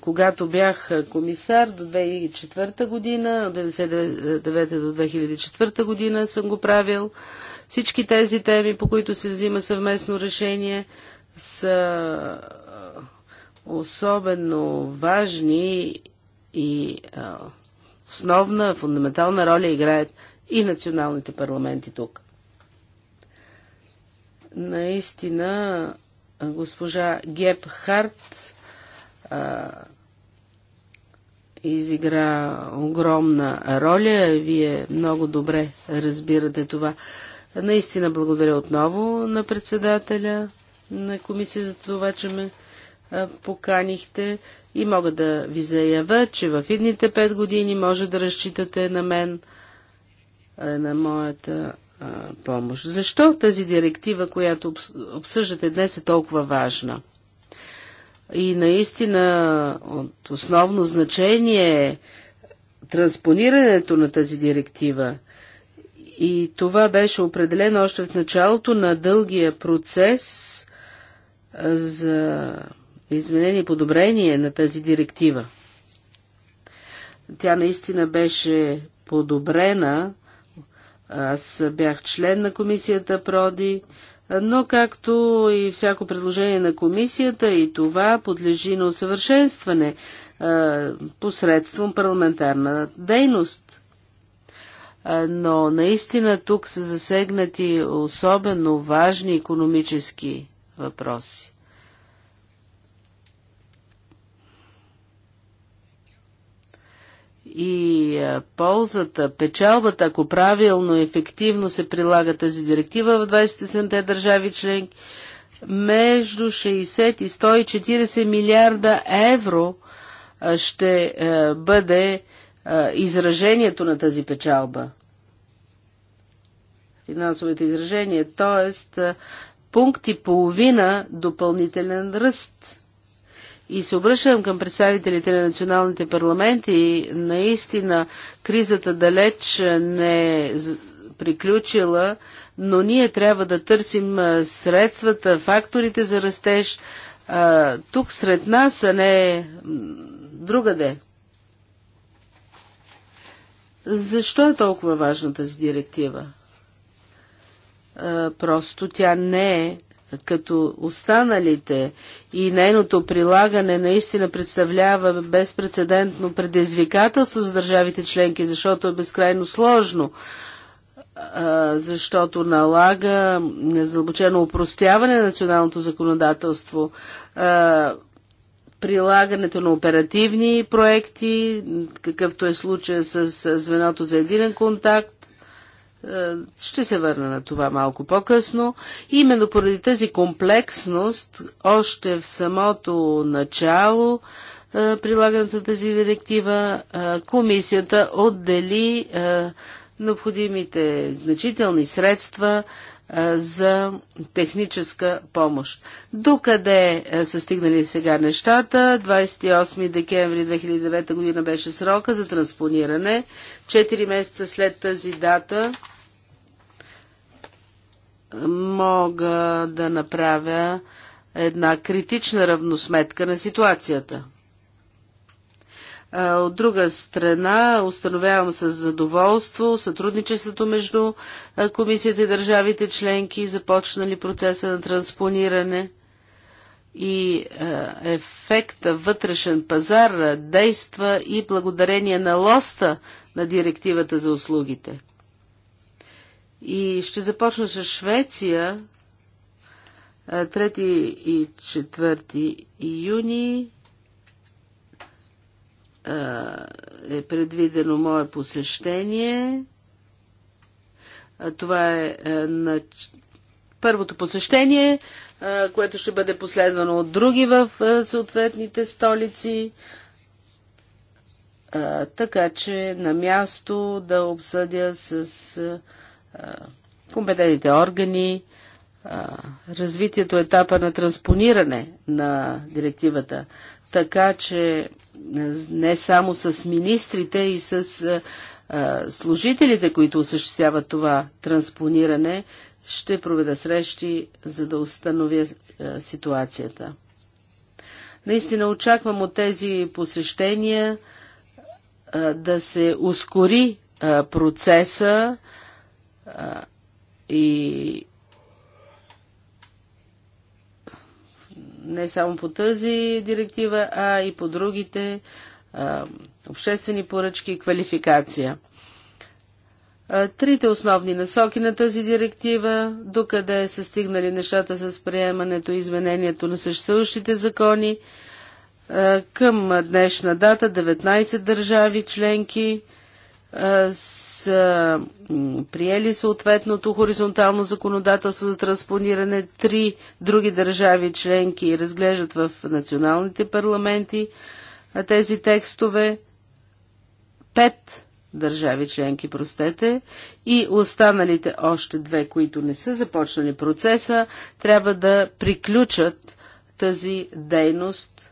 когато бях комисар до 2004 година, от 1999 до 2004 година съм го правил. Всички тези теми, по които се взима съвместно решение, са особено важни и основна, фундаментална роля играят и националните парламенти тук. Наистина, госпожа Геб Харт а, изигра огромна роля. Вие много добре разбирате това. Наистина благодаря отново на председателя на комисия за това, че ме поканихте и мога да ви заявя, че в идните пет години може да разчитате на мен, на моята помощ. Защо тази директива, която обсъждате днес, е толкова важна? И наистина от основно значение е транспонирането на тази директива. И това беше определено още в началото на дългия процес за изменение и подобрение на тази директива. Тя наистина беше подобрена аз бях член на комисията Проди, но както и всяко предложение на комисията и това подлежи на усъвършенстване посредством парламентарна дейност. Но наистина тук са засегнати особено важни економически въпроси. и е, ползата, печалбата, ако правилно и ефективно се прилага тази директива в 27-те държави членки, между 60 и 140 милиарда евро е, ще е, бъде изражението на тази печалба. Финансовите изражения, т.е. пункт и половина допълнителен ръст и се обръщам към представителите на националните парламенти. Наистина кризата далеч не е приключила, но ние трябва да търсим средствата, факторите за растеж а, тук сред нас, а не другаде. Защо е толкова важна тази директива? просто тя не е като останалите и нейното прилагане наистина представлява безпредседентно предизвикателство за държавите членки, защото е безкрайно сложно, защото налага задълбочено упростяване на националното законодателство, прилагането на оперативни проекти, какъвто е случая с звеното за единен контакт, е, ще се върна на това малко по-късно. Именно поради тази комплексност, още в самото начало, е, прилагането тази директива, е, комисията отдели необходимите значителни средства за техническа помощ. Докъде са стигнали сега нещата? 28 декември 2009 година беше срока за транспониране. 4 месеца след тази дата мога да направя една критична равносметка на ситуацията. От друга страна, установявам с задоволство сътрудничеството между комисията и държавите членки, започнали процеса на транспониране и ефекта вътрешен пазар действа и благодарение на лоста на директивата за услугите. И ще започна с Швеция. 3 и 4 июни е предвидено мое посещение. Това е, е на първото посещение, което ще бъде последвано от други в съответните столици. Така че на място да обсъдя с компетентните органи, развитието е етапа на транспониране на директивата, така че не само с министрите и с служителите, които осъществяват това транспониране, ще проведа срещи, за да установя ситуацията. Наистина очаквам от тези посещения да се ускори процеса и не само по тази директива, а и по другите обществени поръчки и квалификация. Трите основни насоки на тази директива, докъде са стигнали нещата с приемането и изменението на съществуващите закони, към днешна дата 19 държави членки са приели съответното хоризонтално законодателство за транспониране. Три други държави членки разглеждат в националните парламенти тези текстове. Пет държави членки, простете, и останалите още две, които не са започнали процеса, трябва да приключат тази дейност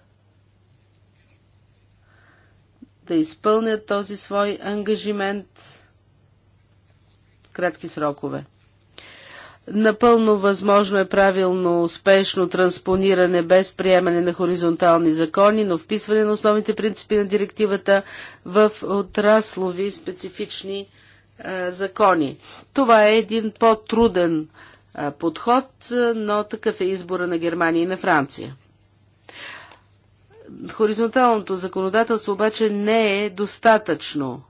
да изпълнят този свой ангажимент в кратки срокове. Напълно възможно е правилно успешно транспониране без приемане на хоризонтални закони, но вписване на основните принципи на директивата в отраслови специфични а, закони. Това е един по-труден подход, но такъв е избора на Германия и на Франция. Хоризонталното законодателство обаче не е достатъчно.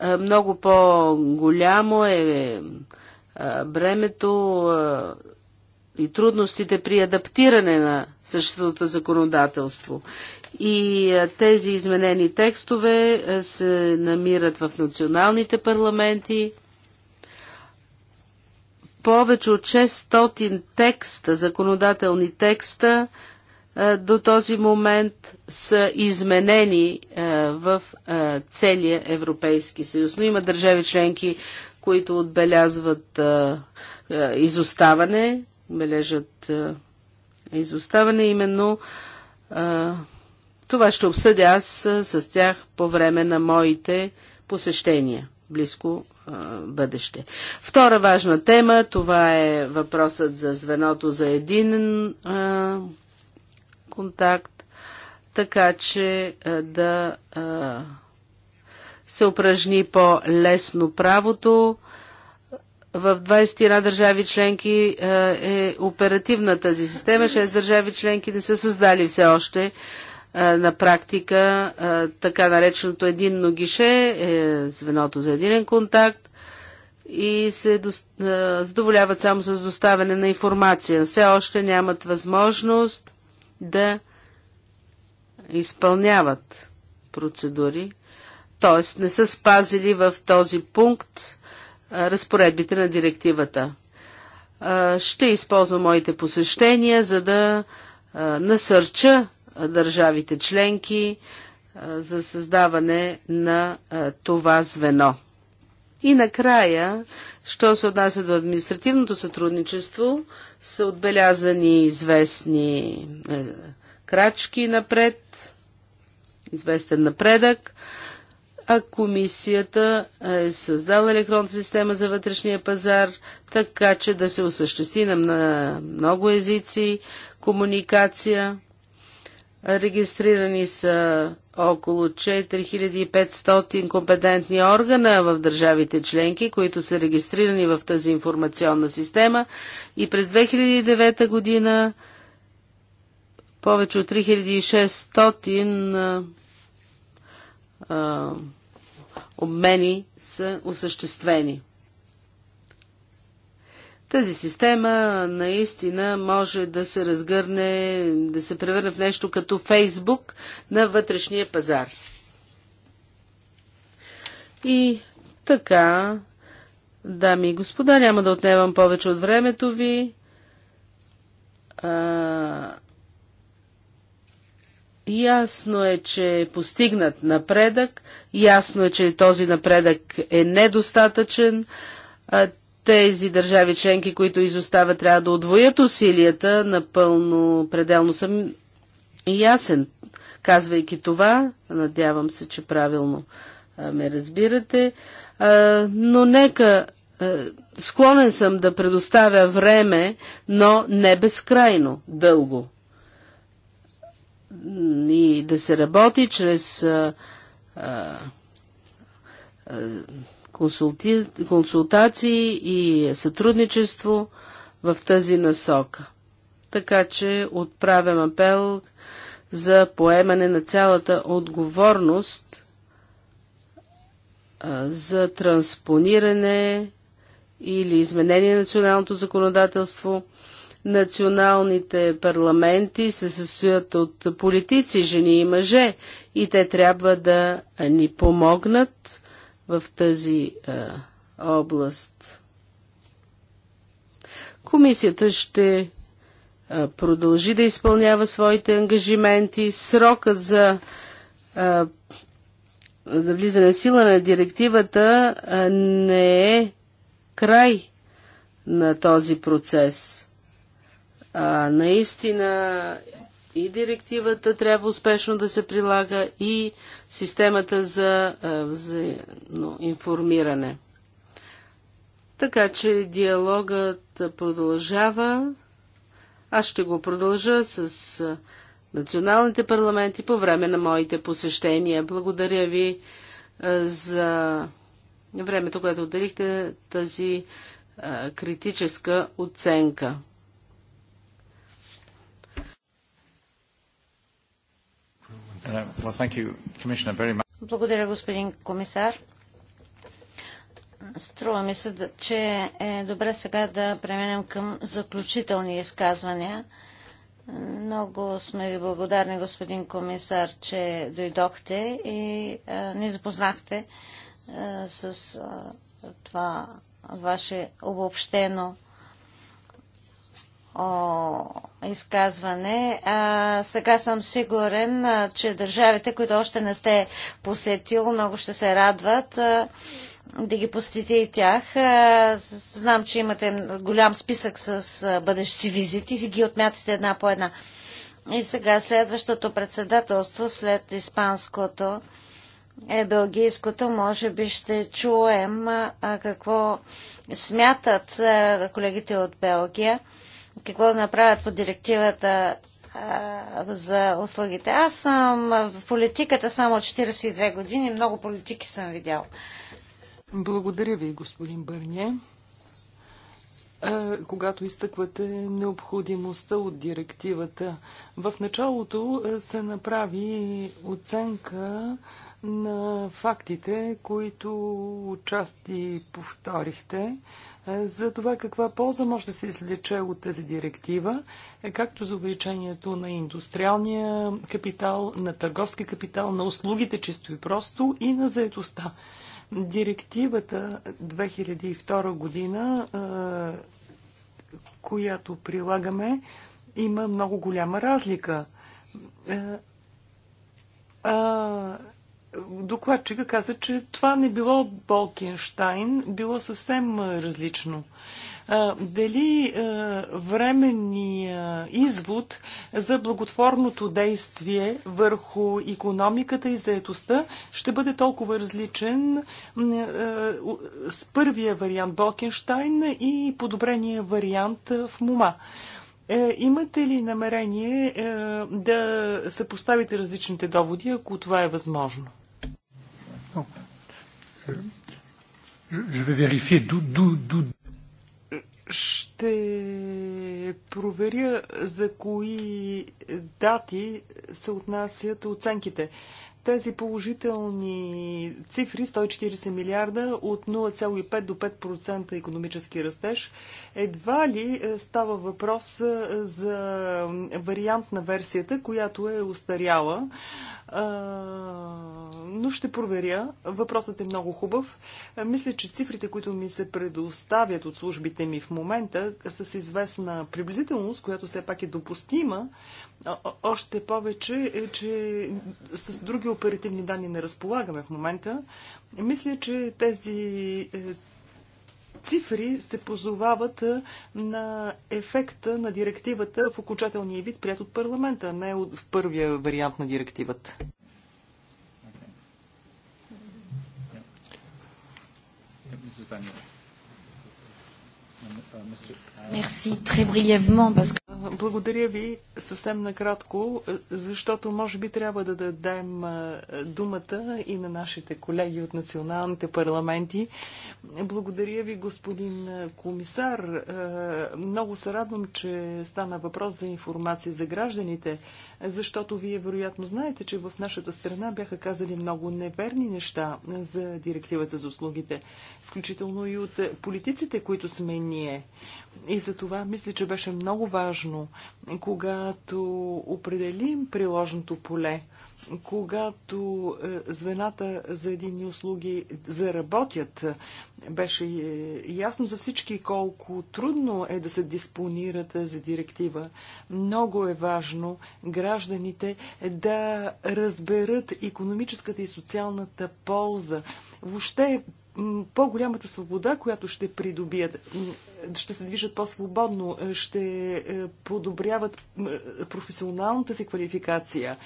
Е, много по-голямо е, е бремето е, и трудностите при адаптиране на същото законодателство. И тези изменени текстове се намират в националните парламенти. Повече от 600 текста, законодателни текста, е, до този момент са изменени е, в е, целия Европейски съюз. Но има държави членки, които отбелязват изоставане, бележат изоставане. Именно това ще обсъдя аз с тях по време на моите посещения близко бъдеще. Втора важна тема, това е въпросът за звеното за един контакт, така че е, да е, се упражни по-лесно правото. В 21 държави членки е, е оперативна тази система. 6 държави членки не са създали все още на практика така нареченото единно гише, е звеното за единен контакт и се задоволяват само с доставяне на информация. Все още нямат възможност да изпълняват процедури, т.е. не са спазили в този пункт разпоредбите на директивата. ще използвам моите посещения, за да насърча държавите членки за създаване на това звено. И накрая, що се отнася до административното сътрудничество, са отбелязани известни е, крачки напред, известен напредък. А комисията е създала електронна система за вътрешния пазар, така че да се осъществи на много езици комуникация Регистрирани са около 4500 компетентни органа в държавите членки, които са регистрирани в тази информационна система и през 2009 година повече от 3600 а, обмени са осъществени. Тази система наистина може да се разгърне, да се превърне в нещо като Фейсбук на вътрешния пазар. И така, дами и господа, няма да отнемам повече от времето ви. А, ясно е, че е постигнат напредък, ясно е, че този напредък е недостатъчен. А, тези държави членки, които изостават, трябва да отвоят усилията. Напълно, пределно съм ясен. Казвайки това, надявам се, че правилно ме разбирате, но нека склонен съм да предоставя време, но не безкрайно дълго. И да се работи чрез консулти... консултации и сътрудничество в тази насока. Така че отправям апел за поемане на цялата отговорност за транспониране или изменение на националното законодателство. Националните парламенти се състоят от политици, жени и мъже, и те трябва да ни помогнат в тази а, област. Комисията ще а, продължи да изпълнява своите ангажименти. Срокът за а, да влизане сила на директивата а, не е край на този процес. А, наистина и директивата трябва успешно да се прилага и системата за е, взаимно информиране. Така че диалогът продължава. Аз ще го продължа с е, националните парламенти по време на моите посещения. Благодаря ви е, за времето, което отделихте тази критическа оценка. Uh, Благодаря, господин комисар. Струва ми се, че е добре сега да преминем към заключителни изказвания. Много сме ви благодарни, господин комисар, че дойдохте и ни запознахте с това ваше обобщено о, изказване. А, сега съм сигурен, а, че държавите, които още не сте посетил, много ще се радват а, да ги посетите и тях. А, знам, че имате голям списък с а, бъдещи визити и ги отмятате една по една. И сега следващото председателство след испанското е бългийското. може би ще чуем а, какво смятат а, колегите от Белгия какво да направят по директивата а, за услугите. Аз съм в политиката само 42 години, много политики съм видял. Благодаря ви, господин Бърне. Когато изтъквате необходимостта от директивата, в началото се направи оценка на фактите, които отчасти повторихте. Е, за това каква полза може да се излече от тази директива, е както за увеличението на индустриалния капитал, на търговски капитал, на услугите чисто и просто и на заедостта. Директивата 2002 година, е, която прилагаме, има много голяма разлика. А, докладчика каза, че това не било Болкенштайн, било съвсем различно. Дали временния извод за благотворното действие върху економиката и заетостта ще бъде толкова различен с първия вариант Болкенштайн и подобрения вариант в МУМА. Е, имате ли намерение е, да съпоставите различните доводи, ако това е възможно? Ще проверя за кои дати се отнасят оценките тези положителни цифри, 140 милиарда от 0,5 до 5% економически растеж, едва ли е, става въпрос е, за вариант на версията, която е устаряла но ще проверя. Въпросът е много хубав. Мисля, че цифрите, които ми се предоставят от службите ми в момента, са с известна приблизителност, която все пак е допустима. Още повече, е, че с други оперативни данни не разполагаме в момента. Мисля, че тези е, цифри се позовават на ефекта на директивата в окончателния вид, прият от парламента, не в първия вариант на директивата. Okay. Yeah. Yeah, благодаря ви съвсем накратко, защото може би трябва да дадем думата и на нашите колеги от националните парламенти. Благодаря ви, господин комисар. Много се радвам, че стана въпрос за информация за гражданите, защото вие вероятно знаете, че в нашата страна бяха казали много неверни неща за директивата за услугите, включително и от политиците, които сме ние. И за това мисля, че беше много важно, когато определим приложното поле, когато е, звената за едини услуги заработят, беше е, ясно за всички колко трудно е да се диспонират за директива. Много е важно гражданите да разберат економическата и социалната полза, въобще по-голямата свобода, която ще придобият, ще се движат по-свободно, е, ще е, подобряват професионалната си квалификация.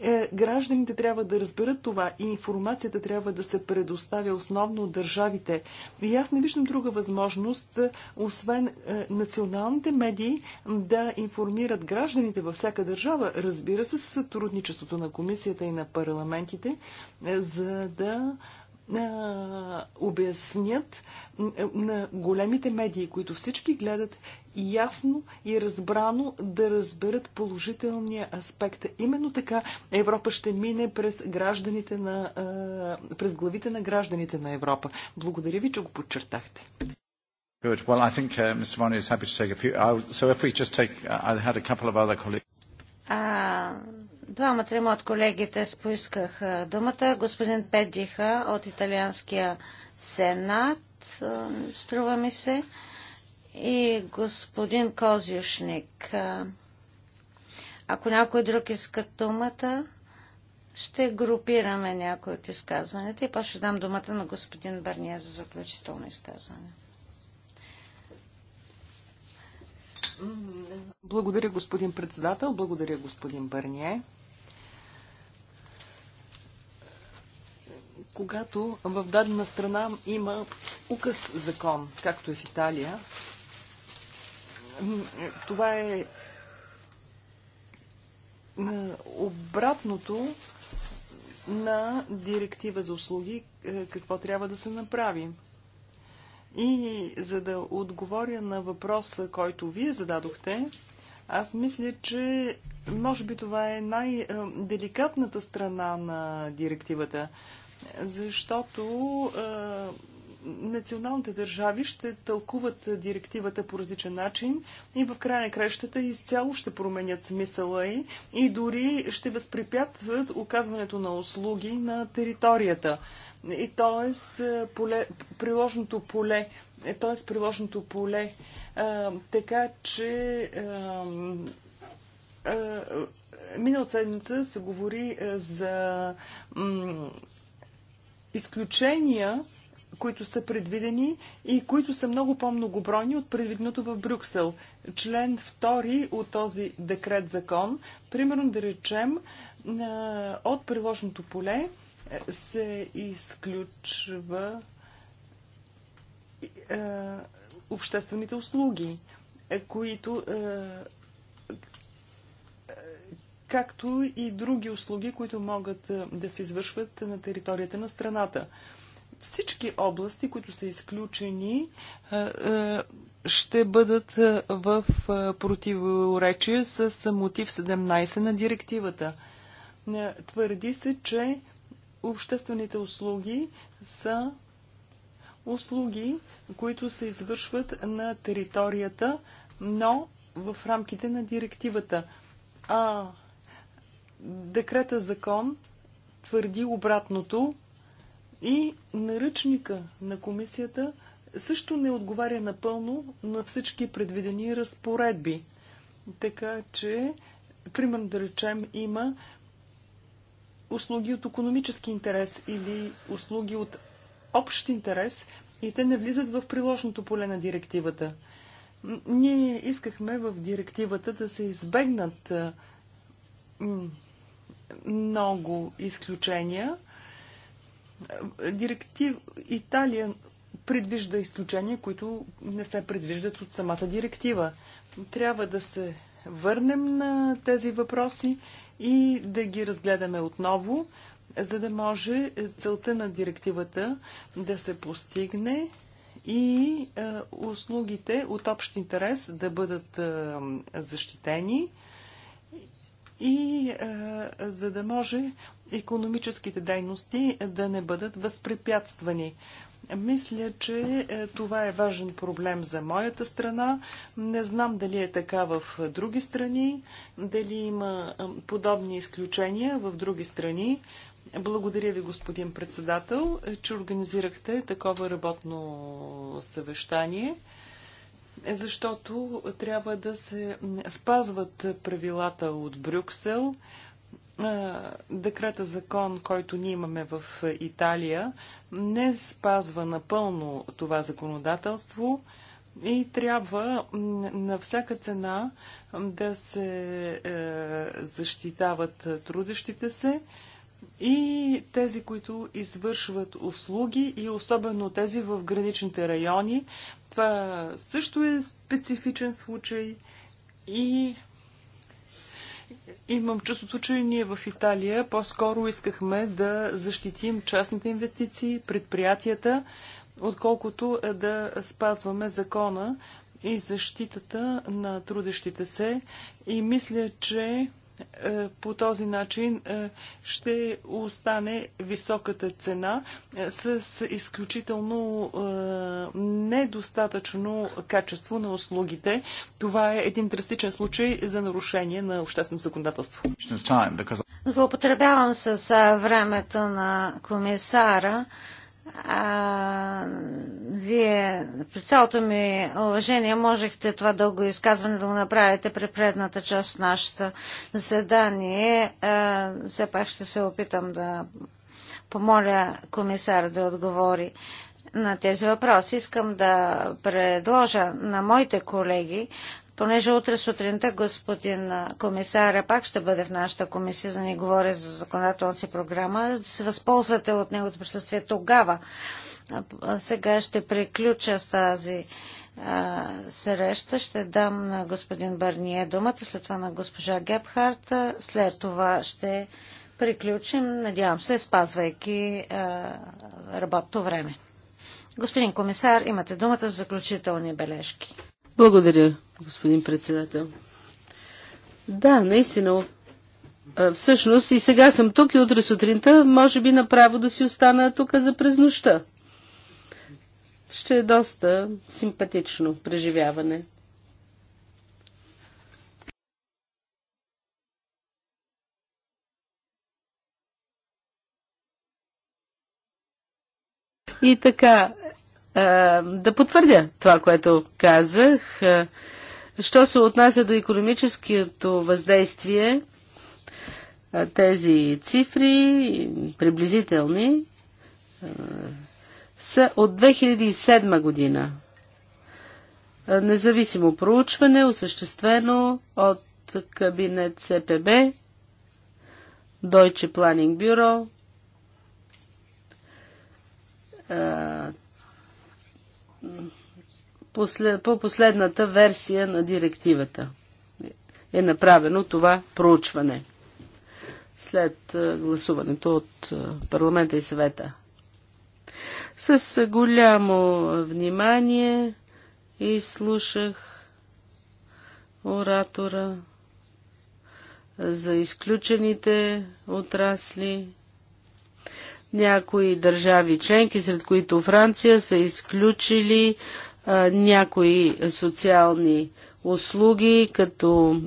Е, гражданите трябва да разберат това и информацията трябва да се предоставя основно от държавите. И аз не виждам друга възможност, освен националните медии, да информират гражданите във всяка държава, разбира се, с сътрудничеството на комисията и на парламентите, за да обяснят на големите медии, които всички гледат, ясно и разбрано да разберат положителния аспект. Именно така Европа ще мине през, гражданите на, през главите на гражданите на Европа. Благодаря ви, че го подчертахте. Good. Well, I think uh, Mr. Uh... Двама-трима от колегите споисках думата. Господин Педиха от Италианския сенат, струва ми се, и господин Козюшник. Ако някой друг иска думата, ще групираме някои от изказванията и после ще дам думата на господин Барния за заключително изказване. Благодаря, господин председател. Благодаря, господин Барние. когато в дадена страна има указ закон, както е в Италия, това е обратното на директива за услуги, е, какво трябва да се направи. И за да отговоря на въпроса, който вие зададохте, аз мисля, че може би това е най-деликатната е, страна на директивата защото националните държави ще тълкуват директивата по различен начин и в края на кращата изцяло ще променят смисъла й и дори ще възпрепятстват оказването на услуги на територията. И т.е. приложното поле, т.е. приложното поле, а, така че а, а, миналата седмица се говори за изключения, които са предвидени и които са много по-многобройни от предвиденото в Брюксел. Член 2 от този декрет закон, примерно да речем, от приложното поле е, се изключва е, обществените услуги, е, които както и други услуги, които могат да се извършват на територията на страната. Всички области, които са изключени, ще бъдат в противоречие с мотив 17 на директивата. Твърди се, че обществените услуги са услуги, които се извършват на територията, но в рамките на директивата. А Декрета закон твърди обратното и наръчника на комисията също не отговаря напълно на всички предвидени разпоредби. Така че, примерно да речем, има услуги от економически интерес или услуги от общ интерес и те не влизат в приложното поле на директивата. Ние искахме в директивата да се избегнат много изключения. Директив Италия предвижда изключения, които не се предвиждат от самата директива. Трябва да се върнем на тези въпроси и да ги разгледаме отново, за да може целта на директивата да се постигне и е, услугите от общ интерес да бъдат е, защитени и е, за да може економическите дейности да не бъдат възпрепятствани. Мисля, че е, това е важен проблем за моята страна. Не знам дали е така в други страни, дали има е, подобни изключения в други страни. Благодаря ви, господин председател, че организирахте такова работно съвещание. Е защото трябва да се спазват правилата от Брюксел. Декрета закон, който ние имаме в Италия, не спазва напълно това законодателство и трябва на всяка цена да се е, защитават трудещите се и тези, които извършват услуги и особено тези в граничните райони, това също е специфичен случай и Имам чувството, че ние в Италия по-скоро искахме да защитим частните инвестиции, предприятията, отколкото да спазваме закона и защитата на трудещите се. И мисля, че е, по този начин е, ще остане високата цена е, с изключително недостатъчно качество на услугите. Това е един драстичен случай за нарушение на обществено законодателство. Злоупотребявам с времето на комисара. А, вие, при цялото ми уважение, можехте това дълго изказване да го направите при предната част от нашето заседание. А, все пак ще се опитам да помоля комисар да отговори на тези въпроси. Искам да предложа на моите колеги Понеже утре сутринта господин комисар, пак ще бъде в нашата комисия, за да ни говори за законодателната си програма, да се възползвате от неговото присъствие тогава. Сега ще приключа с тази среща. Ще дам на господин Барние думата, след това на госпожа Гепхарт. След това ще приключим, надявам се, спазвайки работното време. Господин комисар, имате думата за заключителни бележки. Благодаря, господин председател. Да, наистина. Всъщност и сега съм тук и утре сутринта може би направо да си остана тук за през нощта. Ще е доста симпатично преживяване. И така, да потвърдя това, което казах. Що се отнася до економическото въздействие, тези цифри, приблизителни, са от 2007 година. Независимо проучване, осъществено от кабинет СПБ, Deutsche Planning Bureau, по последната версия на директивата е направено това проучване след гласуването от парламента и съвета. С голямо внимание изслушах оратора за изключените отрасли. Някои държави членки, сред които Франция, са изключили някои социални услуги, като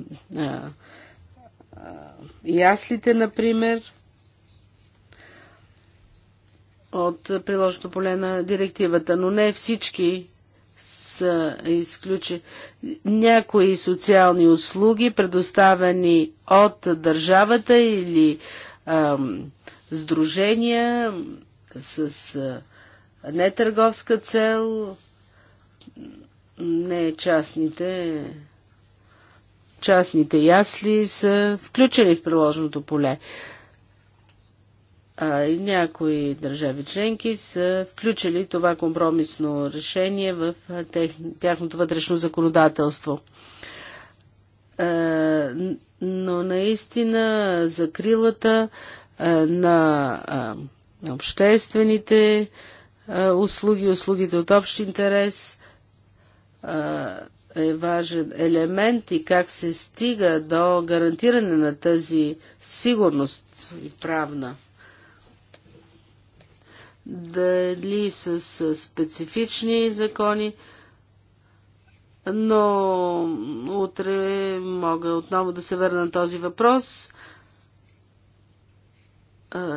яслите, например, от приложното поле на директивата, но не всички са изключени. Някои социални услуги, предоставени от държавата или а, сдружения с а, нетърговска цел, не частните частните ясли са включени в приложеното поле. А, и някои държави членки са включили това компромисно решение в тех, тяхното вътрешно законодателство. А, но наистина закрилата а, на, а, обществените а, услуги, услугите от общ интерес – е важен елемент и как се стига до гарантиране на тази сигурност и правна. Дали с специфични закони, но утре мога отново да се върна на този въпрос.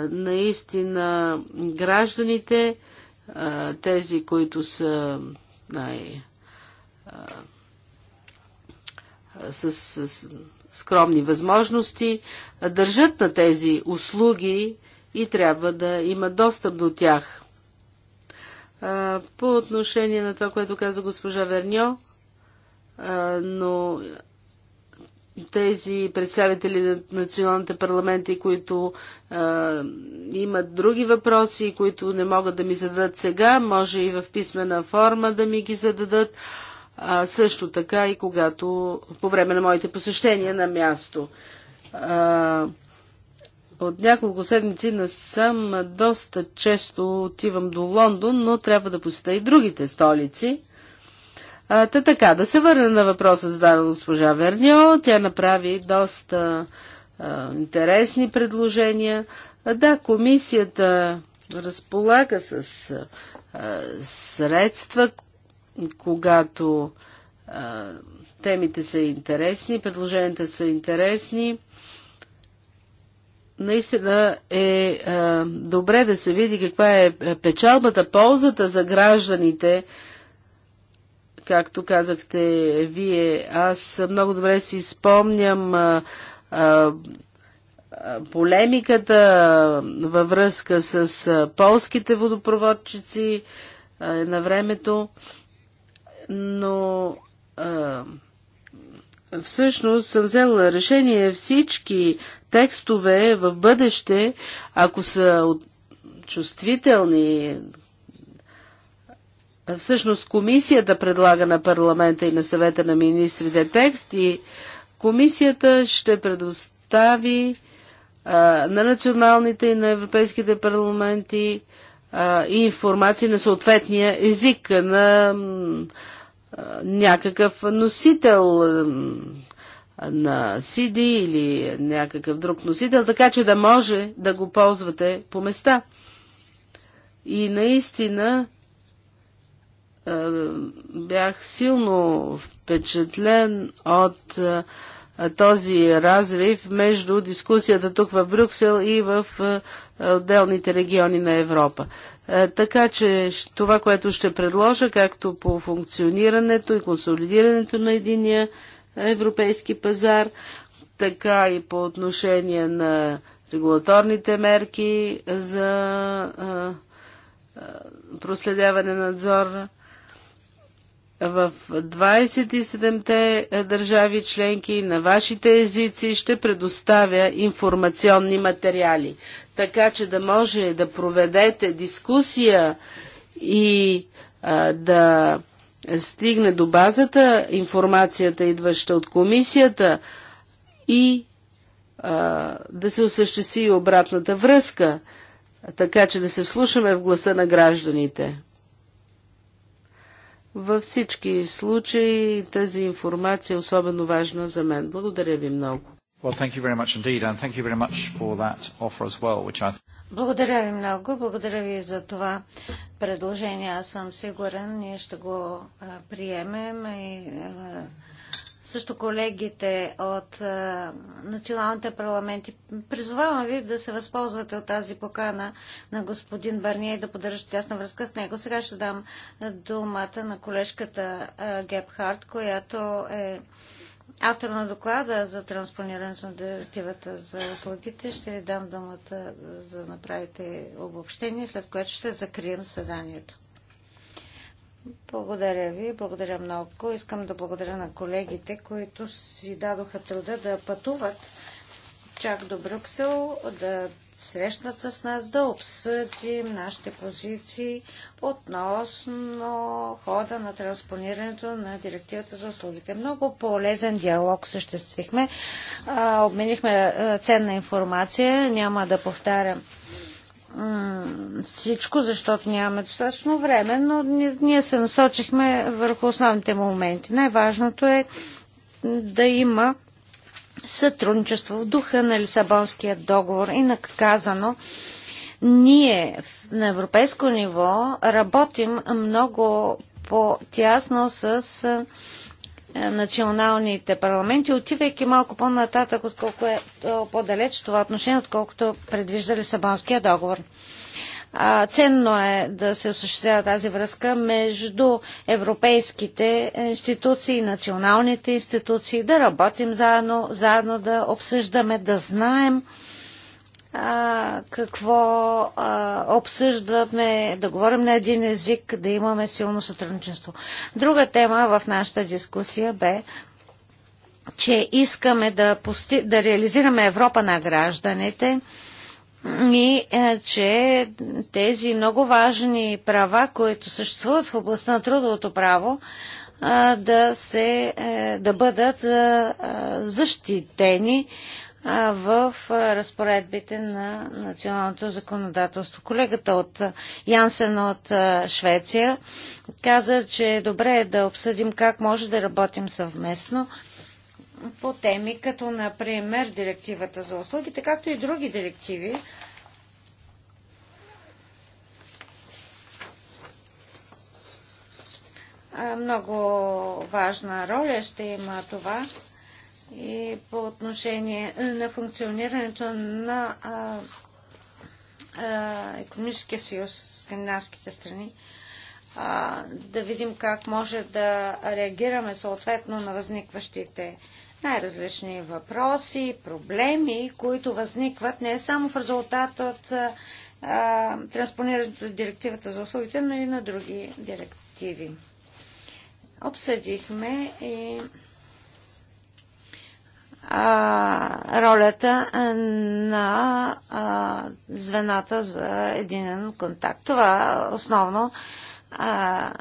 Наистина гражданите, тези, които са най- с, с скромни възможности, държат на тези услуги и трябва да имат достъп до тях. По отношение на това, което каза госпожа Верньо, но тези представители на националните парламенти, които имат други въпроси, които не могат да ми зададат сега, може и в писмена форма да ми ги зададат а също така и когато по време на моите посещения на място. А, от няколко седмици насам доста често отивам до Лондон, но трябва да посета и другите столици. А, та така, да се върна на въпроса зададен госпожа Верньо. Тя направи доста а, интересни предложения. А, да, комисията разполага с а, средства, когато а, темите са интересни, предложенията са интересни, наистина е а, добре да се види каква е печалбата, ползата за гражданите. Както казахте вие, аз много добре си спомням а, а, полемиката във връзка с полските водопроводчици на времето но а, всъщност съм взела решение всички текстове в бъдеще, ако са чувствителни, всъщност комисията предлага на парламента и на съвета на министрите текст и комисията ще предостави а, на националните и на европейските парламенти и информация на съответния език, на някакъв носител на CD или някакъв друг носител, така че да може да го ползвате по места. И наистина бях силно впечатлен от този разрив между дискусията тук в Брюксел и в отделните региони на Европа. Така че това, което ще предложа, както по функционирането и консолидирането на единия европейски пазар, така и по отношение на регулаторните мерки за проследяване надзора, в 27-те е, държави членки на вашите езици ще предоставя информационни материали, така че да може да проведете дискусия и а, да стигне до базата информацията, идваща от комисията и а, да се осъществи и обратната връзка, така че да се вслушаме в гласа на гражданите. Във всички случаи тази информация е особено важна за мен. Благодаря ви много. Благодаря ви много. Благодаря ви за това предложение. Аз съм сигурен, ние ще го приемем и също колегите от а, националните парламенти. Призовавам ви да се възползвате от тази покана на господин Барния и да поддържате тясна връзка с него. Сега ще дам думата на колежката а, Гепхарт, която е автор на доклада за транспонирането на директивата за услугите. Ще ви дам думата за да направите обобщение, след което ще закрием съданието. Благодаря ви, благодаря много. Искам да благодаря на колегите, които си дадоха труда да пътуват чак до Брюксел, да срещнат с нас, да обсъдим нашите позиции относно хода на транспонирането на директивата за услугите. Много полезен диалог съществихме. Обменихме ценна информация. Няма да повтарям всичко, защото нямаме достатъчно време, но ние се насочихме върху основните моменти. Най-важното е да има сътрудничество в духа на Лисабонския договор и наказано. Ние на европейско ниво работим много по-тясно с е, националните парламенти, отивайки малко по-нататък, отколко е, е по-далеч това отношение, отколкото предвижда Лисабонския договор. А, ценно е да се осъществява тази връзка между европейските институции, националните институции, да работим заедно, заедно да обсъждаме, да знаем а, какво а, обсъждаме, да говорим на един език, да имаме силно сътрудничество. Друга тема в нашата дискусия бе че искаме да, пости... да реализираме Европа на гражданите и е, че тези много важни права, които съществуват в областта на трудовото право, е, да, се, е, да бъдат защитени в разпоредбите на националното законодателство. Колегата от Янсен от Швеция каза, че е добре да обсъдим как може да работим съвместно по теми, като например директивата за услугите, както и други директиви, много важна роля ще има това и по отношение на функционирането на а, а, економическия съюз с скандинавските страни, а, да видим как може да реагираме съответно на възникващите най-различни въпроси, проблеми, които възникват не само в резултат от а, транспонирането на директивата за услугите, но и на други директиви. Обсъдихме и а, ролята на а, звената за единен контакт. Това основно а,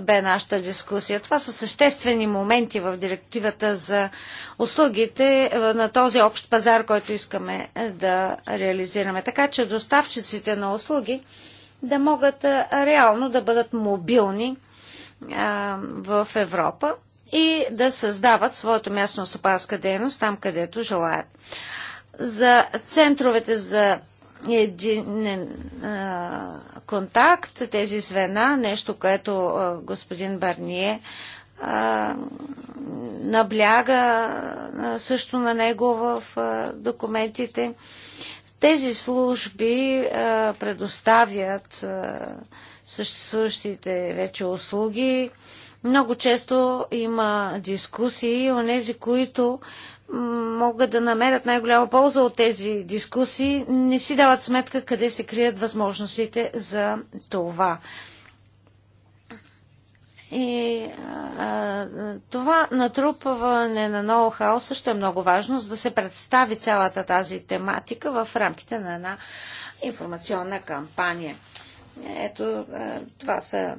бе нашата дискусия. Това са съществени моменти в директивата за услугите на този общ пазар, който искаме да реализираме. Така че доставчиците на услуги да могат реално да бъдат мобилни в Европа и да създават своето място на стопанска дейност там, където желаят. За центровете за един а, контакт, тези звена, нещо, което а, господин Барние а, набляга а, също на него в а, документите. Тези служби а, предоставят а, съществуващите вече услуги, много често има дискусии, онези, които могат да намерят най-голяма полза от тези дискусии, не си дават сметка къде се крият възможностите за това. И а, това натрупване на ноу-хау също е много важно, за да се представи цялата тази тематика в рамките на една информационна кампания. Ето, това са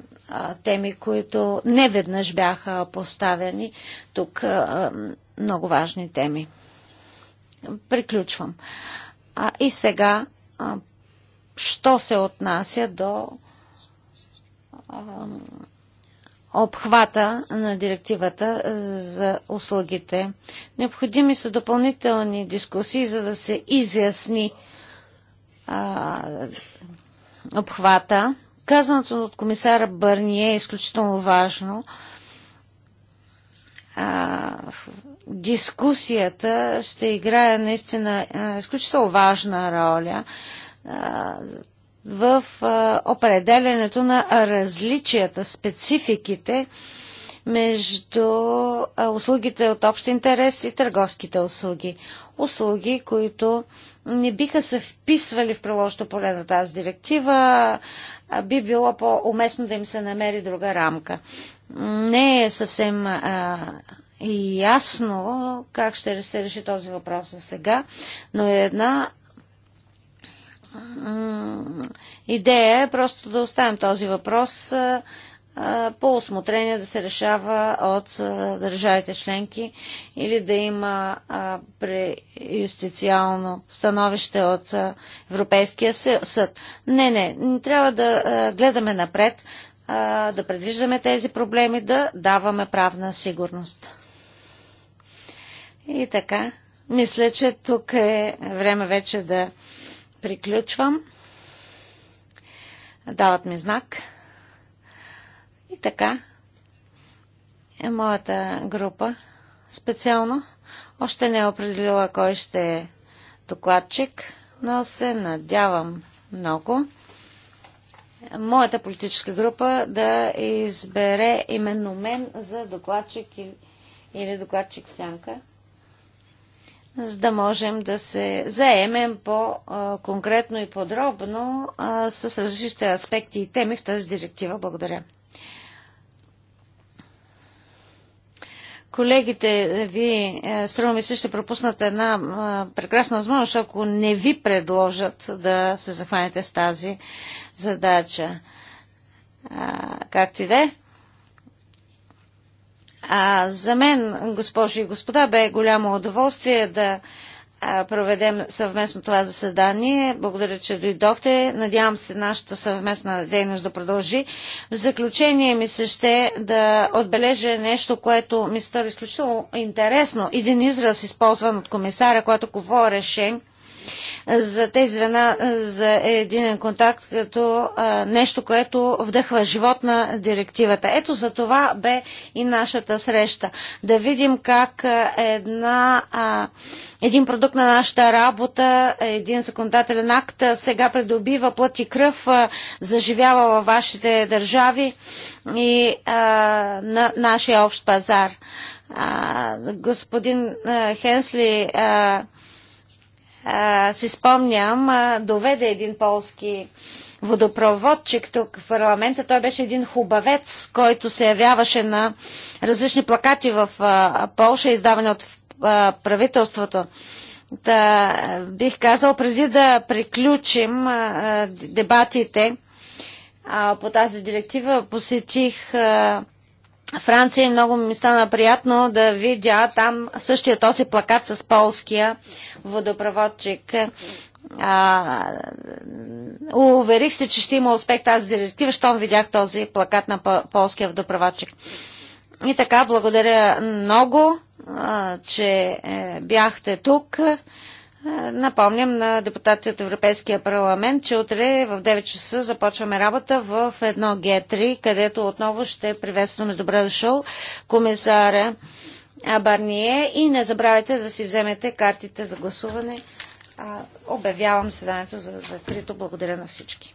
теми, които не веднъж бяха поставени тук. Много важни теми. Приключвам. А, и сега, що се отнася до обхвата на директивата за услугите. Необходими са допълнителни дискусии, за да се изясни а, обхвата. Казаното от комисара Бърни е изключително важно. А, дискусията ще играе наистина изключително важна роля а, в а, определенето на различията, спецификите между услугите от общ интерес и търговските услуги. Услуги, които не биха се вписвали в приложното поле на тази директива, би било по-уместно да им се намери друга рамка. Не е съвсем а, ясно как ще се реши този въпрос за сега, но е една идея е просто да оставим този въпрос по осмотрение да се решава от държавите членки или да има преюстициално становище от Европейския съд. Не, не, трябва да гледаме напред, да предвиждаме тези проблеми, да даваме правна сигурност. И така, мисля, че тук е време вече да приключвам. Дават ми знак. И така, е моята група специално още не е определила кой ще е докладчик, но се надявам много моята политическа група да избере именно мен за докладчик или докладчик сянка, за да можем да се заемем по-конкретно и подробно с различните аспекти и теми в тази директива. Благодаря. колегите е, ви, е, струва ми се, ще пропуснат една е, прекрасна възможност, ако не ви предложат да се захванете с тази задача. Както и да е. За мен, госпожи и господа, бе голямо удоволствие да проведем съвместно това заседание. Благодаря, че дойдохте. Надявам се нашата съвместна дейност да продължи. В заключение ми се ще да отбележа нещо, което ми стори изключително интересно. Един израз, използван от комисаря, който говореше за тези звена е, за един контакт като е, нещо, което вдъхва живот на директивата. Ето за това бе и нашата среща. Да видим как е, една, един продукт на нашата работа, един законодателен акт сега придобива плът и кръв, заживява във вашите държави и на нашия общ пазар. господин Хенсли а, си спомням, доведе един полски водопроводчик тук в парламента. Той беше един хубавец, който се явяваше на различни плакати в Полша, издавани от правителството. Да, бих казал, преди да приключим дебатите по тази директива, посетих Франция много ми стана приятно да видя там същия този плакат с полския водопроводчик. А, уверих се, че ще има успех тази директива, щом видях този плакат на полския водопроводчик. И така, благодаря много, а, че е, бяхте тук. Напомням на депутатите от Европейския парламент, че утре в 9 часа започваме работа в едно г 3 където отново ще приветстваме добре дошъл комисаря Барние и не забравяйте да си вземете картите за гласуване. Обявявам седането за закрито. Благодаря на всички.